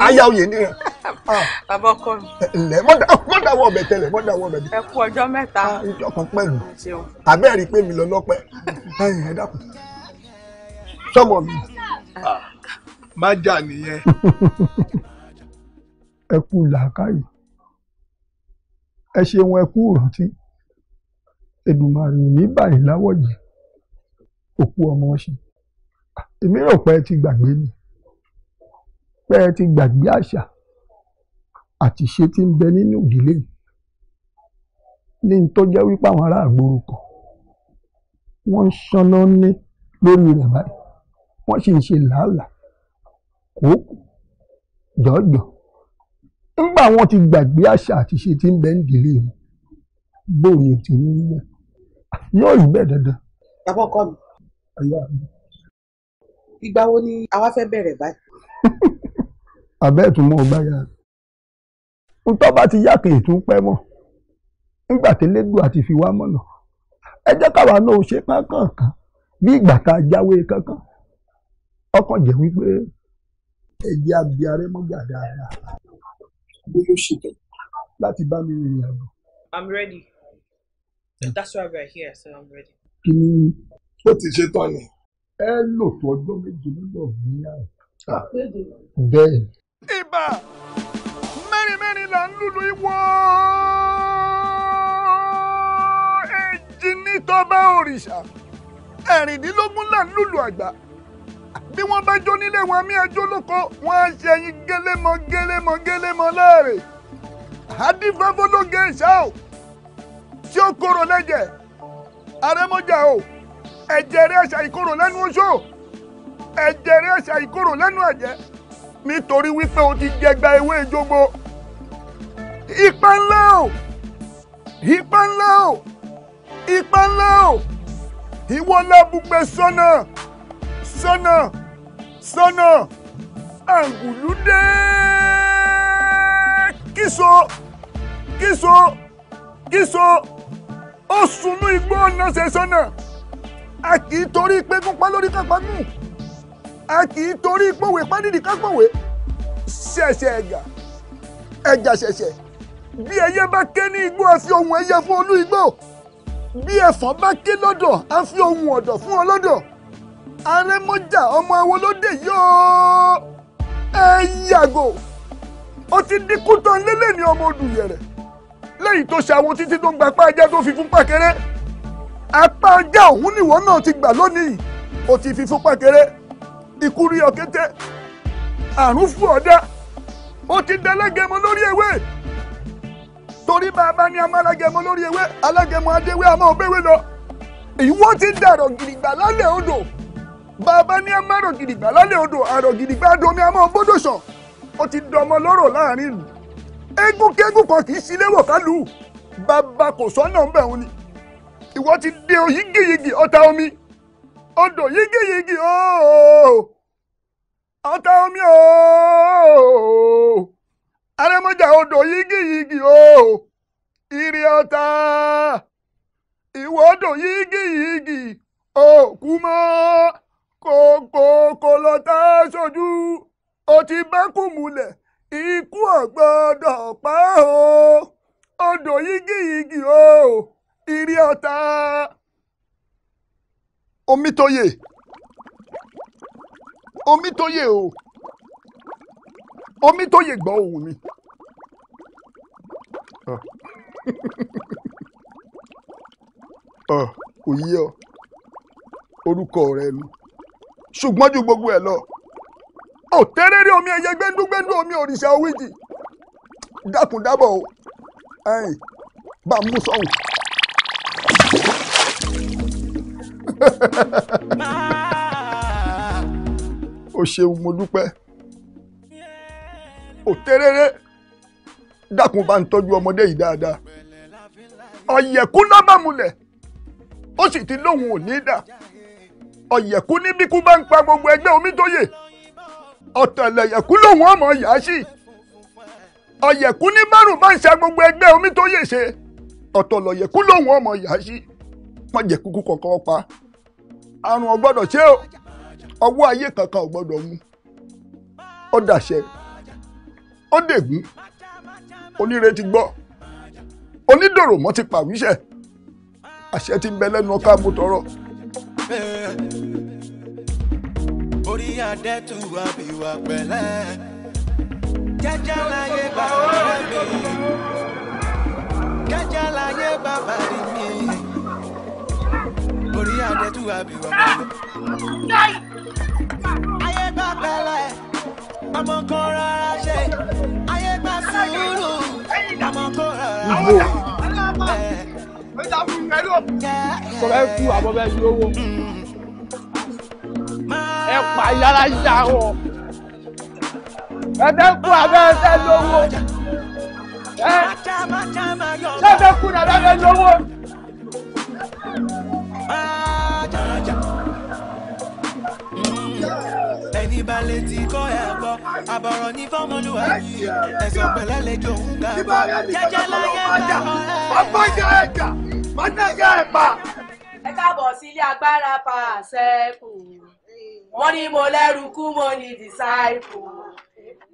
aya oyè ni ràn. Ah. Ah. bàbá ọkọ mi. ẹlẹ mọ dáwọ ọbẹ tẹlẹ mọ dáwọ ọbẹ tẹlẹ. ẹ kú ọjọ́ mẹ́ta. Ah, ìjọ kan pẹ̀lú abẹ́rì pé mi lọ lọ́pẹ́ ẹ dákun sọmọ mi. má jà nìyẹn. ẹ kú làákàyè ẹ ṣeun ẹ kú òrántí Èdùmàrè ní báyìí láwọ̀ yìí òkú ọmọ ṣe èmi rò pé ẹ ti gbàgbé mi pé ẹ ti gbàgbé àṣà àti ṣe tí ń bẹ nínú ìdílé ní n tó jẹ́ wípé àwọn ará àgbòrò kan wọ́n ń ṣáná ní lórí rẹ̀ báyìí wọ́n sì ń ṣe làálàá kòókù jọ̀ọ́jọ̀ nígbà wọ́n ti gbàgbé àṣà àti ṣe tí ń bẹ nídìílé wọn bóun ni ti ń yẹ yóò rí bẹ́ẹ̀ dandan. àkọ́kọ́ mi ìgbà wo ni àwa fẹ́ bẹ̀rẹ̀ báyìí àbẹ́ẹ̀tún mọ́ gbáyà ntọ́ bá ti yá kìí tún pẹ́ mọ́ nígbà tẹ́lẹ́dù àti fi wá mọ̀nà ẹ jẹ́ káwa náà ṣe kankankan bí ìgbà tá jáwé kankan ọkàn jẹ́ wípé ẹ̀jẹ̀ àbí arẹ́mọ́gbà dáadáa bí ló ṣe dé láti bá mi rìnrìn àjò. I'm ready. That's why we're here, so I'm ready. kí ni ó ti ṣe tán ni. ẹ lò tó ọjọ́ méje nígbà òmìnira rẹ̀. Ah. bẹ́ẹ̀. ibà mẹ́rin mẹ́rin là ń lùlù ìwọ èjì nítọ́ba òrìṣà ẹ̀rìndínlógún là ń lùlù àgbà bí wọ́n bá jó nílé wọn mí ẹjọ́ lóko wọn á ṣe ẹyin gélémọ gélémọ gélémọ láàrè àdìfẹ́fọ́lóge ṣá o tí ó korò lẹ́jẹ̀ àrẹ́mọ́jà o ẹ̀jẹ̀ rẹ̀ ṣàìkorò lẹ́nu oṣù ẹ̀jẹ̀ rẹ̀ ṣe àìkúrò lẹ́nu ẹ̀jẹ̀ nítorí wípé o ti jẹgba ewé ìjogbo ipa ńlá o ipa ńlá o ipa ńlá o ìwọ lábùgbé sọ́nà sọ́nà sọ́nà àgùlúdé kíso kíso kíso ó sunú igbó ọ̀nà ṣe sọ́nà a kì í torí pé kópa lórí kápákùn a kì í torí pòwe pádìdì ká pòwe ṣẹ̀ṣẹ̀ ẹ̀gà ẹ̀gà ṣẹ̀ṣẹ̀ bí ẹyẹ bá ké ní igbó a fi ohun ẹyẹ fún olú igbó bí ẹfọ̀n bá ké lọ́dọ̀ a fi ohun ọ̀dọ̀ fún ọlọ́dọ̀ arẹmọjà ọmọ awolóde yóò ẹ yàgò ó ti di kútọ lélẹ̀ ní ọmọ odùyẹ̀rẹ̀ lẹ́yìn tó ṣàwo títí tó ń gba apá ajá tó fi fún pàkẹ́rẹ́ apá ajá òun nìwọ náà ti gbà lónìí ó ti fi fún pàkẹ́rẹ́ ikú rí ọ̀kẹ́tẹ́ àrùn fún ọ̀dá ó ti dẹ́lẹ́gẹ̀mọ lórí ewé torí bàbá ni a máa lágẹ̀mọ lórí ewé alágẹ̀mọ adéwé a máa bẹ́wé lọ ìwọ ti dàrọ̀ gidigba lálẹ́ odò bàbá ni a máa rọ̀ gidigba lálẹ́ odò àrọ̀ gidigba domi a máa gbọ́dọ̀ sàn ó ti dọmọ lọ́rọ̀ láàrin ìlú eégúnkégún kan kì í sílé wọ̀ kálù bàbá kò sọ́nà ń bẹ̀ wọ́n ni ìwọ ti dé oyígiyigi ọta omi odò yígiyigi ooo. Oh, oh. ọtá omi ooo arẹmọjà odò yigi yigi ooo ìrì ọtá ìwọ odò yigi yigi òkúmọ kòkò kòlọtà sojú o ti bákú múlẹ ikú ọgbọdọ pa ooo odò yigi yigi ooo ìrì ọtá omi tó yẹ omi tó yè o omi tó yè gbọ́ ohùn mi. òyí ah. ah, ọ orúkọ rẹ nu ṣùgbọ́n ju gbogbo ẹ̀ lọ òtẹ́rẹ́rì omi ẹ̀yẹ gbẹ́ndúgbẹ́ndú omi òrìṣà owíjì dákúndábọ̀ o ẹ̀yìn bá mú sọ́hùn. o ṣeun mo dúpẹ́ òtẹ́rẹ́rẹ́ dákun bá ń tọ́jú ọmọdé yìí dáadáa ọ̀yẹ̀kún náà bá mulẹ̀ ó sì ti lóhùn ò dà ọ̀yẹ̀kún ní bíkú bá ń pa gbogbo ẹgbẹ́ omi tó yè ọ̀tẹ̀lẹ̀yẹ̀kún lòun ọmọ yàá sí ọ̀yẹ̀kún ní márùn bá ń ṣe gbogbo ẹgbẹ́ omi tó yè ṣe ọ̀tọ̀lọ̀yẹ̀kún lòun ọmọ yàá sí má jẹ́ kúkú kọ̀ọ̀kan pa àrùn ò gbọ́dọ̀ o. ọwọ́ ayé kankan ò gbọ́dọ̀ mú ó dàṣẹ ó dègún oníre ti gbọ́ onídòròmọ́ ti pàwíṣẹ́ àṣẹ ti ń bẹ lẹ́nu ọkọ àmútọrọ. orí adé tù wá bí wà pẹ̀lẹ́ jẹ́jẹ́ láyé bàbá mi jẹ́jẹ́ láyé bàbá mi orí adé tù wá bí wà pẹ̀lẹ́ ayé gbà pẹ̀lẹ́ ọmọ kò rọra ṣe ayé gbà sùúrù ọmọ kò rọra ṣe. sọ̀rọ̀ ẹ kú àbọ̀ bẹ́ẹ̀ ju owó ẹ pa yàrá yà wọ̀ ẹ fẹ́ kú àbẹ́ ìbàlẹ̀ tí kọ́ ẹ̀ gbọ́ àbọ̀rọ̀ ní fọ́mọlúwa yìí ẹ̀sọ̀ pẹ̀lẹ́ lẹ́jọ́ òun gbà jẹ́jẹ́ láyé ńlá ọ̀rẹ́. ọgbọ́njẹ ẹ̀jà mọ́nàgà ẹ̀bà. ẹ káàbọ̀ sí ilé agbára pa àṣẹ́kù wọ́n ní mo lẹ́rù kú mo ní dìsáìpù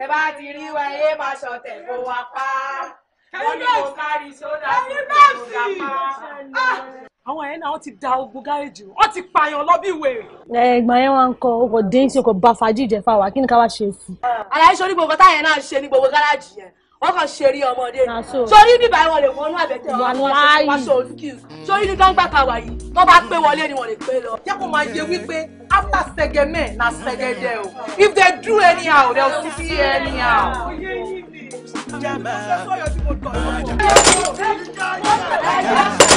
ẹ bá ti rí wa ẹ máa ṣọ̀tẹ̀ kó wa pa wọ́n ní mo kárí sódà kó wa pa àwọn yẹn náà wọ́n ti da ogun gáréjì wọ́n ti pààyàn lọ bí wèrè. ẹ̀gbọ́n yẹn wá ń kọ ọkọ̀ dín sí ọkọ̀ bá fàájì jẹ fáwa kí ni ká wá ṣe sí. àlàyé sọ ní gbogbo táyà náà ṣe ní gbogbo gárájì yẹn wọ́n kàn ṣe rí ọmọdé ah, sórí bíbá wọn lè wọnú àbẹ̀tẹ̀ wọn aṣọ olùkíyù sórí ní gbangba kàwá yìí tó bá pé wọlé ni wọ́n lè pé lọ. jẹ́ kó máa yẹ wípé after sẹgẹmẹ na sẹgẹdẹ o if they do anyhow they will see you anyhow. Jama, Jama.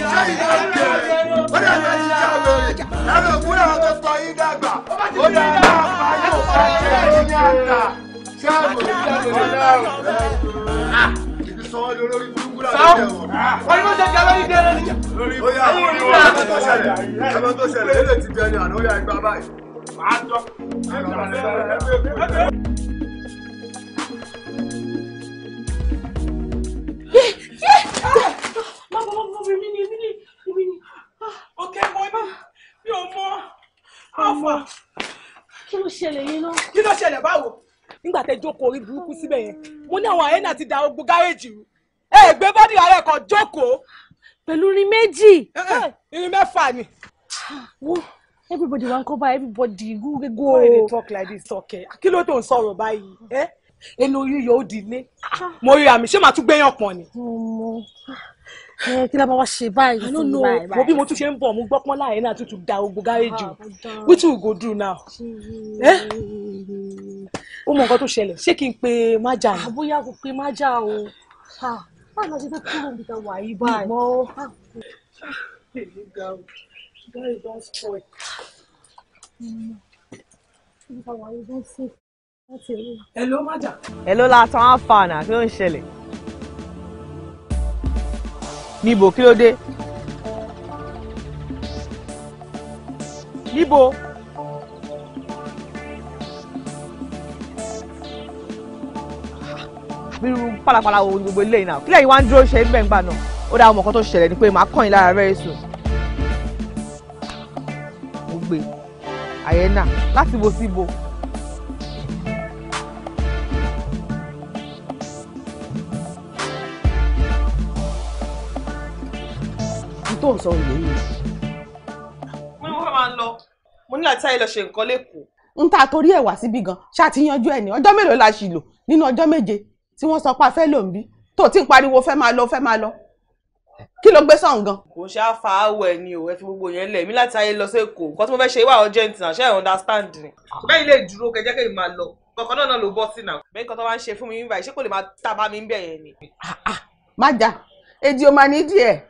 sẹ́yìn náà dé ó dẹ̀ fẹ́ ti já lóye ẹ̀rọ òwúrọ̀ àwọn tó tọ́ yín dàgbà ó dẹ̀ máa fa yóò fa jẹ́ ní àgbà sẹ́yìn náà dé ibi sọ́wọ́n lé olórí burúkú láti jẹ́ wọn. wọ́n ní wọ́n ṣe jẹ́ lórí dẹ́rẹ́ níjà. ó yà wọ́n ní wọ́n tó ṣẹlẹ̀ ẹ̀rọ tó ṣẹlẹ̀ ẹ̀rọ ti bẹ́ẹ̀ ni àná ó yà ẹgbàá báyìí. máa dọ́ ẹgbàá bẹ́ẹ̀ mọ mọ mọ mi ni mi ni mi ni. ọkẹ mọ ni mi ò mọ àfà. kí ló ṣẹlẹ̀ yín náà. kí ló ṣẹlẹ̀ báwo. nígbà tẹ jókòó orí burúkú síbẹ̀ yẹn mo ní àwọn àyẹ̀nà ti da ogun gáréèjì rú ẹ gbé bọ́dì ara ẹ̀kọ́ jókòó. pẹ̀lú irin méjì. irin mẹ́fà ni. wo everybody wan cover everybody go go. why you dey talk like this ọkẹ kí ló tó ń sọ̀rọ̀ báyìí. Eh? ẹnu yíyọ ó di ilé mo rí àmì ṣé màá tún gbéyàn pọ̀ ni kí la máa wá ṣe báyìí sí báyìí báyìí. mo bí mo tún ṣe ń bọ̀ mo gbọ́ pọ́n láàyè náà tuntun da ogun gáréjì which ah, we go do now. Eh? ó mọ nǹkan tó ṣẹlẹ̀ ṣé kí n pe májà ni. àbóyá ah, kò pe májà o ah, báwo la ṣe fẹ́ kúrò níbi tá a wà yìí báyìí. mo gáì bá sọ ẹ̀ níbi tá hello májà. hello látàn á fa àná kí ló ń ṣẹlẹ̀ níbo kí ló dé níbo. bírú pàlàpàlà wo gbogbo eléyìí náà kílẹ̀ yìí wá ń dúró ṣe ń bẹ̀ ń gbà náà ó dá ọmọ kan tó ṣẹlẹ̀ ni pé màá kàn yín lára very soon. mo gbé àyẹ̀ náà láti bo sí bo. tó ń sọ rèé yìí. mo ní wọ́n máa lọ mo ní láti sáyé lọ ṣe nǹkan lẹ́kọ̀ọ́. n ta torí ẹ̀ wá síbí gan ṣàtìyanjú ẹ̀ ní ọjọ́ mélòó la ṣì lò nínú ọjọ́ méje tí wọ́n sọ pé a fẹ́ lò ń bí tó ti ń pariwo fẹ́ máa lọ fẹ́ máa lọ kí ló gbé sọ̀hún gan. kò ṣáà fa ẹ ni o ẹ fi gbogbo yẹn lẹ̀ mí láti ayé lọ sí èkó nǹkan tí mo fẹ́ ṣe wà urgent náà ṣe é understand ni. bẹ́ẹ̀ ilé ìdúró kẹjẹ́ kẹ́yìn máa lọ kọ̀ọ̀kan náà ló bọ́ sí náà. bẹ́ẹ̀ nǹkan tó máa ń ṣe fún mi nígbà yìí ṣé kò lè máa ta bá mi ń bẹ̀ yẹn ni. Ah, ah, má jà èdè ò máa ní díẹ̀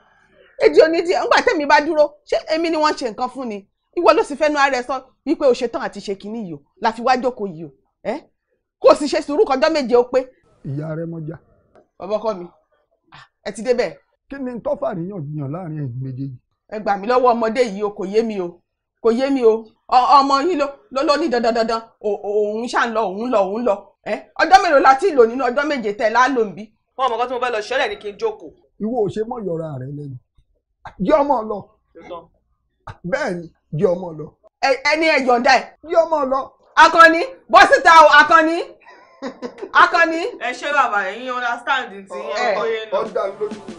èdè onídìí ńgbà tẹ̀mí bá dúró ṣé èmi ni wọ́n ṣe nǹkan fún ni ìwọ ló sì fẹ́nu ara ẹ sọ wípé o ṣetán àti ṣe kínní yìí o la fi wá jókòó yìí o ẹ kó o sì ṣe sùúrù kọjọ́ méje o pé. ìyá rẹ mọjà. bàbá ọkọ mi ẹ ti débẹ̀. kí ni tọ́fà níyànjiyàn láàrin ẹ̀yin méjèèjì. ẹ gbà mí lọ́wọ́ ọmọdé yìí o kò yé mi o kò yé mi o ọmọ yín ló ló ní dandan dandan òun ṣà ń lọ òun lọ òun lọ ẹ ọjọ́ mélòó la ti lò nínú ọjọ́ méje tẹ̀ láàlóǹbí. wọn mọ̀ kọ́ tí mo fẹ́ lọ ṣẹlẹ̀ ni kí n jókòó. ìwọ ò ṣe mọ̀ yọra rẹ lẹ́nu jẹ́ ọmọ lọ bẹ́ẹ̀ ni jẹ́ ọmọ lọ. ẹni ẹ yọ̀ǹda ẹ̀. jẹ́ ọmọ lọ. akọni bọ́ síta o akọni akọni. ẹ ṣe bàbá ẹ̀yin understand ti ọkọ yẹn náà. ọ̀dà lójú mi.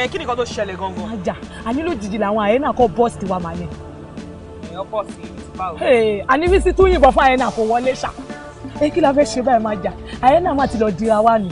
ẹ kí ni nǹkan tó ṣẹlẹ̀ gangan. ajá àní lójijì làwọn àyẹnà kọ bọ́ọ̀sì tiwa màá yẹn. èèyàn bọ́ọ̀sì yìí ti bá o. àní bí sí tún yìnbọn fún àyẹnà kò wọlé ṣá ẹ kí la fẹ́ ṣe báyìí máa jà àyẹ́ náà ti lọ dira wá nù.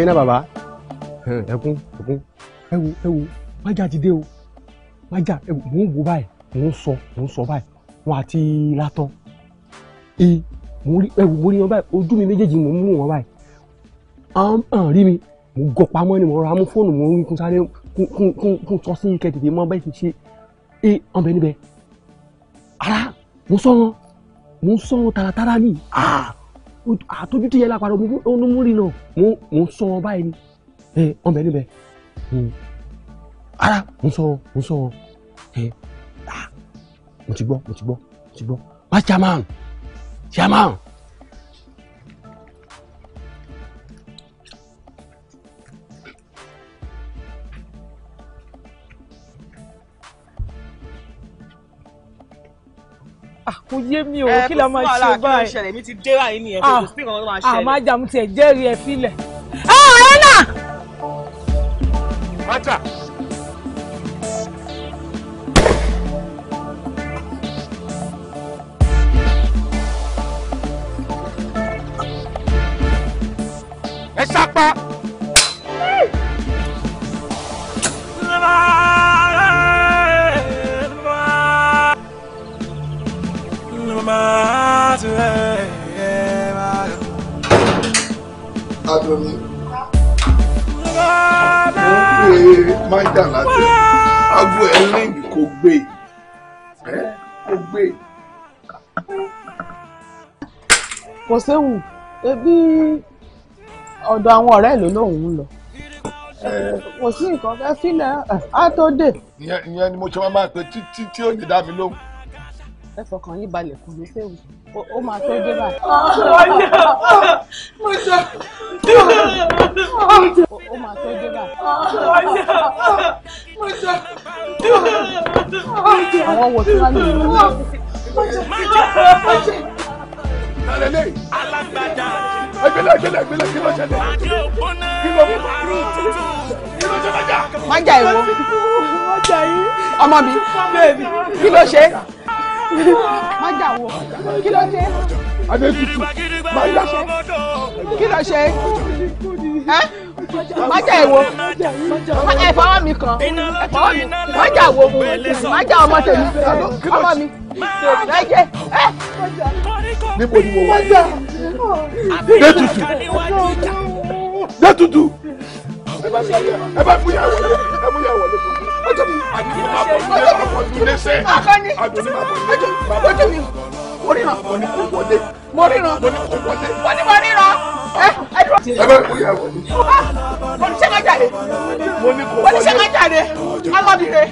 ẹ̀yin náà bàbá ẹkún ẹkún ẹwu ẹwu májà ti dé o májà ẹwu mò ń wo báyìí mò ń sọ mò ń sọ báyìí wọn àti látọ ee mò ń rí ẹwu mò ń rí wọn báyìí ojú mi méjèèjì mò ń mú wọn báyìí àwọn rí mi mò ń gọ pamọ́ ni mò ń ra mú fóònù mò ń rí kún sáré kún sọ sí ike tètè mọ báyìí ti ṣe ee wọn bẹ níbẹ̀ ara mò ń sọ wọn mò ń sọ wọn tààràtàrà ni ah! àtọ́jú tí yẹ lápárọ̀ ló mú rí náà mo ń sọ ọ báyìí ni ẹ ọbẹ̀ níbẹ̀ ara mo ń sọ ọ mo ń sọ ọ ẹ ah, mo ti gbọ́ mo ti gbọ́ mo ti gbọ́ wá chairman chairman. Ah, kò yé mi o eh, kí la máa ṣe báyìí àmọ́ àjàmù tiẹ̀ jẹ́rìí ẹ sílẹ̀. ọ̀rẹ́ náà. pátá. ẹ sápá. aṣọ mi. mo ń pe májà láti agbo ẹ ríǹgì kò gbé ẹ kò gbé. kò séwu ebi ọ̀dọ̀ àwọn ọ̀rẹ́ ìlú lòun ń lọ kò sí nǹkan fẹ́ sílẹ̀ á tó dé. ìyẹn ni mo ṣe máa máa pe títí tí ó lè dá mi lóhùn ẹ fọkàn yín balẹ̀ kò ní séwu ó máa tó dé báyìí. Oh, mo jẹ ó máa tó dé báyìí. Oh, mo jẹ àwọn wo tí wọ́n lè lò ó. Alẹ́ lẹ́yìn. Alágbádá. Ẹgbẹ́lẹ́ ẹgbẹ́lẹ́ ẹgbẹ́lẹ́ kí ló ṣẹlẹ̀? Kí ló mú bàrú? Kí ló ṣe májà? Májà ìwọ. Ọmọ mi, kí ló ṣe? má jà wo kí ló ṣe. adé tutù má jà kí ló ṣe. ẹ má jà èwo ẹ fọwọ́ mi kan ẹ fọwọ́ mi má jà wo má jà ọmọ tèmi ọmọ mi ẹ jẹ ẹ. níbo ni mo wà yìí. dé tutù dé tutù ẹ bá fúyà wọlé ẹ fúyà wọlé fún mi ọjọ́ mi akọni ọjọ́ mi mo ríran mo ní kó wọlé mo ríran mo ní kó wọlé mo ní mo ríran ẹ ẹ dúró. ẹ bá kó yà wọlé. mo ní sẹ́ka jáde mo ní kó wọlé mo ní sẹ́ka jáde alábìrè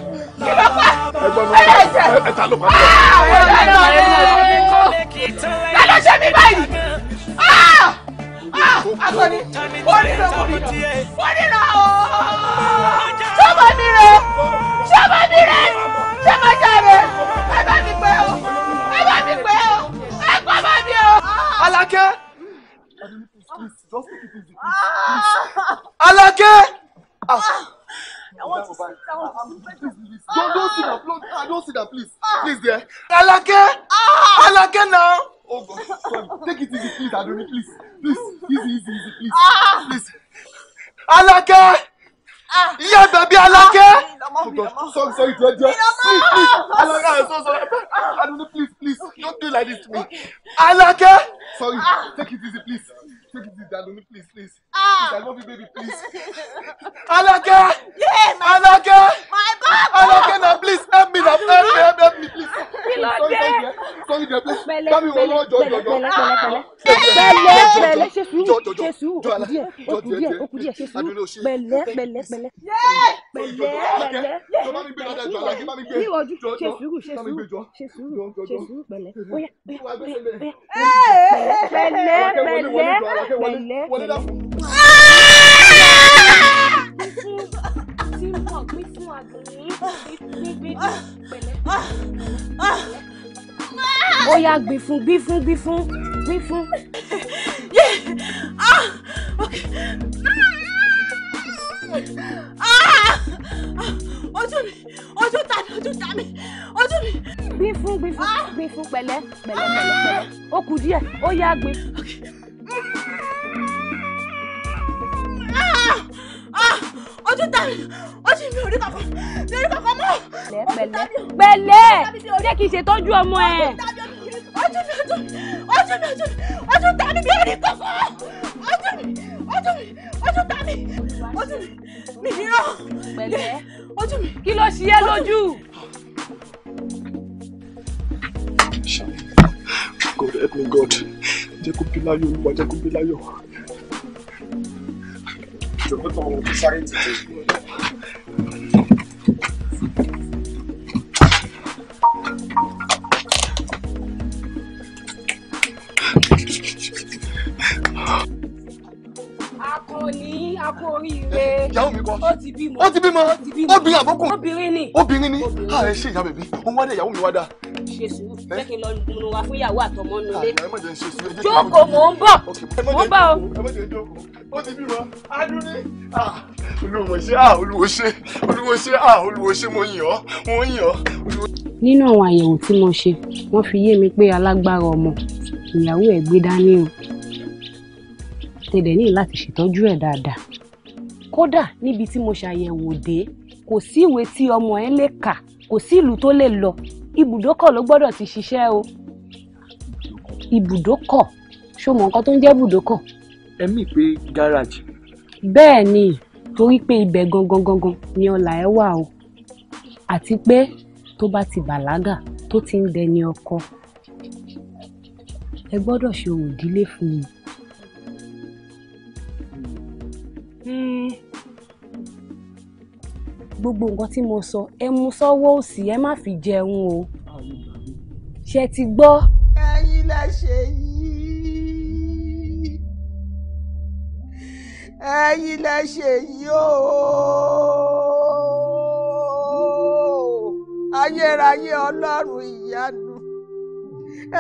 kí ló pa ẹ yẹ jẹ ẹ ta ló pa. ẹ lọ ṣe mi báyìí. Akọni, onírọ̀ mo nínà, onírọ̀ ooo. Sọ́mọ mi rẹ̀, sọ́mọ mi rẹ̀, sọ́mọ jáde, ẹ bá mi pẹ́ o, ẹ bá mi pẹ́ o, ẹ pa bá mi o. Alákẹ́. Alákẹ́. I Don't, don't sit ah, please. Please, dear. Alákẹ́. Alákẹ́ now. Oh God, sorry. Take it easy, please, Adoni, please. Please, easy, easy, easy, please. Ah. Please. Alake! Ah. Yeah, baby, Alake! Ah! Oh God, sorry, sorry, dear, dear. Please, please. Alake, I'm so sorry. Ah! Adoni, please, please. Okay. Don't do like this to me. Okay. Alake! Sorry, ah. take it easy, please. Take it easy, Adoni, please, please. Ah. I love you, baby, please. Alake! Yeah, my Alake! My Baba! Alake, now please help me, now help me, help, me, please. Sorry, dear. Sorry, dear, please. Tell me one more, jọ, jọ, jọ. Pẹ̀lẹ́, pẹ̀lẹ́, ṣe sùúrù, ṣe sùúrù, òkú díẹ̀, òkú díẹ̀, òkú díẹ̀, ṣe sùúrù. Pẹ̀lẹ́, pẹ̀lẹ́, pẹ̀lẹ́. Pẹ̀lẹ́, pẹ̀lẹ́. Ní ojú, ṣe sùúrù, ṣe sùúrù, ṣe sùúrù, ṣe sùúrù, pẹ̀lẹ́. Oya, oya, oya, oya. Pẹ̀lẹ́, pẹ̀lẹ́, pẹ̀lẹ́, pẹ̀lẹ́ ó yá gbìfún gbìfún gbìfún gbìfún. ojú mi ojú ta mi ojú ta mi ojú mi. gbìfún gbìfún gbìfún pẹ̀lẹ́ pẹ̀lẹ́ pẹ̀lẹ́ ó kù díẹ̀ ó yá gbìn. Ah! ojú ta mi ojú mi ò rí mi ò rí kankan mọ́. pẹ̀lẹ́ pẹ̀lẹ́ kí n ṣètọ́jú ọmọ ẹ̀. ojú mi ojú mi ojú mi ojú mi ojú ta mi mi ò rí ojú mi ojú mi ojú ta mi ojú mi mi ní rọ. ojú mi. kí ló ṣe é lójú. God help me God jẹ́ kó bí láyọ̀ Jòkó tó ń sáré tètè. Oh akọni akóríire. ìyàwó mi kọ ó ti bímọ ó ti bímọ obìnrin àbókùn obìnrin ni obìnrin ni ààrẹ ah, ṣe ìyá bèbí òun wá dé ìyàwó mi wá dá. ṣe sùúrù jẹ́ kí n lọ nu wa fún ìyàwó àtọmọ nu lé. Ah, jókòó mò ń bọ̀ mò ń bọ̀ o. ó ti bímọ adúlé olùwò ṣe olùwò ṣe olùwò ṣe olùwò ṣe mo yàn ọ́ mo yàn ọ́. nínú àwọn àyẹ̀wò tí mo ṣe wọ́n fi yé mi pé alágbára ọmọ ìyàwó ẹ̀ gbé dání o tẹ̀lé ní láti ṣètọ́jú ẹ̀ dáadáa kódà níbi tí mo ṣàyẹ̀wò dé kò sí ìwé tí ọmọ ẹ lè kà kò sí ìlú tó lè lọ ibùdókọ̀ ló gbọ́dọ̀ ti ṣiṣẹ́ o ibùdókọ̀ ṣó mọ nǹkan tó ń jẹ́ ibùdókọ̀. ẹ mì pé gáràjì. bẹ́ẹ̀ ni torí pé ibẹ̀ gangan gangan ni ọlà ẹ wà o àti pé tó bá ti bàlágà tó ti ń dẹni ọkọ ẹ gbọ́dọ̀ ṣe òwò ìdílé fún un gbogbo nǹkan tí mo sọ ẹ mú sọ́wọ́ òsì ẹ má fi jẹun o ṣe ti gbọ́. ẹ̀yin lẹ ṣe yìí ẹ̀yin lẹ ṣe yìí ooo ayérayé ọlọ́run ìyanu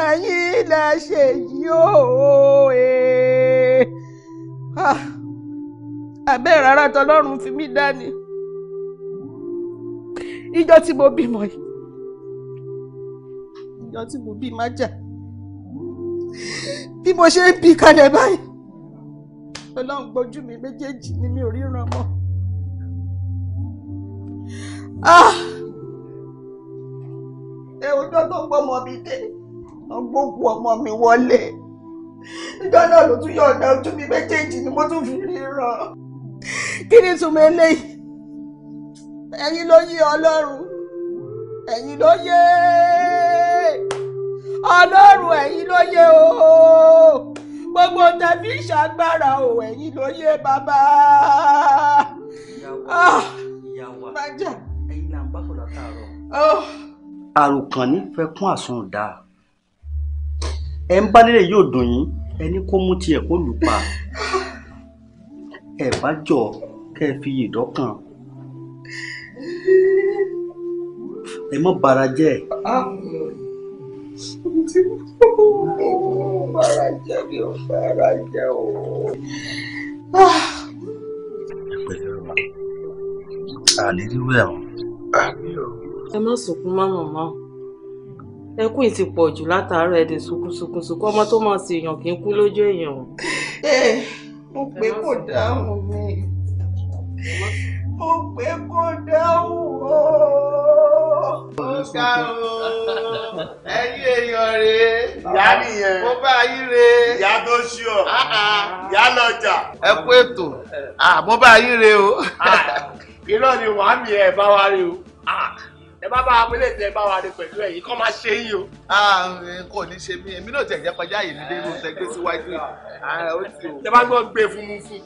ẹ̀yin lẹ ṣe yìí ooo ẹ̀ẹ́ abẹ́ ìrara tọlọ́run fi mí dání ìjọ tí mo bímọ yìí ìjọ tí mo bí májà bí mo ṣe ń bí kalẹ̀ báyìí ọlọ́run gbójú mi méjèèjì ni mi ò ríran mọ́. Ah! ẹ̀wùjọ́ tó gbọ́mọ mi dé wọ́n gbógun ọmọ mi wọlé ìjọ náà ló tún yọ̀ọ̀dà ojú mi méjèèjì ni mo tún fi ríran kí ni túmọ̀ eléyìí ẹ̀yin ló yé ọlọ́run ẹ̀yin ló yé ọlọ́run ẹ̀yin ló yé o gbogbo tẹ̀bí ìṣàgbára o ẹ̀yin ló yé bàbá. ìyàwó ah, ẹ̀yin là ń bá fòlá tààrọ̀. Oh. àròkàn ní fẹ́ kún àsun dà ẹ ń bá nílé yóò dùn yín ẹni kó mú tiẹ̀ kó lù pa ẹ bá jọ kẹ́ ẹ fi yìí dọ́kàn. ẹ mọ bara jẹ́. bara jẹ́ mi ò bara jẹ́ o. àlérírú ẹ̀ wọ́n. ẹ má sunkún má màmá ẹkún yìí ti pọ̀ jù látàárọ̀ ẹ̀dẹ̀ sunkún sunkún sunkún ọmọ tó máa sì èèyàn kì í kú lójú èèyàn. ẹ mo pé kò dáhùn mi mo pé kò dáhùn o ó ga o ẹ̀yin èèyàn rèé ìyá nìyẹn mo bá yín rèé ìyá tó ṣí ọ ah, ah. ìyá lọ́jà. ẹ kú ètò ah, mo bá yín rèé o. irọ́ ni wàá mi ẹ̀ bá wa rí o ẹ bá bá wa pélé tẹ bá wa rí pẹ̀lú ẹ̀yìn kọ́ máa ṣe yín o. kò ní ṣe mí èmi náà tẹ̀ jẹ́ kọjá yìí nílé irú tẹ gbé síwájú yìí. tẹ bá gbọ́ gbé fún mú fún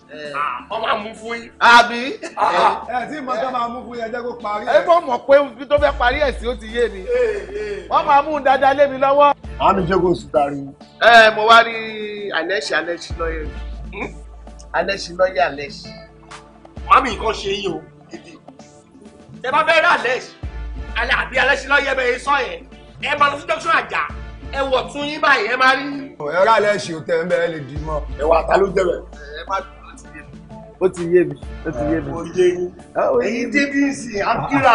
ọ máa mú fún yín. àbí. ẹ tí mo tọ́ máa mú fún yẹn jẹ́ kó parí ẹ̀. ẹ mọ̀ mọ̀ pé bí tó fẹ́ parí ẹ̀ sí ó ti yé mi wọ́n máa mú un dáadáa lé mi lọ́wọ́. àmì jẹ́ kó sùn tari. ẹ mo wá rí alẹ́ṣì alẹ́ṣì lọ́yẹ̀ alẹ́ṣì hmm? lọ́yẹ̀ alẹ́ṣì. màmí nǹkan ṣe yín o ẹ bá fẹ́ rí alẹ́ṣì alẹ́ àbí alẹ́ sí lọ́yẹ́ bẹ́ẹ̀ sọ yẹn ẹ bá lọ sí junction àjà ẹ wọ̀ tún yín báyìí ẹ máa rí. ẹ rà lẹ́ ṣe òtẹ́ ń bẹ́ẹ̀ lè dì mọ́ ẹ̀wà ta ló jẹ́ ó ti yé mi ó ti yé mi. ó yé yín èyí ń sìn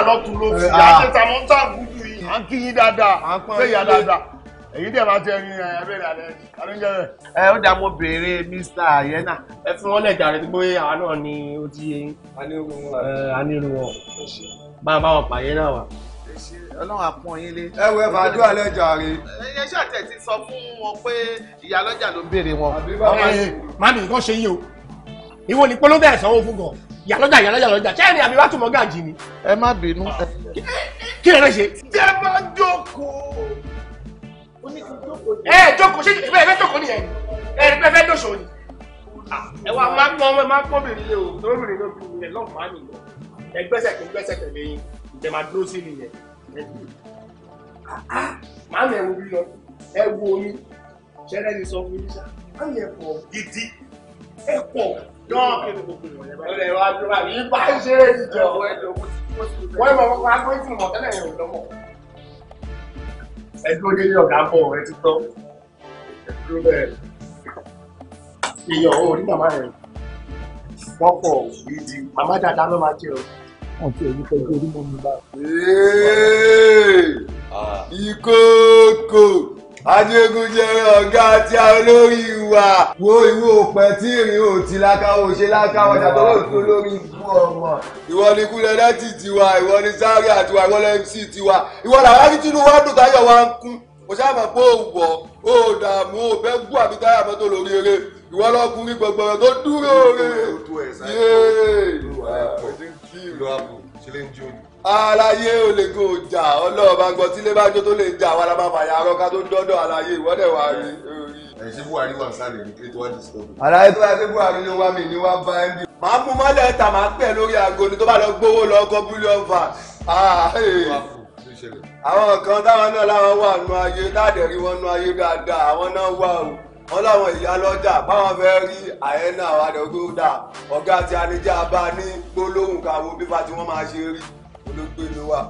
lọ́tún ló fi àtẹ̀tà mọ́tà gúdù yìí àkíyín dáadáa fẹ́yà dáadáa èyí dẹ̀ máa tẹ̀rín ẹ̀ abẹ́rẹ́ alẹ́ alóúnjẹ rẹ̀. ẹ ó dá mo béèrè Mr. Ayena. ẹ fún wọn lẹ́jà rẹ pé àwa náà ni ó ti yé yín. a ní irun wọn. a bá wọn pààyè náà wá ọlọ́run àpọ́n yín lé. ẹ wẹ fàdúrà lẹ́jà rè. ẹ ṣàtẹ̀ ti sọ fún wọn pé ìyálọ́jà ló béèrè wọn. mami nǹkan ṣe yín o ìwọ ni polówó bẹ́ẹ̀ sanwó fún gan ìyálọ́jà ìyálọ́jà lọ́jà ṣẹ́ẹ̀rì àbí wàá tún mọ́ gàjì ni. ẹ má bínú. kí lè rẹ ṣe. jẹ́ bá jókòó. ẹ jókòó ṣé ìbẹ́ ẹ fẹ́ jókòó nìyẹn ẹ ẹ fẹ́ dòṣò ni. ẹ wá máa pọ́n ẹ máa pọ́n bèrè lé o lórí rẹ̀ lọ́ọ̀fà nìyẹn ẹgbẹ́sẹ̀ kí gbẹ́sẹ̀ tẹ̀lé yín ìjẹ́ máa dúró sí nìyẹn màámi ẹ wo bí lọ ẹ wo omi ṣẹlẹ̀ ní sọ fún mi sá màámi ẹ gidi ẹ pọ̀ dán ọ̀rẹ́ wa àbí bá ṣe é jọ wọ́n mọ̀ wọ́n á gbé tì mọ̀ tẹ́lẹ̀ yẹn ò lọ́mọ̀ ẹ dúró délé ọ̀gá bọ̀ ẹ ti tọ́ ẹ dúró bẹ́ẹ̀ èèyàn ò rí màmá rẹ̀ wọ́n pọ̀ gidi màmá dáadáa ló máa jẹ́ o wọn ti ẹni tẹjú orí mọ mi báyìí. ìkókò ajégúnjẹrẹ ọ̀gá àti olórí wa wo ìwé òpẹ́ tí ìrìn òtí lákàwọ̀ ṣe lákàwọ̀ ìjàpá ló tó lórí ikú ọmọ. ìwọ ni kúlẹ̀ lẹ́tì tiwa ìwọ ni sáré àtiwa ìwọ ni mc tiwa ìwọ làwọn akíntúnú wa dùn táyọ̀ wa ń kún kò sáà mọ̀ pé ó wọ̀ ó dààmú ó bẹ́ gbọ́ àbí táyà mọ́tò lórí eré ìwọ lọkùnrin gbọ̀gbọ̀rọ̀ tó dúró rè é kìlọ̀ ààbò ṣe lè ń di odò. aláyé ò lè kó o jà ọlọ́ọ̀bá gbọ́ tílé bá jó tó lè jà wàrà máa fàyà arọ ká tó ń dọ́dọ̀ aláyé ìwọ́dẹ̀ wà rí. ẹ̀yìn sí buhari wà sáré ní kílé tó wá discovery. aláyé tó bá dé buhari ló wá mi ní wá bá ẹ́ máa mú mọ́lẹ̀ ta máa pẹ̀ lórí aago ni tó bá lọ gbowó lọ ọkọ̀ bílíọ̀n ah, àwọn kan táwọn náà láwọn wà wọn láwọn ìyá lọ́jà báwọn fẹ́ rí àyẹ́nà àwàdọ́gbọ́dà ọ̀gá àti anijá bá ní gbólóhùn káwọn bíbá tí wọ́n máa ṣe rí olóògbé ló wà.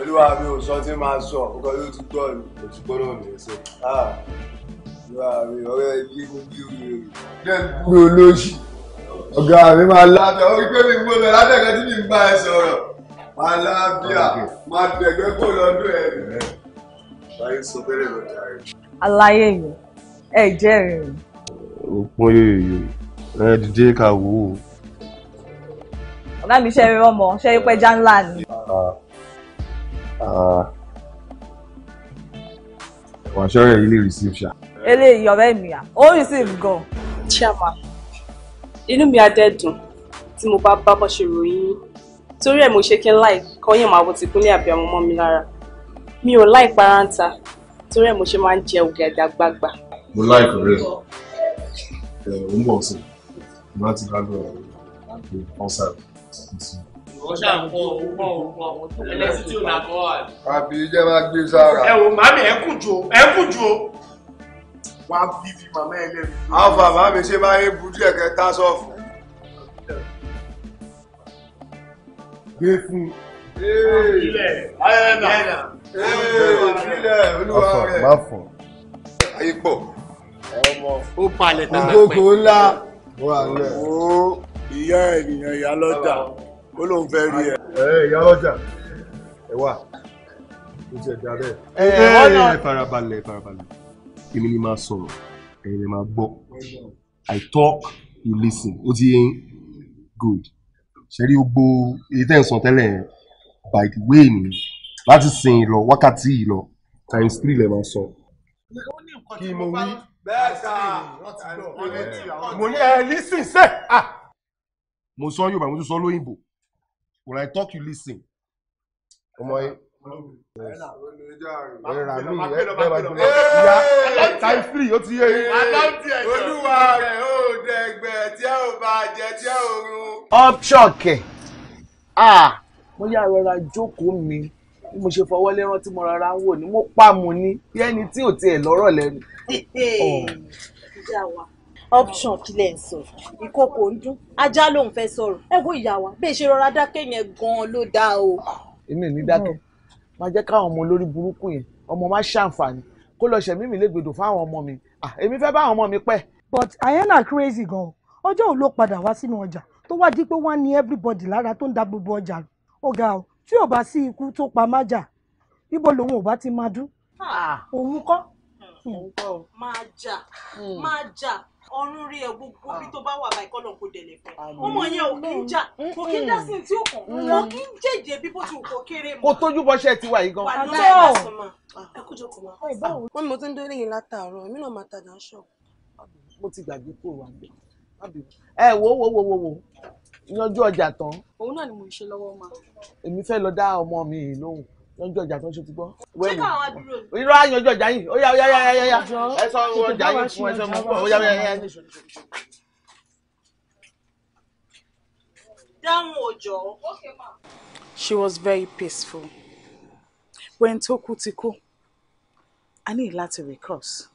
olúwa mi ò sọ tí máa sọ ọkọ yóò ti gbọ́ ni kò ti gbọ́ náà nìyẹn olúwa mi ọ̀rẹ́ yé mi bí omi rè dẹ́gbẹ́ olóṣì ọ̀gá mi máa lábẹ́ orí pé mi gbọ́dọ̀ ládẹ́gbẹ́ tí mi ń bá ẹ sọ̀rọ̀ máa lábíà máa dẹ̀gbẹ́ kó lọ́dún ẹ̀ láyé sọtẹ́lẹ̀ ló jàre. aláyé yìí ẹ jẹ́rìí. òpin yòyò ẹ dìde ká wò ó. ọ̀gá mi ṣe eré ọmọ ṣe é pẹ́já ńlá ni. Ah, ah. wàá ṣọ́rẹ̀ yìí lè receive ṣá. eléyìí ọ̀rẹ́ mi à ó receive gan. chiama inú mi á dẹ́ dùn tí mo bá bá bọ́ ṣe ròyìn torí ẹ̀ mo ṣe kí n láì kọ́yàn máa wo tìkúnlẹ̀ àbí àwọn ọmọ mi lára mi ò láì paranta torí ẹ̀ mo ṣe máa ń jẹ ọ̀gẹ̀dẹ̀ àgbagbà. mo láì kọrẹ ẹ ò ń bọ̀ sí i má ti dágbà ẹ ọ̀sà ọ̀ṣà ń bọ̀ ó bọ̀ ó bọ̀ ẹlẹ́sìn tí ò nà bọ̀ wà. àbí jẹ́ máa gbé sára. ẹ wò màmí ẹ kù jù ẹ kù jù wá màmá ẹ lẹ́nu. alfa bá mi ṣe máa ń bu díẹ̀ kẹ́ tá sọ́ọ̀fù. gbé fún un. ayẹyẹ náà ọkọ̀ má fọ̀. ayé pọ̀. ó palẹ̀ tán náà pẹ́. ìjókòó ńlá wà lẹ̀. ìyá ènìyàn ìyá lọ́jà ó lóun fẹ́ rí ẹ. ẹ ìyá lọ́jà ẹ wà ó ti ẹ̀dá bẹ́ẹ̀. ẹ ẹ farabalẹ̀ èmi ni máa sọ̀rọ̀ ẹ̀yin ni máa gbọ́ I talk you listen ó ti yẹn good ṣe rí gbogbo èyí tẹ̀ tẹ́lẹ̀ by the way nìyẹn láti sìn ìlọ wákàtí ìlọ times three lè máa sọ. kí mo wí mo ní ẹ lísìn sẹ. Ah. mo sọ Yorùbá mo tún sọ lóyìnbó when I talk you listen ọmọ yẹn ẹ̀rà mi ẹ̀ bẹ́ẹ̀ bá jùlọ ìyá time three ó ti yé yín. olúwa rẹ̀ ó dẹ̀gbẹ̀ tí a ò bá jẹ tí a ò run. upchuck ah mo yà rọra jókòó mi bí mo ṣe fọwọ́ lẹ́rán tí mo rárá ń wò ni mo pa mu ni bí ẹni tí ò tiẹ̀ lọ́rọ̀ lẹ́nu. option kílẹ̀ ń sọ ìkòkò ń dún ajá lòun fẹ́ sọ̀rọ̀ ẹ wo ìyá wa bẹ́ẹ̀ ṣe rọra dákẹ́ yẹn gan-an ló dáa o. èmi ní dákẹ́ máa jẹ́ káwọn ọmọ olórí burúkú yẹn ọmọ má ṣàǹfààní kó lọ ṣẹ̀mí mi légbèdò fáwọn ọmọ mi èmi fẹ́ bá ọmọ mi pẹ́. but ayana crazy gan ọjọ́ òun ló padà wá sínú ọjà tó wá di pé wọ́n á ní everybody lára tó ń da gbogbo ọjà ó ga o tí ò bá sí ikú tó pa májà ibo lòun ò bá ti máa dún òun kọ́. máa jà hmm. máa jà ọrùn rí ẹ gbogbo bí tó bá wà báyìí kọ́ lọ́n kó dẹ̀lẹ̀ fẹ́ ọmọ yẹn ò kí ń jà hmm. kò kí ń dá sí tí ó kàn kò kí ń jèjè bí bó ti wù kó kéré mọ́. kò tójú bọ́ṣẹ́ ti wà yìí gan. wà ló ah. ń bá sọ ma ẹ kó jókòó ma. wọ́n ní mo ti ń dórí yín látàárọ̀ èmi náà máa tajà ṣọ̀. mo ti gbàgbé kó wà ń bẹ̀ ẹ wo wo wo wo yanjú ọjà tán. òun náà ni mo ń ṣe lọ́wọ́ ma. èmi fẹ́ lọ dá ọmọ mi lóhùn yanjú ọjà tán ṣe ti gbọ́. ṣé káwọn dúró ni. irọ́ àyanjú ọjà yìí ó yá ó yá yá yá yá ẹ sọ ọjà yìí fún ẹ mú pọ̀ ó yá ó yá yá. dáhùn òjò. She was very peaceful. When tó kú ti kú, a ní láti recourse.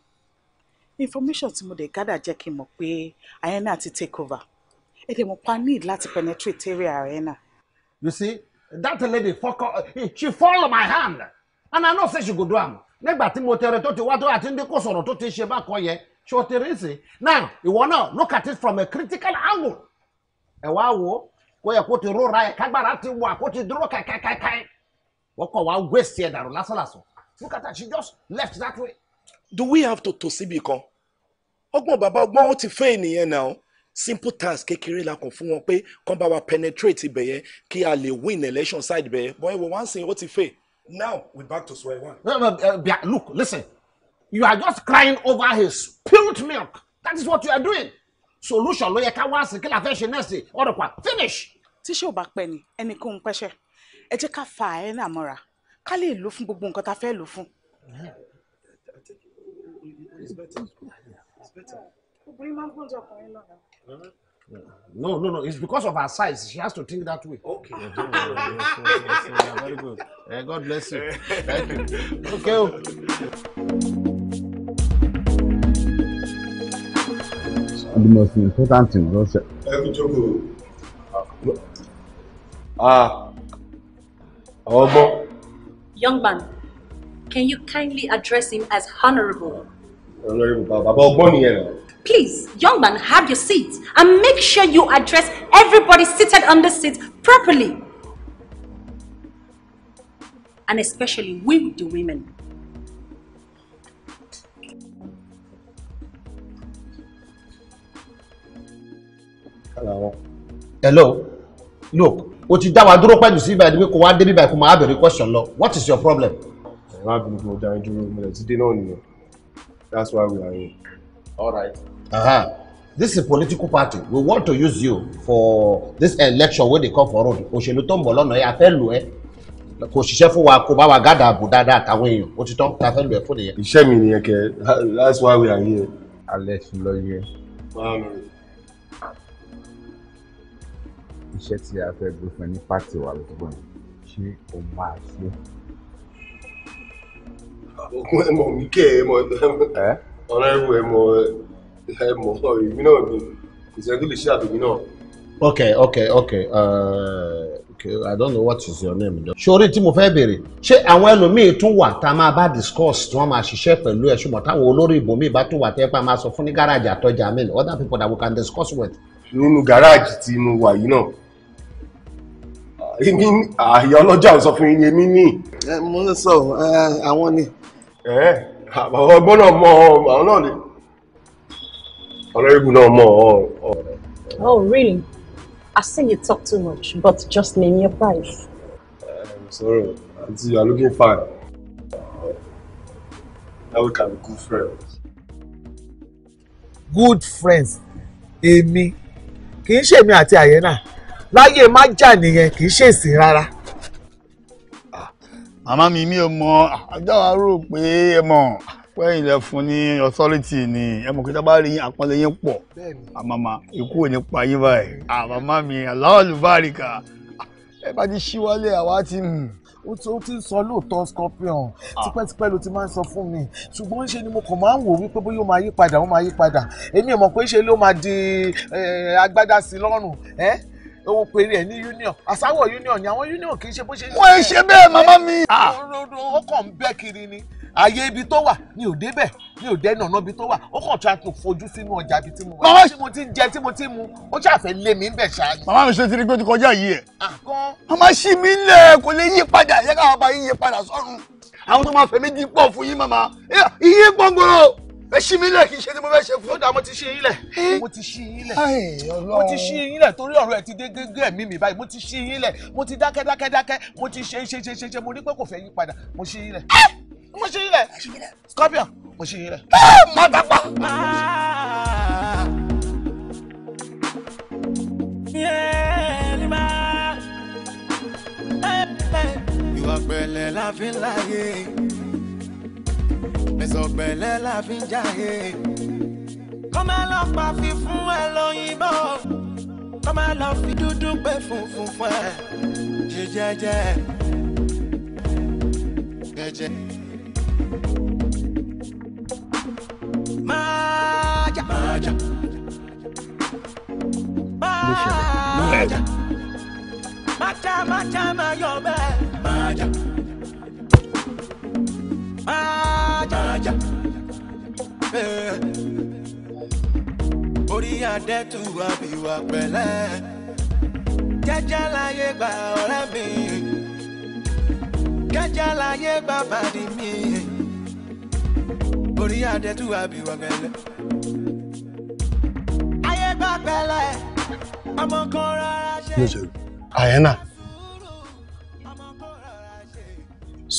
Information tí mo dé gádà jẹ́ kí n mọ̀ pé Ayana ti take over ẹ eh, pa need láti penetrate area rẹ náà. you see that lady fọkọ eh, she follow my hand and i know say she go do am nígbà tí mo tẹrẹ tó ti wá tó àti ndé kò sọ̀rọ̀ tó ti ṣe bákan yẹn ṣó ti rí sí now ìwọ náà look at it from a critical angle ẹ wá wo kó yẹ kó ti rọra ẹ kágbára ti wà kó ti dúró kàkàkàkà wọ́n kàn wá waste ẹ̀ dànù lásánlàsán look at that, she just left that way. do we have to tòsí bìkan ọgbọ́n bàbá ọgbọ́n ó ti fẹ́ ènìyàn náà simple task kékeré la kàn fún wọn pé kán bá wa penetrate ibẹ̀ yẹn kí a lè win election side bẹ̀ yẹn but ẹ wò wá ń sìn ó ti fail now we back to square one. No, no, uh, look listen you are just crying over his spilt milk that is what you are doing solution ló yẹ ká wá sí kí la fẹ́ ṣe nẹ́ẹ̀sì ọ̀dọ̀ pa finish. tíṣe ò bá pẹ́ ni ẹnì kò ń pẹ́ṣẹ̀ ẹ jẹ́ ká fa ẹ̀ náà mọ́ra ká lè lò fún gbogbo nǹkan tá a fẹ́ lò fún. obìnrin máa ń gbọ́njọ ọkùnrin lọ́nà. No, no, no. It's because of her size. She has to think that way. Okay. Very good. Uh, God bless you. Thank you. Okay. The oh. most important thing, bro. Ẹkú jókòó. Ah, ọgbọ́n. Young man, can you kindly address him as honourable? Honourable, bàbá ọgbọ́n nìyẹn náà. Please, young man, have your seat and make sure you address everybody seated on the seat properly. And especially we, the women. Hello. Look, o ti dá wa dúró pẹ̀lú sí ibà ìdíwé kò wá débi báyìí kò máa bèrè question lọ. What is your problem? Ẹ̀rọ àbí mo dá dúró, mo lè ti dé náà nìyẹn. That's why we are here. All right. Uh-huh. This is a political party. We want to use you for this election wey they come for road. Òṣèlú tó ń bọ̀ lọ́nà yẹn, a fẹ́ lù ẹ́. Kò ṣiṣẹ́ fún wa kó bá wa gádà àbò dáadáa àtàwọn èèyàn. Ó ti tán, ta fẹ́ lù ẹ́ fún nìyẹn. Iṣẹ́ mi nìyẹn kẹ, that's why we are here. Alẹ́ sùn lọ yẹ. Iṣẹ́ tí a fẹ́ gbé fún ẹ ní pàtì wa lọ́gbọ̀n ṣé o máa ṣe? Òkun ẹ̀ mọ̀ mí kẹ́ ẹ̀ mọ̀ ẹ̀ ọ̀rẹ́rù ẹ mọ̀ ẹ náà ni kò ṣe àtòmí náà. okay okay okay uh, okay i don't know what is your name. sori tí mo fẹ́ béèrè ṣé àwọn ẹlòmíì tún wà tá a máa bá discuss tí wọ́n máa ṣiṣẹ́ pẹ̀lú ẹ̀ ṣùgbọ́n táwọn olórí ìbòmíì bá tún wà tẹ́ pa máa sọ fún ní gáràjì àtọ́jà mail other people that we can discuss with. nínú gáràjì tí inú wà yìí náà èmi àyà ọlọ́jà ò sọ fún yín èmi ní. mo ń sọ àwọn ni àwọn ọgbọ́n náà mọ àwọn náà ni ọlọ́rìbù náà mọ ọ̀rọ̀. oh really i say you talk too much but just name your price. Um, sorry aunty you are looking fine now we can be good friends. good friends èmi kì í ṣèmi àti àyẹ́nà láyé má jà nìyẹn kì í ṣèsìn rárá màmá mi mi ò mọ àjọwà rò pé ẹ mọ pẹ́yìn lẹ fún ní authority ni ẹ mọ̀ kí tá bá rí yín àpọ́nlé yín pọ̀ àmàmà ah, ikú ò ní pa yín báyìí àmàmà ah, mi aláwọ̀lù báríkà ẹ bá ti ṣíwálé àwa ti mú. Hmm, ó ti ó ti sọ lóòótọ́ scorpion ah. tipẹ́tipẹ́ ló ti máa ń sọ fún mi ṣùgbọ́n ṣe ni mo kàn máa ń wò wípé bóyá ó máa yí padà ó máa yí padà èmi ò mọ̀ pé ṣe ló máa di eh, agbádá sí lọ́rùn ẹ́ ó pèrè ẹ̀ ní union àsáwọ̀ union ni àwọn union kì í ṣe bó ṣe ń ṣe. wọ́n ẹ ṣe bẹ́ẹ̀ màmá mi. Ah. ó kàn ń bẹ́ kiri ni àyè ibi tó wà ni ò débẹ̀ ni ò dẹ́nu ọ̀nà ibi tó wà ó kàn tún àtò fojú sínú ọjà ibi tí mo wà tí mo ti jẹ tí mo ti mu ó ṣàfẹ́ lé mi bẹ̀ ṣáájú. màmá mi ṣe ti rí pé ó ti kọjá yìí ẹ̀. Ah, màmá ṣì mí lẹ̀ kò lè yí padà yẹ káwọn bá yín yí padà sọ́run àwọn tó máa fẹ́ méjì pọ̀ fún yín màmá ẹ ṣí mi lẹ̀ kì í ṣe tí mo fẹ́ ṣe fún. kódà mo ti ṣí yín lẹ̀. mo ti ṣí yín lẹ̀. mo ti ṣí yín lẹ̀ torí ọ̀rọ̀ ẹ ti dé gẹ́gẹ́ mi mi báyìí mo ti ṣí yín lẹ̀ mo ti dákẹ́ dákẹ́ dákẹ́ mo ti ṣe ṣe ṣe ṣe ṣe mo rí pé kò fẹ́ yí padà mo ṣí yín lẹ̀. mo ṣí yín lẹ̀ scorpion mo ṣí yín lẹ̀. má bá pa. Ah. Eh, eh. ìwà pẹ̀lẹ́ la fi láyé ẹ̀sọ̀ pẹ̀lẹ́ la fi ń jáde. kọ́má lọ pa fífún ẹ lóyìnbó kọ́má lọ fi dúdú pé funfun fún ẹ ṣe jẹ́jẹ́ jẹ́jẹ́. máa jà máa jà máa jà májà. orí adẹ́tù àbíwá pẹ̀lẹ́ jẹ́jẹ́ láyé gba ọ̀rẹ́ mi jẹ́jẹ́ láyé gba bàdí mi orí adẹ́tù àbíwá pẹ̀lẹ́ ayé gba pẹ̀lẹ́ ọmọ kan rárá ṣe. àyẹ̀nà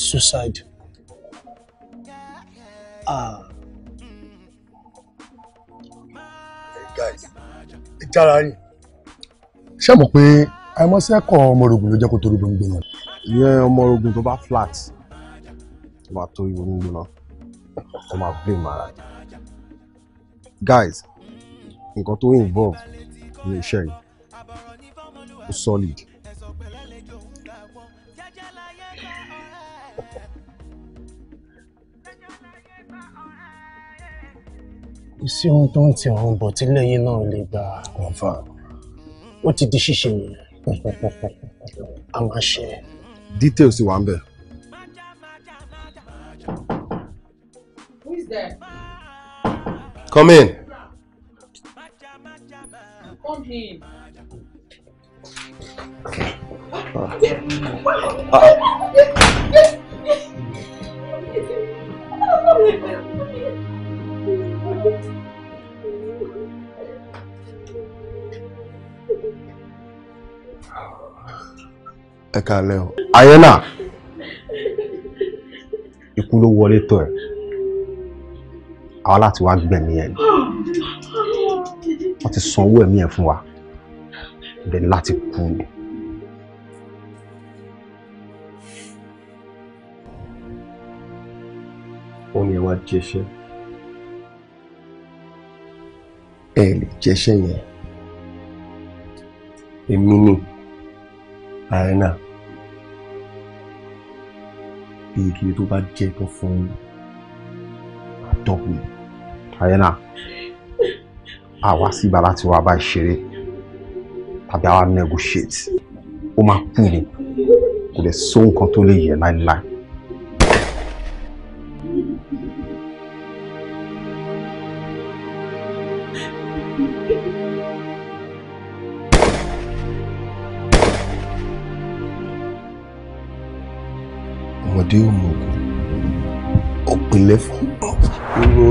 suicide ìjára yìí. ṣé mo pé àìmọ́sẹ́kọ̀ ọmọ orogun ló jẹ́ kó torí gbòǹgbò náà. ìyẹn ọmọ orogun tó bá flat tó bá torí gbòǹgbò náà tó máa blame ara rẹ̀. guys nǹkan tó involve ní iṣẹ́ yìí ó solid kò sí ohun tó ń ti ọ̀run bọ̀ tílẹ̀ yìí náà lè gbà ọ̀fà ó ti di ṣíṣe nìyẹn a máa ṣe. details wà ń bẹ̀. Come in. Come in. Ah. Ah. ẹ kàlẹ́ o. ayẹ́nà ikú ló wọlé tọ̀ ẹ́ àwa láti wá gbẹ̀mí ẹ̀ ni wọ́n ti sanwó ẹ̀mí ẹ̀ fún wa ibẹ̀ láti kú ni. wọ́n ní ẹ wá jẹ́ṣẹ́ ẹ lè jẹ́ṣẹ́ yẹn èmi ni. E àìnà na, igi tó bá jẹ́ tó fún àtọ́kù àìnà àwa sí bàbá tí wàá bá ṣeré tàbí àwa negotiate ó máa kú ni kò lè sóhun kan tó lè yẹ ọmọdé ò mọ ògùn òpìlẹ̀ fún ìró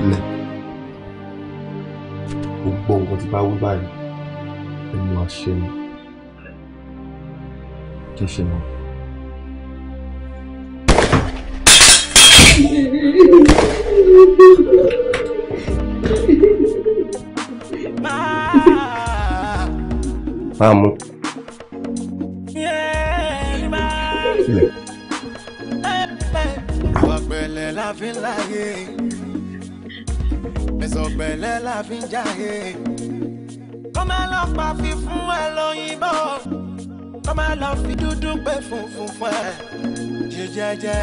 ilẹ̀ gbogbo nǹkan tí bá wí báyìí ẹnu àṣẹ ni kí ṣe mọ. Vamos. sílẹ̀. ọ̀pẹ̀lẹ̀ la fi ń láyé ẹ̀sọ̀pẹ̀lẹ̀ la fi ń jáyé kọ́má lọ pa fífún ẹ lóyìnbó kọ́má lọ fi dúdú pé funfun fún ẹ jíjẹjẹ.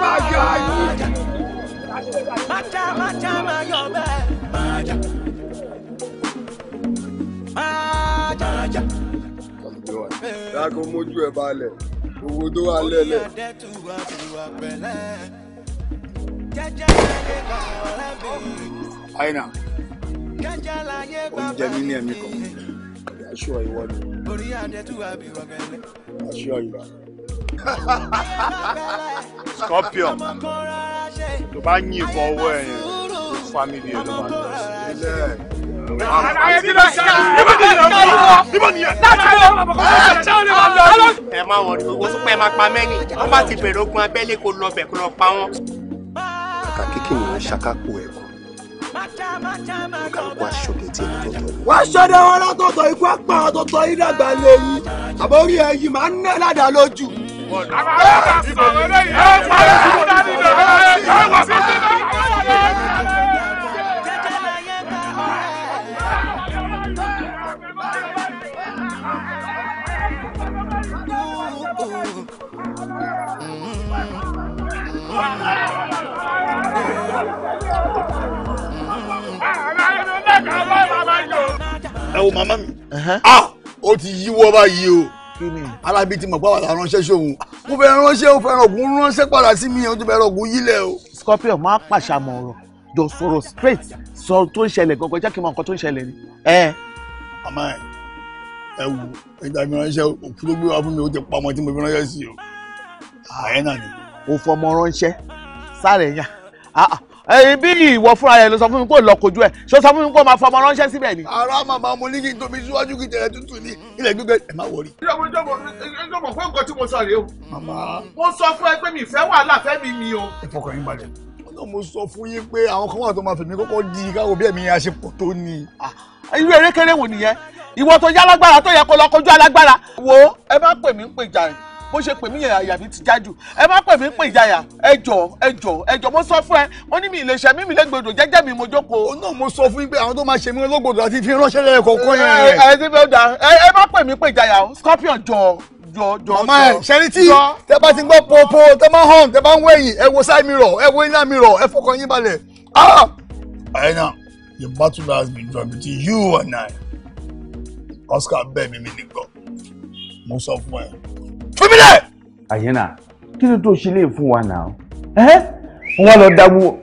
Báyọ̀ ayé my Maja maja mayọ̀ bẹ́ẹ̀. Maja. Maja. Maja. Dákun mójú ẹ̀ balẹ̀, owó tó wà lẹ́lẹ̀. Àyìnà, oúnjẹ mi ní ẹ̀mí kan, aṣọ ìwọ ni, aṣọ ìwọ scorpion tó bá yìn fọ ọwọ́ ẹ̀ yẹn family ẹ̀ ló máa lọ sí. ẹ má wọrí owó súpẹ́ máa pa mẹ́rin wọ́n bá ti bẹ̀rẹ̀ ogun abẹ́lé kó lọ bẹ̀ kó lọ pa wọ́n. kàkà kíkì ni wọ́n ṣakápò ẹ̀kọ́ kálukú aṣọdẹ tí ẹni tó tọ. wọ́n aṣọdẹ wọn látọ̀tọ̀ ikú apá àtọ̀tọ̀ yìí dàgbà lóyún àbórí ẹ̀yìn máa ń ná ládàá lójú àwọn ará ẹ wo màmá mi ah ó ti yíwọ́ báyìí o alábi ti mọ̀ pé àwọn aránṣẹ́ ṣòun mo fẹ́ ránṣẹ́ o fẹ́ràn ògùn ránṣẹ́ padà sí mi o ti fẹ́ràn ògùn yílẹ̀ o. scorpion máa pàṣàmọ̀ ọ̀rọ̀ jọ sọ̀rọ̀ straight sọ tó ń ṣẹlẹ̀ gangan jẹ́ kí n mọ nǹkan tó ń ṣẹlẹ̀ ni. ẹ. àmọ́ ẹ ẹ wo ìgbà mi ránṣẹ́ òkú gbé wá fún mi ó ti pa ọmọ tí mo fi ránṣẹ́ sí o ààyè náà ni. òfò ọmọ ránṣẹ́ sáré yàn ah, ah ẹyin eh, bí ìwọ fúnra rẹ ló sọ fún mi kó lọ kojú ẹ ṣó sọ fún mi kó máa fọmọ ránṣẹ́ síbẹ̀ ni. ara màmá mo ní kí n tóbi síwájú kí tẹ̀lé tútù ní ilẹ̀ gbígbẹ ẹ̀ má wọrí. ìjọba ìjọba ìjọba fún nǹkan tí mo sọ rèé o. màmá. mo sọ fún ẹ pé mi ìfẹ́ wàhálà fẹ́ mi ni o. ìfọkàn yín balẹ̀. wọn náà mo sọ fún yín pé àwọn kan wà tó máa fèmí kọ́kọ́ di káwọ bí ẹ̀mí yẹn aṣepọ̀ tó ní. Ah, irú erékeré wo nìyẹn ìwọ tó yá wo ẹ má pè mí ń bó ṣe pè mí yẹn àyà mi ti jájú ẹ má pè mí pè ìjayà ẹ jọ ẹ mo sọ fún ẹ mo ní mi ìlẹsẹ mi lẹgbẹdọ jẹ́jẹ́ mi mo jókòó. Oh, náà mo sọ fún yín pé àwọn tó máa ṣe mí olóògbòdò àti fi ránṣẹ́ lẹ́yìn kọ̀ọ̀kan yẹn. ẹ ti fẹ́ ẹ má pè mí pè ìjayà scorpion jọ jọ jọ. màmá ẹ ṣẹrítì tẹ bá ti gbọ́ popo tẹ bá hàn tẹ bá ń wẹ̀yìn ẹ wo side mirror ẹ wo inner mirror ẹ fọkàn yín balẹ̀. Ah! the battle has been between you and I Oscar bẹ́ẹ̀ mi mi nìgbọ́ mo sọ fún ẹ fi mí lẹ̀. àyẹ̀nà kí ló tó ṣe lè fún wa náà ẹ́ wọ́n lọ dá gbogbo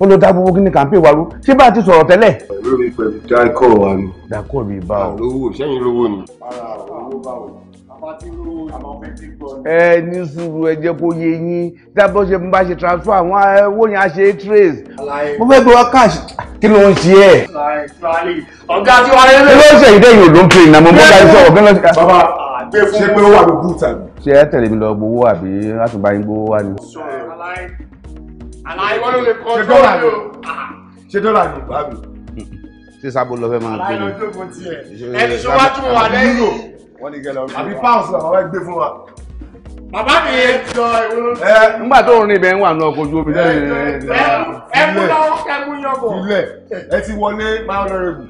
wọ́n lọ dá gbogbo kí ni kàńpé wa rú ṣé bá a ti sọ̀rọ̀ tẹ́lẹ̀. lórí pẹ̀lú dákọ̀ wa ni. dákọ̀ mi bá o. lówó sẹ́yìn lówó ni. ara owó bá o ẹ ní sùúrù ẹ jẹ́ kó yé yín dábọ́ ṣe bá ṣe transfer àwọn owó yẹn á ṣe trace mo fẹ́ gbé wá cash kí ló ń ṣe ẹ. ọ̀gá tí wàá lé lé. kí ló ń ṣe ìdẹ́yìn òdòǹpé ìnàmọ́ mọ́ta ìṣòwò kí ló ń ṣe gbé fún ṣé pé ó wà ní boot àbí. ṣé ẹ tẹ̀lé mi lọ gbowó àbí láti bá yín gbowó wá ni. àlàyé wọn lè kọ́ ṣé dọ́là ni ṣé dọ́là ni bá mi. ṣé sábò lọ fẹ́ máa gbé mi. ẹni ṣíwájú wa lẹ́yìn. wọ́n àbí pounds làwọn wá gbé fún wa. bàbá mi yẹn jọ ìwúrò. ẹ nígbà tó rìn bẹ́ẹ̀ ń wà náà kojú omi ẹ mú lọ́wọ́ kẹ́mú yọ̀bọ̀. ilẹ̀ ẹ ti wọlé máa ń bù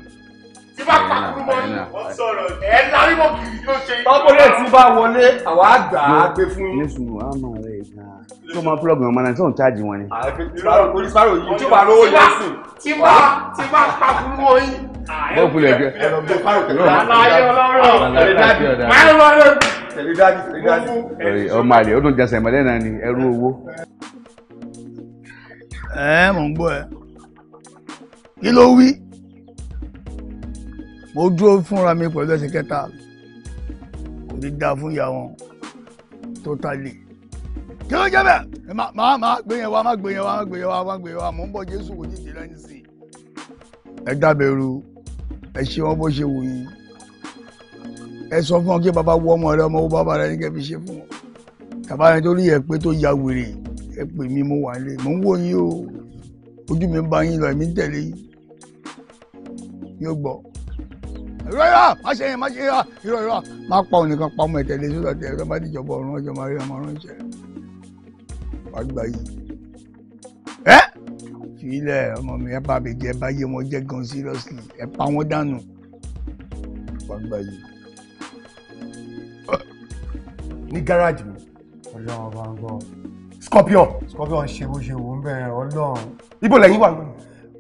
tí bá pàkúrú mọ́ ni wọ́n sọ̀rọ̀ ẹ̀ lárí mọ́ kìrì yóò ṣe. tọ́kọ̀lẹ́ tí bá wọlé àwa àgbà á gbé fún yín. nísùn wọn á máa rẹ ìgbà tó máa plug wọn máa náà tí wọn charge wọn ni. orí sáró yìí tí wàá lówó yẹn sùn. tí bá tí bá pàkúrú mọ́ yín. bọ́ọ̀ kulẹ̀ jẹ́ ọmọ àlè ó dùn jẹsẹ̀ mọ́lẹ́ náà ni ẹrú owó. ẹ mọ̀ ń gbọ́ ẹ kí ló wí mo dúró fúnra mi pẹ̀lú ẹsẹ̀ kẹta kò ní dáa fún ìyá wọn totally kí ló jẹ́ bẹ́ẹ̀ máa máa gbé yẹn wá máa gbé yẹn wá máa gbé yẹn wá máa gbé yẹn wá mò ń bọ̀ Jésù kò ní ìdílé ní sí i. ẹ dábẹ̀rù ẹ ṣe wọn bó ṣe wù yín ẹ sọ fún wọn kí bàbá wọ ọmọ rẹ ọmọ wo bàbá rẹ ní kẹfí ṣe fún wọn bàbá rẹ tó rí ẹ pé tó ya wèrè ẹ pè mí mo wà lé mò ń wò yín o ojú mi ń bá yín lọ èmi ń tẹ̀lé yín yóò gbọ́ irọ́ irọ́ má ṣe yẹn má ṣe irọ́ irọ́ irọ́ má pa òun nìkan pa ọmọ ìtẹ̀lé sódà tẹ̀ ẹ̀rọ bá dìjọba ọ̀run ọjọ́ máa rí ọmọ ọ̀run ṣẹ wá gbà yìí ẹ fìlẹ̀ ọmọ mi ẹ bá mi jẹ ẹ bá yé wọn jẹ gan seriously ẹ pa wọn dànù wá gbà yìí. ní gáràjì mi ọlọ́run ọba ń gbọ́ scorpion scorpion ṣe bó ṣe wò ń bẹ ọlọ́run ibo lẹ́yìn wà lónìí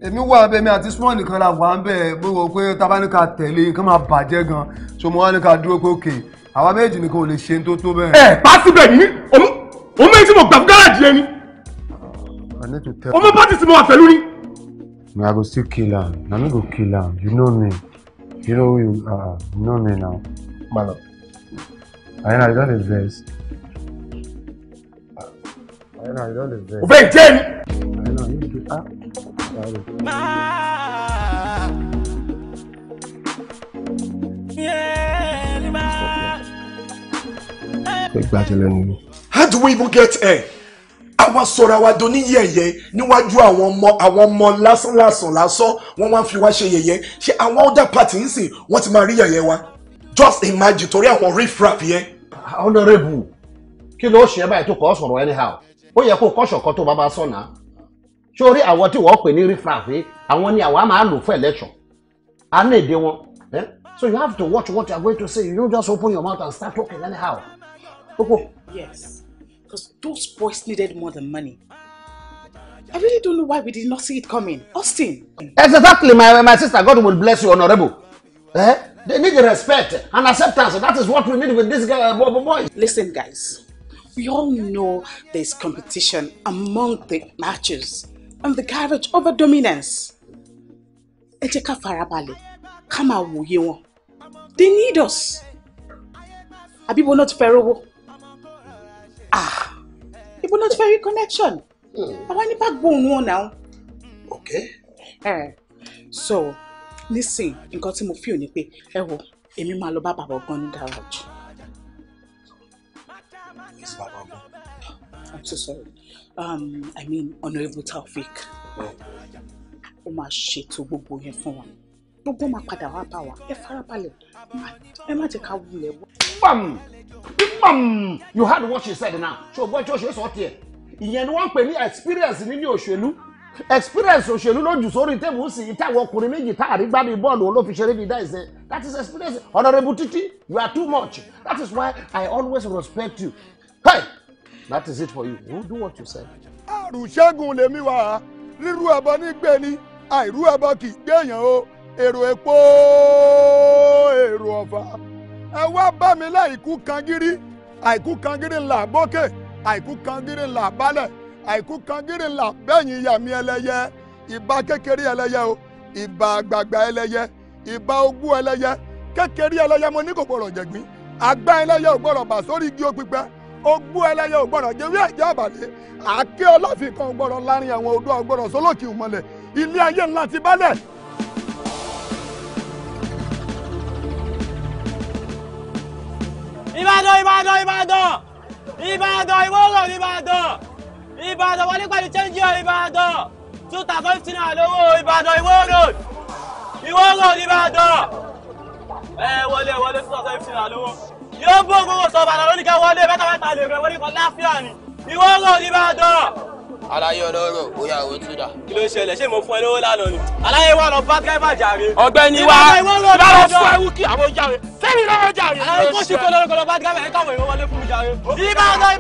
èmi wà bẹ́ẹ̀ mi àti small nìkan la wà ń bẹ̀ bó wọ pé tabaníkà tẹ̀lé kí wọ́n máa bàjẹ́ gan so mo wá ní ká dúró pé òkè àwa méjì nìkan ò lè ṣe tó tó bẹ́ẹ̀. ẹ bá síbẹ̀ ní òun méjì mo gbà fún gáràjì ẹni ọmọ pátì tí mo wà pẹ̀lú ni. na i go still kill am na me go kill am you know me you know you uh, you know me now. malo. ayana you don dey vex. ayana you don dey vex. o fẹ́ jẹ́ ni. ayana you dey ah. How do we even get here? àwa sọ̀rọ̀ àwa do ní yẹ̀yẹ́ níwájú àwọn ọmọ àwọn ọmọ lásán lásán lásán wọ́n wá ń fi wá ṣe yẹ̀yẹ́ ṣé àwọn other party ń sìn wọ́n ti máa rí yẹ̀yẹ́ wa just imagine torí àwọn rap yẹn. honourable kí ló ṣe é báyìí tó kọ́ sọ̀rọ̀ anyhow ó yẹ kó kọ́ṣọ̀ kan tó bá bá sọ̀nà sórí àwọn tí wọ́n pè ní rífrafé àwọn ni àwa máa lò fún election a ní èdè wọn so you have to watch what you are going to say you don't just open your mouth and start talking anyhow. Okay. Yes, because those boys needed more than money. I really don't know why we did not see it coming. Austin. Exactly, my, my sister. God will bless you, honourable. Eh? They need respect and acceptance. That is what we need with this guy, uh, boys. Listen, guys. We all know there is competition among the matches and the garage over dominance. ẹ farabale, ká farabalẹ̀ ká máa wòye they need us àbí ibo not ti fẹ́ ah ibo náà ti fẹ́ rí connection hmm. àwa ní bá gbóhùn wọn náà. ok. Uh, so listen. nǹkan got some fi ò ní pé ẹ wo èmi máa lọ bá bàbá ọgbọ́n ní garage. yes bàbá ọgbọ́n. i'm so sorry um, I mean Honourable Taofik ó máa ṣètò gbogbo yẹn fún wa gbogbo máa padà wá bá wa ẹ farabalẹ̀ ẹ má jẹ́ ká wulẹ̀ bam bam you heard what she said now ṣùgbọ́n tí o ṣe sọ tiẹ̀ ìyẹn ni wọ́n ń pè ní experience nínú òṣèlú experience òṣèlú lójú sórí tẹ́bù sí i táwọn ọkùnrin méjì táàrí gbádùn bọ́ọ̀lù olófiṣeré bíi dáìsẹ́ that is experience honourable titi you are too much that is why I always respect you. Hey! that is it for you you do what you say. àrùṣẹ́gun lèmi wà á rírú ẹbọ nígbè ni àìrú ẹbọ kì í gbèyàn o èrò epo èrò ọ̀fà ẹ wá bá mi láìkú kangiri àìkú kangiri là bókè àìkú kangiri là bálẹ̀ àìkú kangiri là bẹ́yìn ìyàmí ẹlẹ́yẹ ìbà kékeré ẹlẹ́yẹ o ìbà àgbààgbà ẹlẹ́yẹ ìbà ogún ẹlẹ́yẹ kékeré ẹlẹ́yẹ mo ní kò gbọ́dọ̀ jẹ̀gbín àgbà ẹlẹ́yẹ ò gbọ́dọ̀ bà sórí igi ó pípẹ́ ogbó ẹlẹ́yẹ ò gbọ́dọ̀ jẹ́wé ẹ̀jẹ̀ àbàlẹ́ àáké ọlọ́fìkan gbọ́dọ̀ láàrin àwọn odò ọgbọ́dọ̀ sólòkì ìmọ̀lẹ̀ ilé ayé ńlá ti bálẹ̀. ìbàdàn ìbàdàn ìbàdàn ìbàdàn ìwọ́rọ̀ ìbàdàn ìbàdàn wọlé pẹ̀lú chẹ́ńjì ọ̀ ìbàdàn two thousand fifteen àlówó ìbàdàn ìwọ́rọ̀ ìwọ́rọ̀ ìbàdàn ẹ wọlé wọlé two thousand fifteen àlówó yóò bó gbogbo sọ̀bà lọ lónìí ká wọlé mẹ́ta mẹ́ta lè rẹ̀ wọlé kan láfíà ni ìwọ ń rò ìbàdàn. aláyé ọlọ́rọ̀ bóyá àwọn tí dà. kí ló ṣẹlẹ̀ ṣé mo fún ẹ lówó lánàá ni. aláyé wa lọ bá driver jàre. ọ̀gbẹ́ni wa bá lọ fún ẹwú kí àwọn jàre sẹ́yìn lọ́rọ̀ jàre. aláyé kó sì kó lórúkọ lọ bá driver ẹ káwọn èèyàn wọlé fún mi jàre. ìbàdàn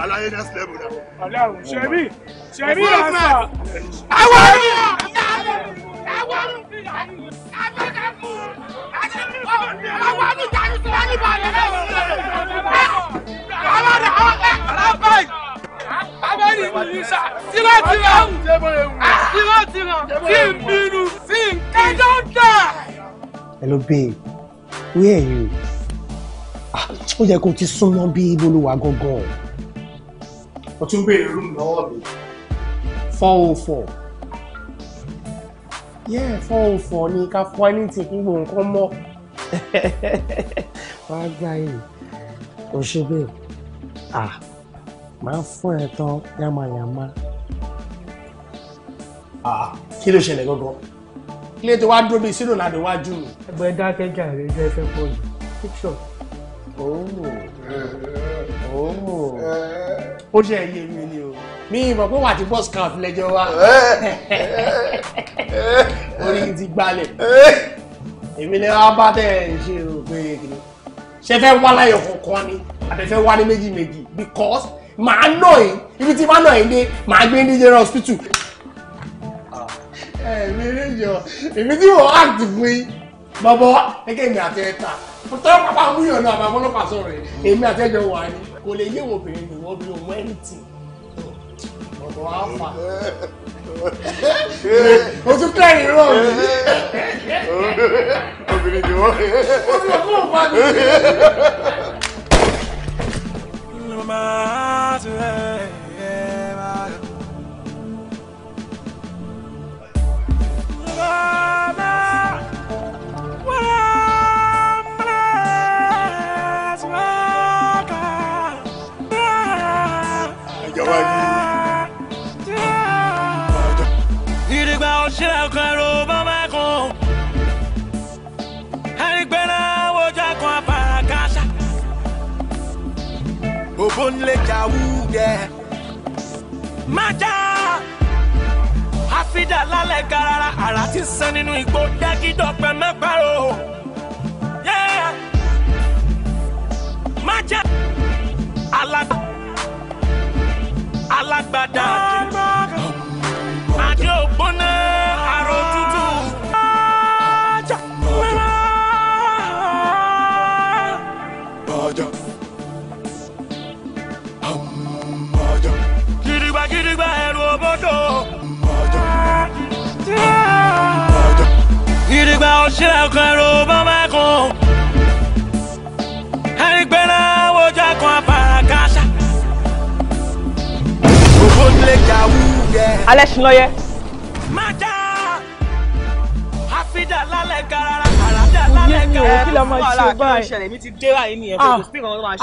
alaye next level na. aláwo ṣebí ṣebí ọsà. àwọn ọmọ àwọn ọmọ àgbẹ̀dẹ̀kù àwọn ọmọ jáde tí wọ́n ní bàálẹ̀ náà. àwọn ọmọ àwọn ọmọ abẹ́rẹ́ ìrìnsà tírátíra tírátíra tí n bínú sí nǹkan tó dà. hello babe where are you ah, ó yẹ kó o ti súnmọ́ bí iboluwa gangan. o tún béèrè rúùmù lọ́wọ́ mi. four oh four yeah four oh four ni ká fún ẹni tí kí gbogbo nǹkan mọ́ wàá gbá yìí o ṣe bẹ́ẹ̀ ah máa fún ẹ tán yàmàyàmà. kí ló ṣẹlẹ̀ gbọ́gbọ́ ilé tí wàá dúró bíi sínú làdó wájú mi. ẹgbẹ́ dákẹ́jà rẹ̀ jẹ́ ẹsẹ̀ pọ̀ jù picture. Oh, oh. ó ṣe ẹyẹ mi ni o mi ìmọ̀ pé wà á ti bọ́ scarf lẹ́jọ́ wa orí ti gbalẹ̀ èmi lè wá bá tẹ̀ ẹ̀ ṣe o pé kìnnìkan ṣe fẹ́ wá láyọ̀ kọ̀ọ̀kan ni àtẹ̀fẹ́ wá ní méjì méjì because màá nà ẹ́ ibi tí màá nà ẹ́ dé màá gbé ní general hospital. ẹ ẹ mi rí yọ èmi tí mo act fún yín bàbá wa gẹ́gẹ́ mi àti ẹ̀ta mo tọ́ pápá múyàn náà àbá ọlọ́pàá sọ̀rọ̀ rẹ̀ èmi àti ẹ̀jọ̀ wà ní kò lè yé wo obìnrin mi wọ́n bí o mọ ẹ̀ǹtì bàbá wa fà o tún kẹ́rin rọ̀ mi. obìnrin ni wọ́n. o tún lọ fún òun bá my eyes away.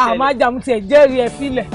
àmọ́ ajamu tiẹ̀ jẹ́rìí ẹ filẹ̀.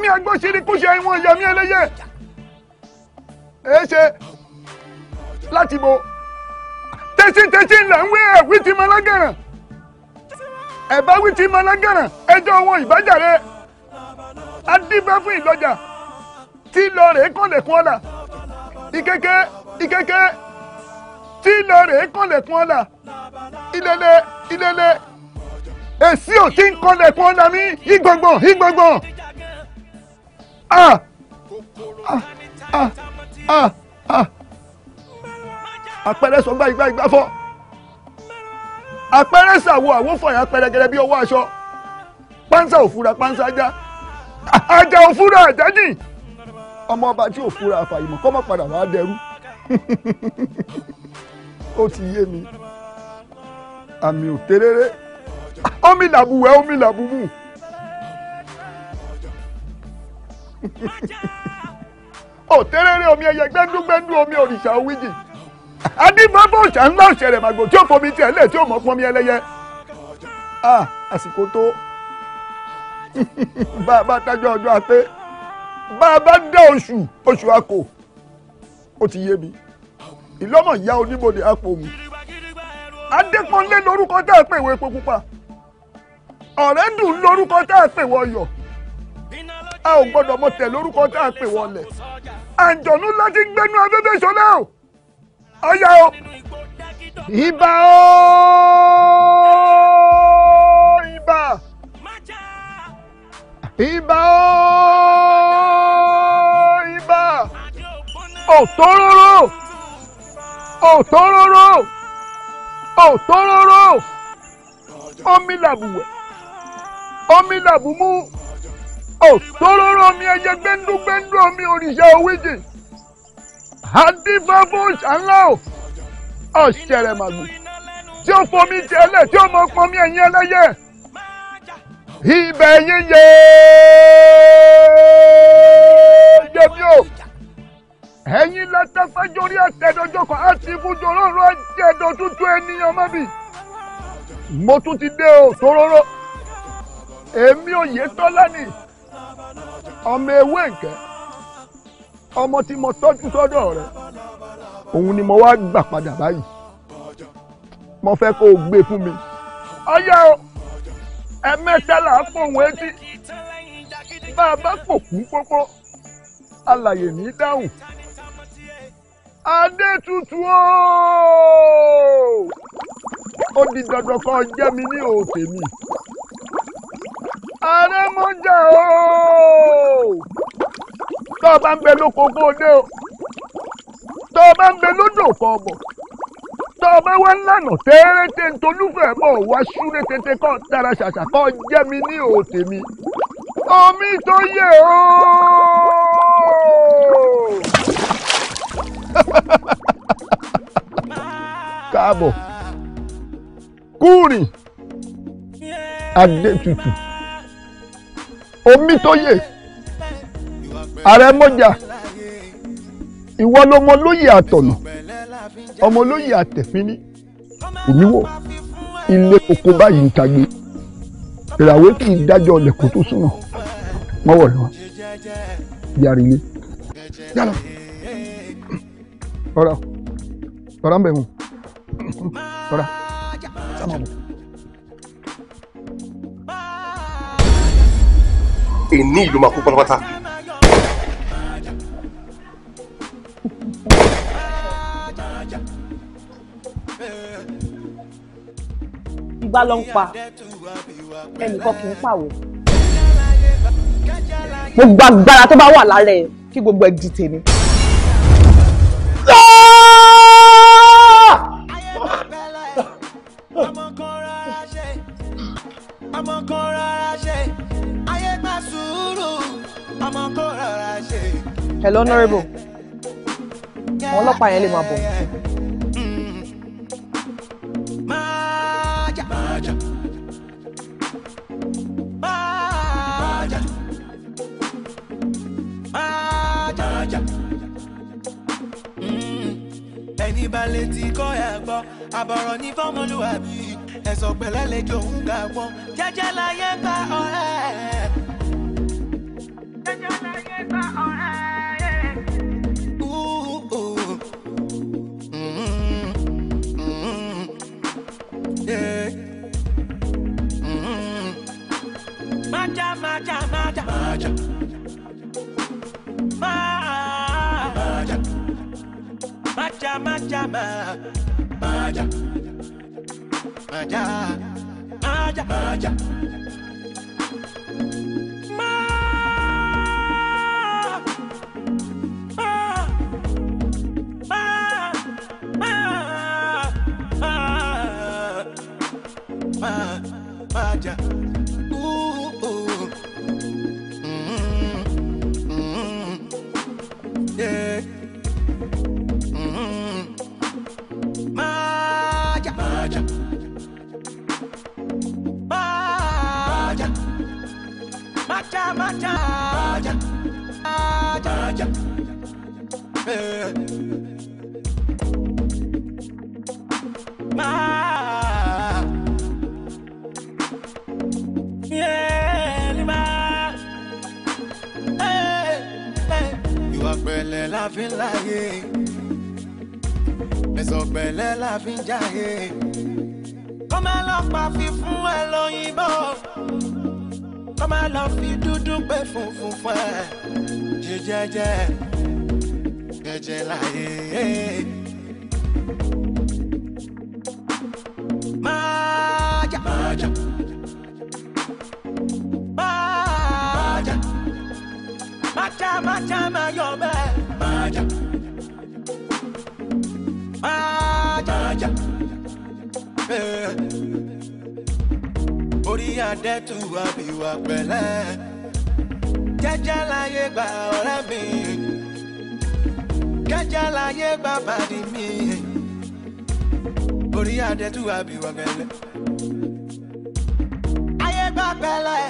yọmí agbóṣiri kúṣe wọn yọmí eléyè èéṣe láti bo tẹ́sítẹ́sí ńlẹ̀ ń wé ẹ̀wí ti mọ lágàràn ẹ̀bá wí ti mọ lágàràn ẹjọ́ wọn ìbájàre adíbẹ́ fún ìlọ́jà tí lọ rèé kọ́lẹ̀kùn ọ̀la ìkẹ́kẹ́ ìkẹ́kẹ́ tí lọ rèé kọ́lẹ̀kùn ọ̀la ilẹ̀lẹ̀ ilẹ̀lẹ̀ èsì ò ti ń kọ́lẹ̀kùn ọ̀la mi ìgbọ̀ngbọ̀n ìgbọ̀ngbọ̀n ah ah ah ah ah àpẹẹrẹ sọ gbá igbá igbá fọ àpẹẹrẹ sàwọ àwòfọyà pẹrẹgẹrẹ bí ọwọ́ aṣọ pánsá òfura pánsá ajá ajá òfura àjájì ọmọ ọba tí òfura àfàyìmọ̀ kọ́mọ padà wàá dẹrú ó ti yé mi àmì òtéréré omi làbùwẹ̀ omi làbùmù. òtẹ́rẹ́rẹ́ omi ẹyẹ gbẹ́ndúgbẹ́ndú omi òrìṣà owíjì adimabọ̀ṣà ńlá ọ̀ṣẹ̀rẹ̀ màgbò tí ó fomi tiẹ̀ lẹ̀ tí ó mọ̀ pọn mi ẹlẹ́yẹ. àsìkò tó bá a bá tájọ́ ọjọ́ apé bá a bá dá oṣù oṣù akọ ó ti yé mi ìlọ́mọ̀ ìyá oníbodè apò mi adépọ́nlé lórúkọ tá a pè wọ epo pupa ọ̀rẹ́dùn lórúkọ tá a pè wọ ọyọ̀ a ò gbọ́dọ̀ mọ tẹ̀ lórúkọ tá a pè wọlé àǹjọ̀nú láti gbẹnu afẹ́fẹ́ sọlá o ọ̀yà o ibà o ibà ibà o ibà òtóróró òtóróró òtóróró omi làbùwẹ̀ omi làbùmú ò tóróró mi ẹyẹ gbẹndúgbẹndú omi òrìṣà owíjì àdìfáfóòṣà ńlá ò ọ̀ṣẹ̀rẹ̀ màgbò tí ó fomi ti ẹlẹ̀ tí ó mọ pọnmi ẹ̀yìn ẹlẹ́yẹ ibẹ̀ yín yẹ jẹ́mi o ẹ̀yin lẹ́tẹ̀fẹ́jọ́rí àtẹ̀dọ́jọ́ kan àti ìfúnjọ́rọ́ ọ̀rọ̀ àjẹ̀dọ̀ tuntun ènìyàn mọ́bì mo tún ti dé o tóróró èmi Oyètọ́lá ni ọmọ ewé nkẹ́ ọmọ tí mo tọ́jú sọ́dọ̀ rẹ̀ òun ni mo wá gbà padà báyìí mo fẹ́ kó o gbé e fún mi. ọyọ o ẹ̀mẹ́tẹ́lá fòun etí bá a bá pòkú pópó alàyè ní dáhùn adétutù ooo ó di dandan kan jẹ́ mi ní òòtè mi àrẹ́mọ́jà ooo tó o bá ń bẹ lóko kó o dé o tó o bá ń bẹ lódò kọ ọbọ tó o bá wá lànà tẹ́rẹ́tẹ́ ntolúfẹ́ bọ̀ wá súré tètè kọ́ dára ṣàṣà kọ́ jẹ́ mi ní òòtè mi omi tó yẹ ooo. káàbọ̀ kúrìn adétutù omi tó yè ààrẹ mọ́jà ìwọ lọmọ lóyè àtọ̀nà ọmọ lóyè àtẹ̀fínní òmí wò ilé koko báyìí ń tagbe ìràwé kì í dájọ́ ọ̀lẹ̀ kó tó súnà mọ́wọ́ lọ yàrá ilé yàrá ọ̀rá ọ̀rá ń bẹ̀ wọ̀n ọ̀rá sábà bọ̀. èní ìlú máa kú pátápátá. igbá ló pa ẹnìkan kì í pàwọ́ gbogbo agbára tó bá wà lára kí gbogbo ẹ di tèmi. hello honourable àwọn ọlọ́pàá yẹn lè máa bọ̀. ẹni bá lè ti kọ́ ẹ̀ gbọ́ àbọ̀rọ̀ ní fọ́mọlúwàbí ẹ̀sọ̀ pẹ̀lẹ́ lè jòun gà wọ́n jẹ́jẹ́ láyé ká ọ̀rẹ́ ẹ̀. Maja, Maja, Maja, Maja. baja, baja, baja. Eh. Ma. Yeah, ma. Hey, pẹ̀lẹ́ la fi ń láyé, ẹ̀sọ̀ pẹ̀lẹ́ la fi ń jáyé. Kọ́mẹ́lọ́pàá fi fún ẹ lóyìnbó. Come and love fi do do be fún fun ẹ jíjẹjẹ jẹjẹ láyé. máa jà máa jà. Macha, macha, mayobe. Maja. Maja. Maja. Eh. orí adẹ́tù wà bí wà pẹ̀lẹ́ jẹ́jẹ́ láyé gba ọ̀rẹ́ mi jẹ́jẹ́ láyé gba bàdí mi orí adẹ́tù wà bí wà pẹ̀lẹ́ ayé gba pẹ̀lẹ́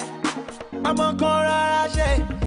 ọmọ kan rárá ṣe.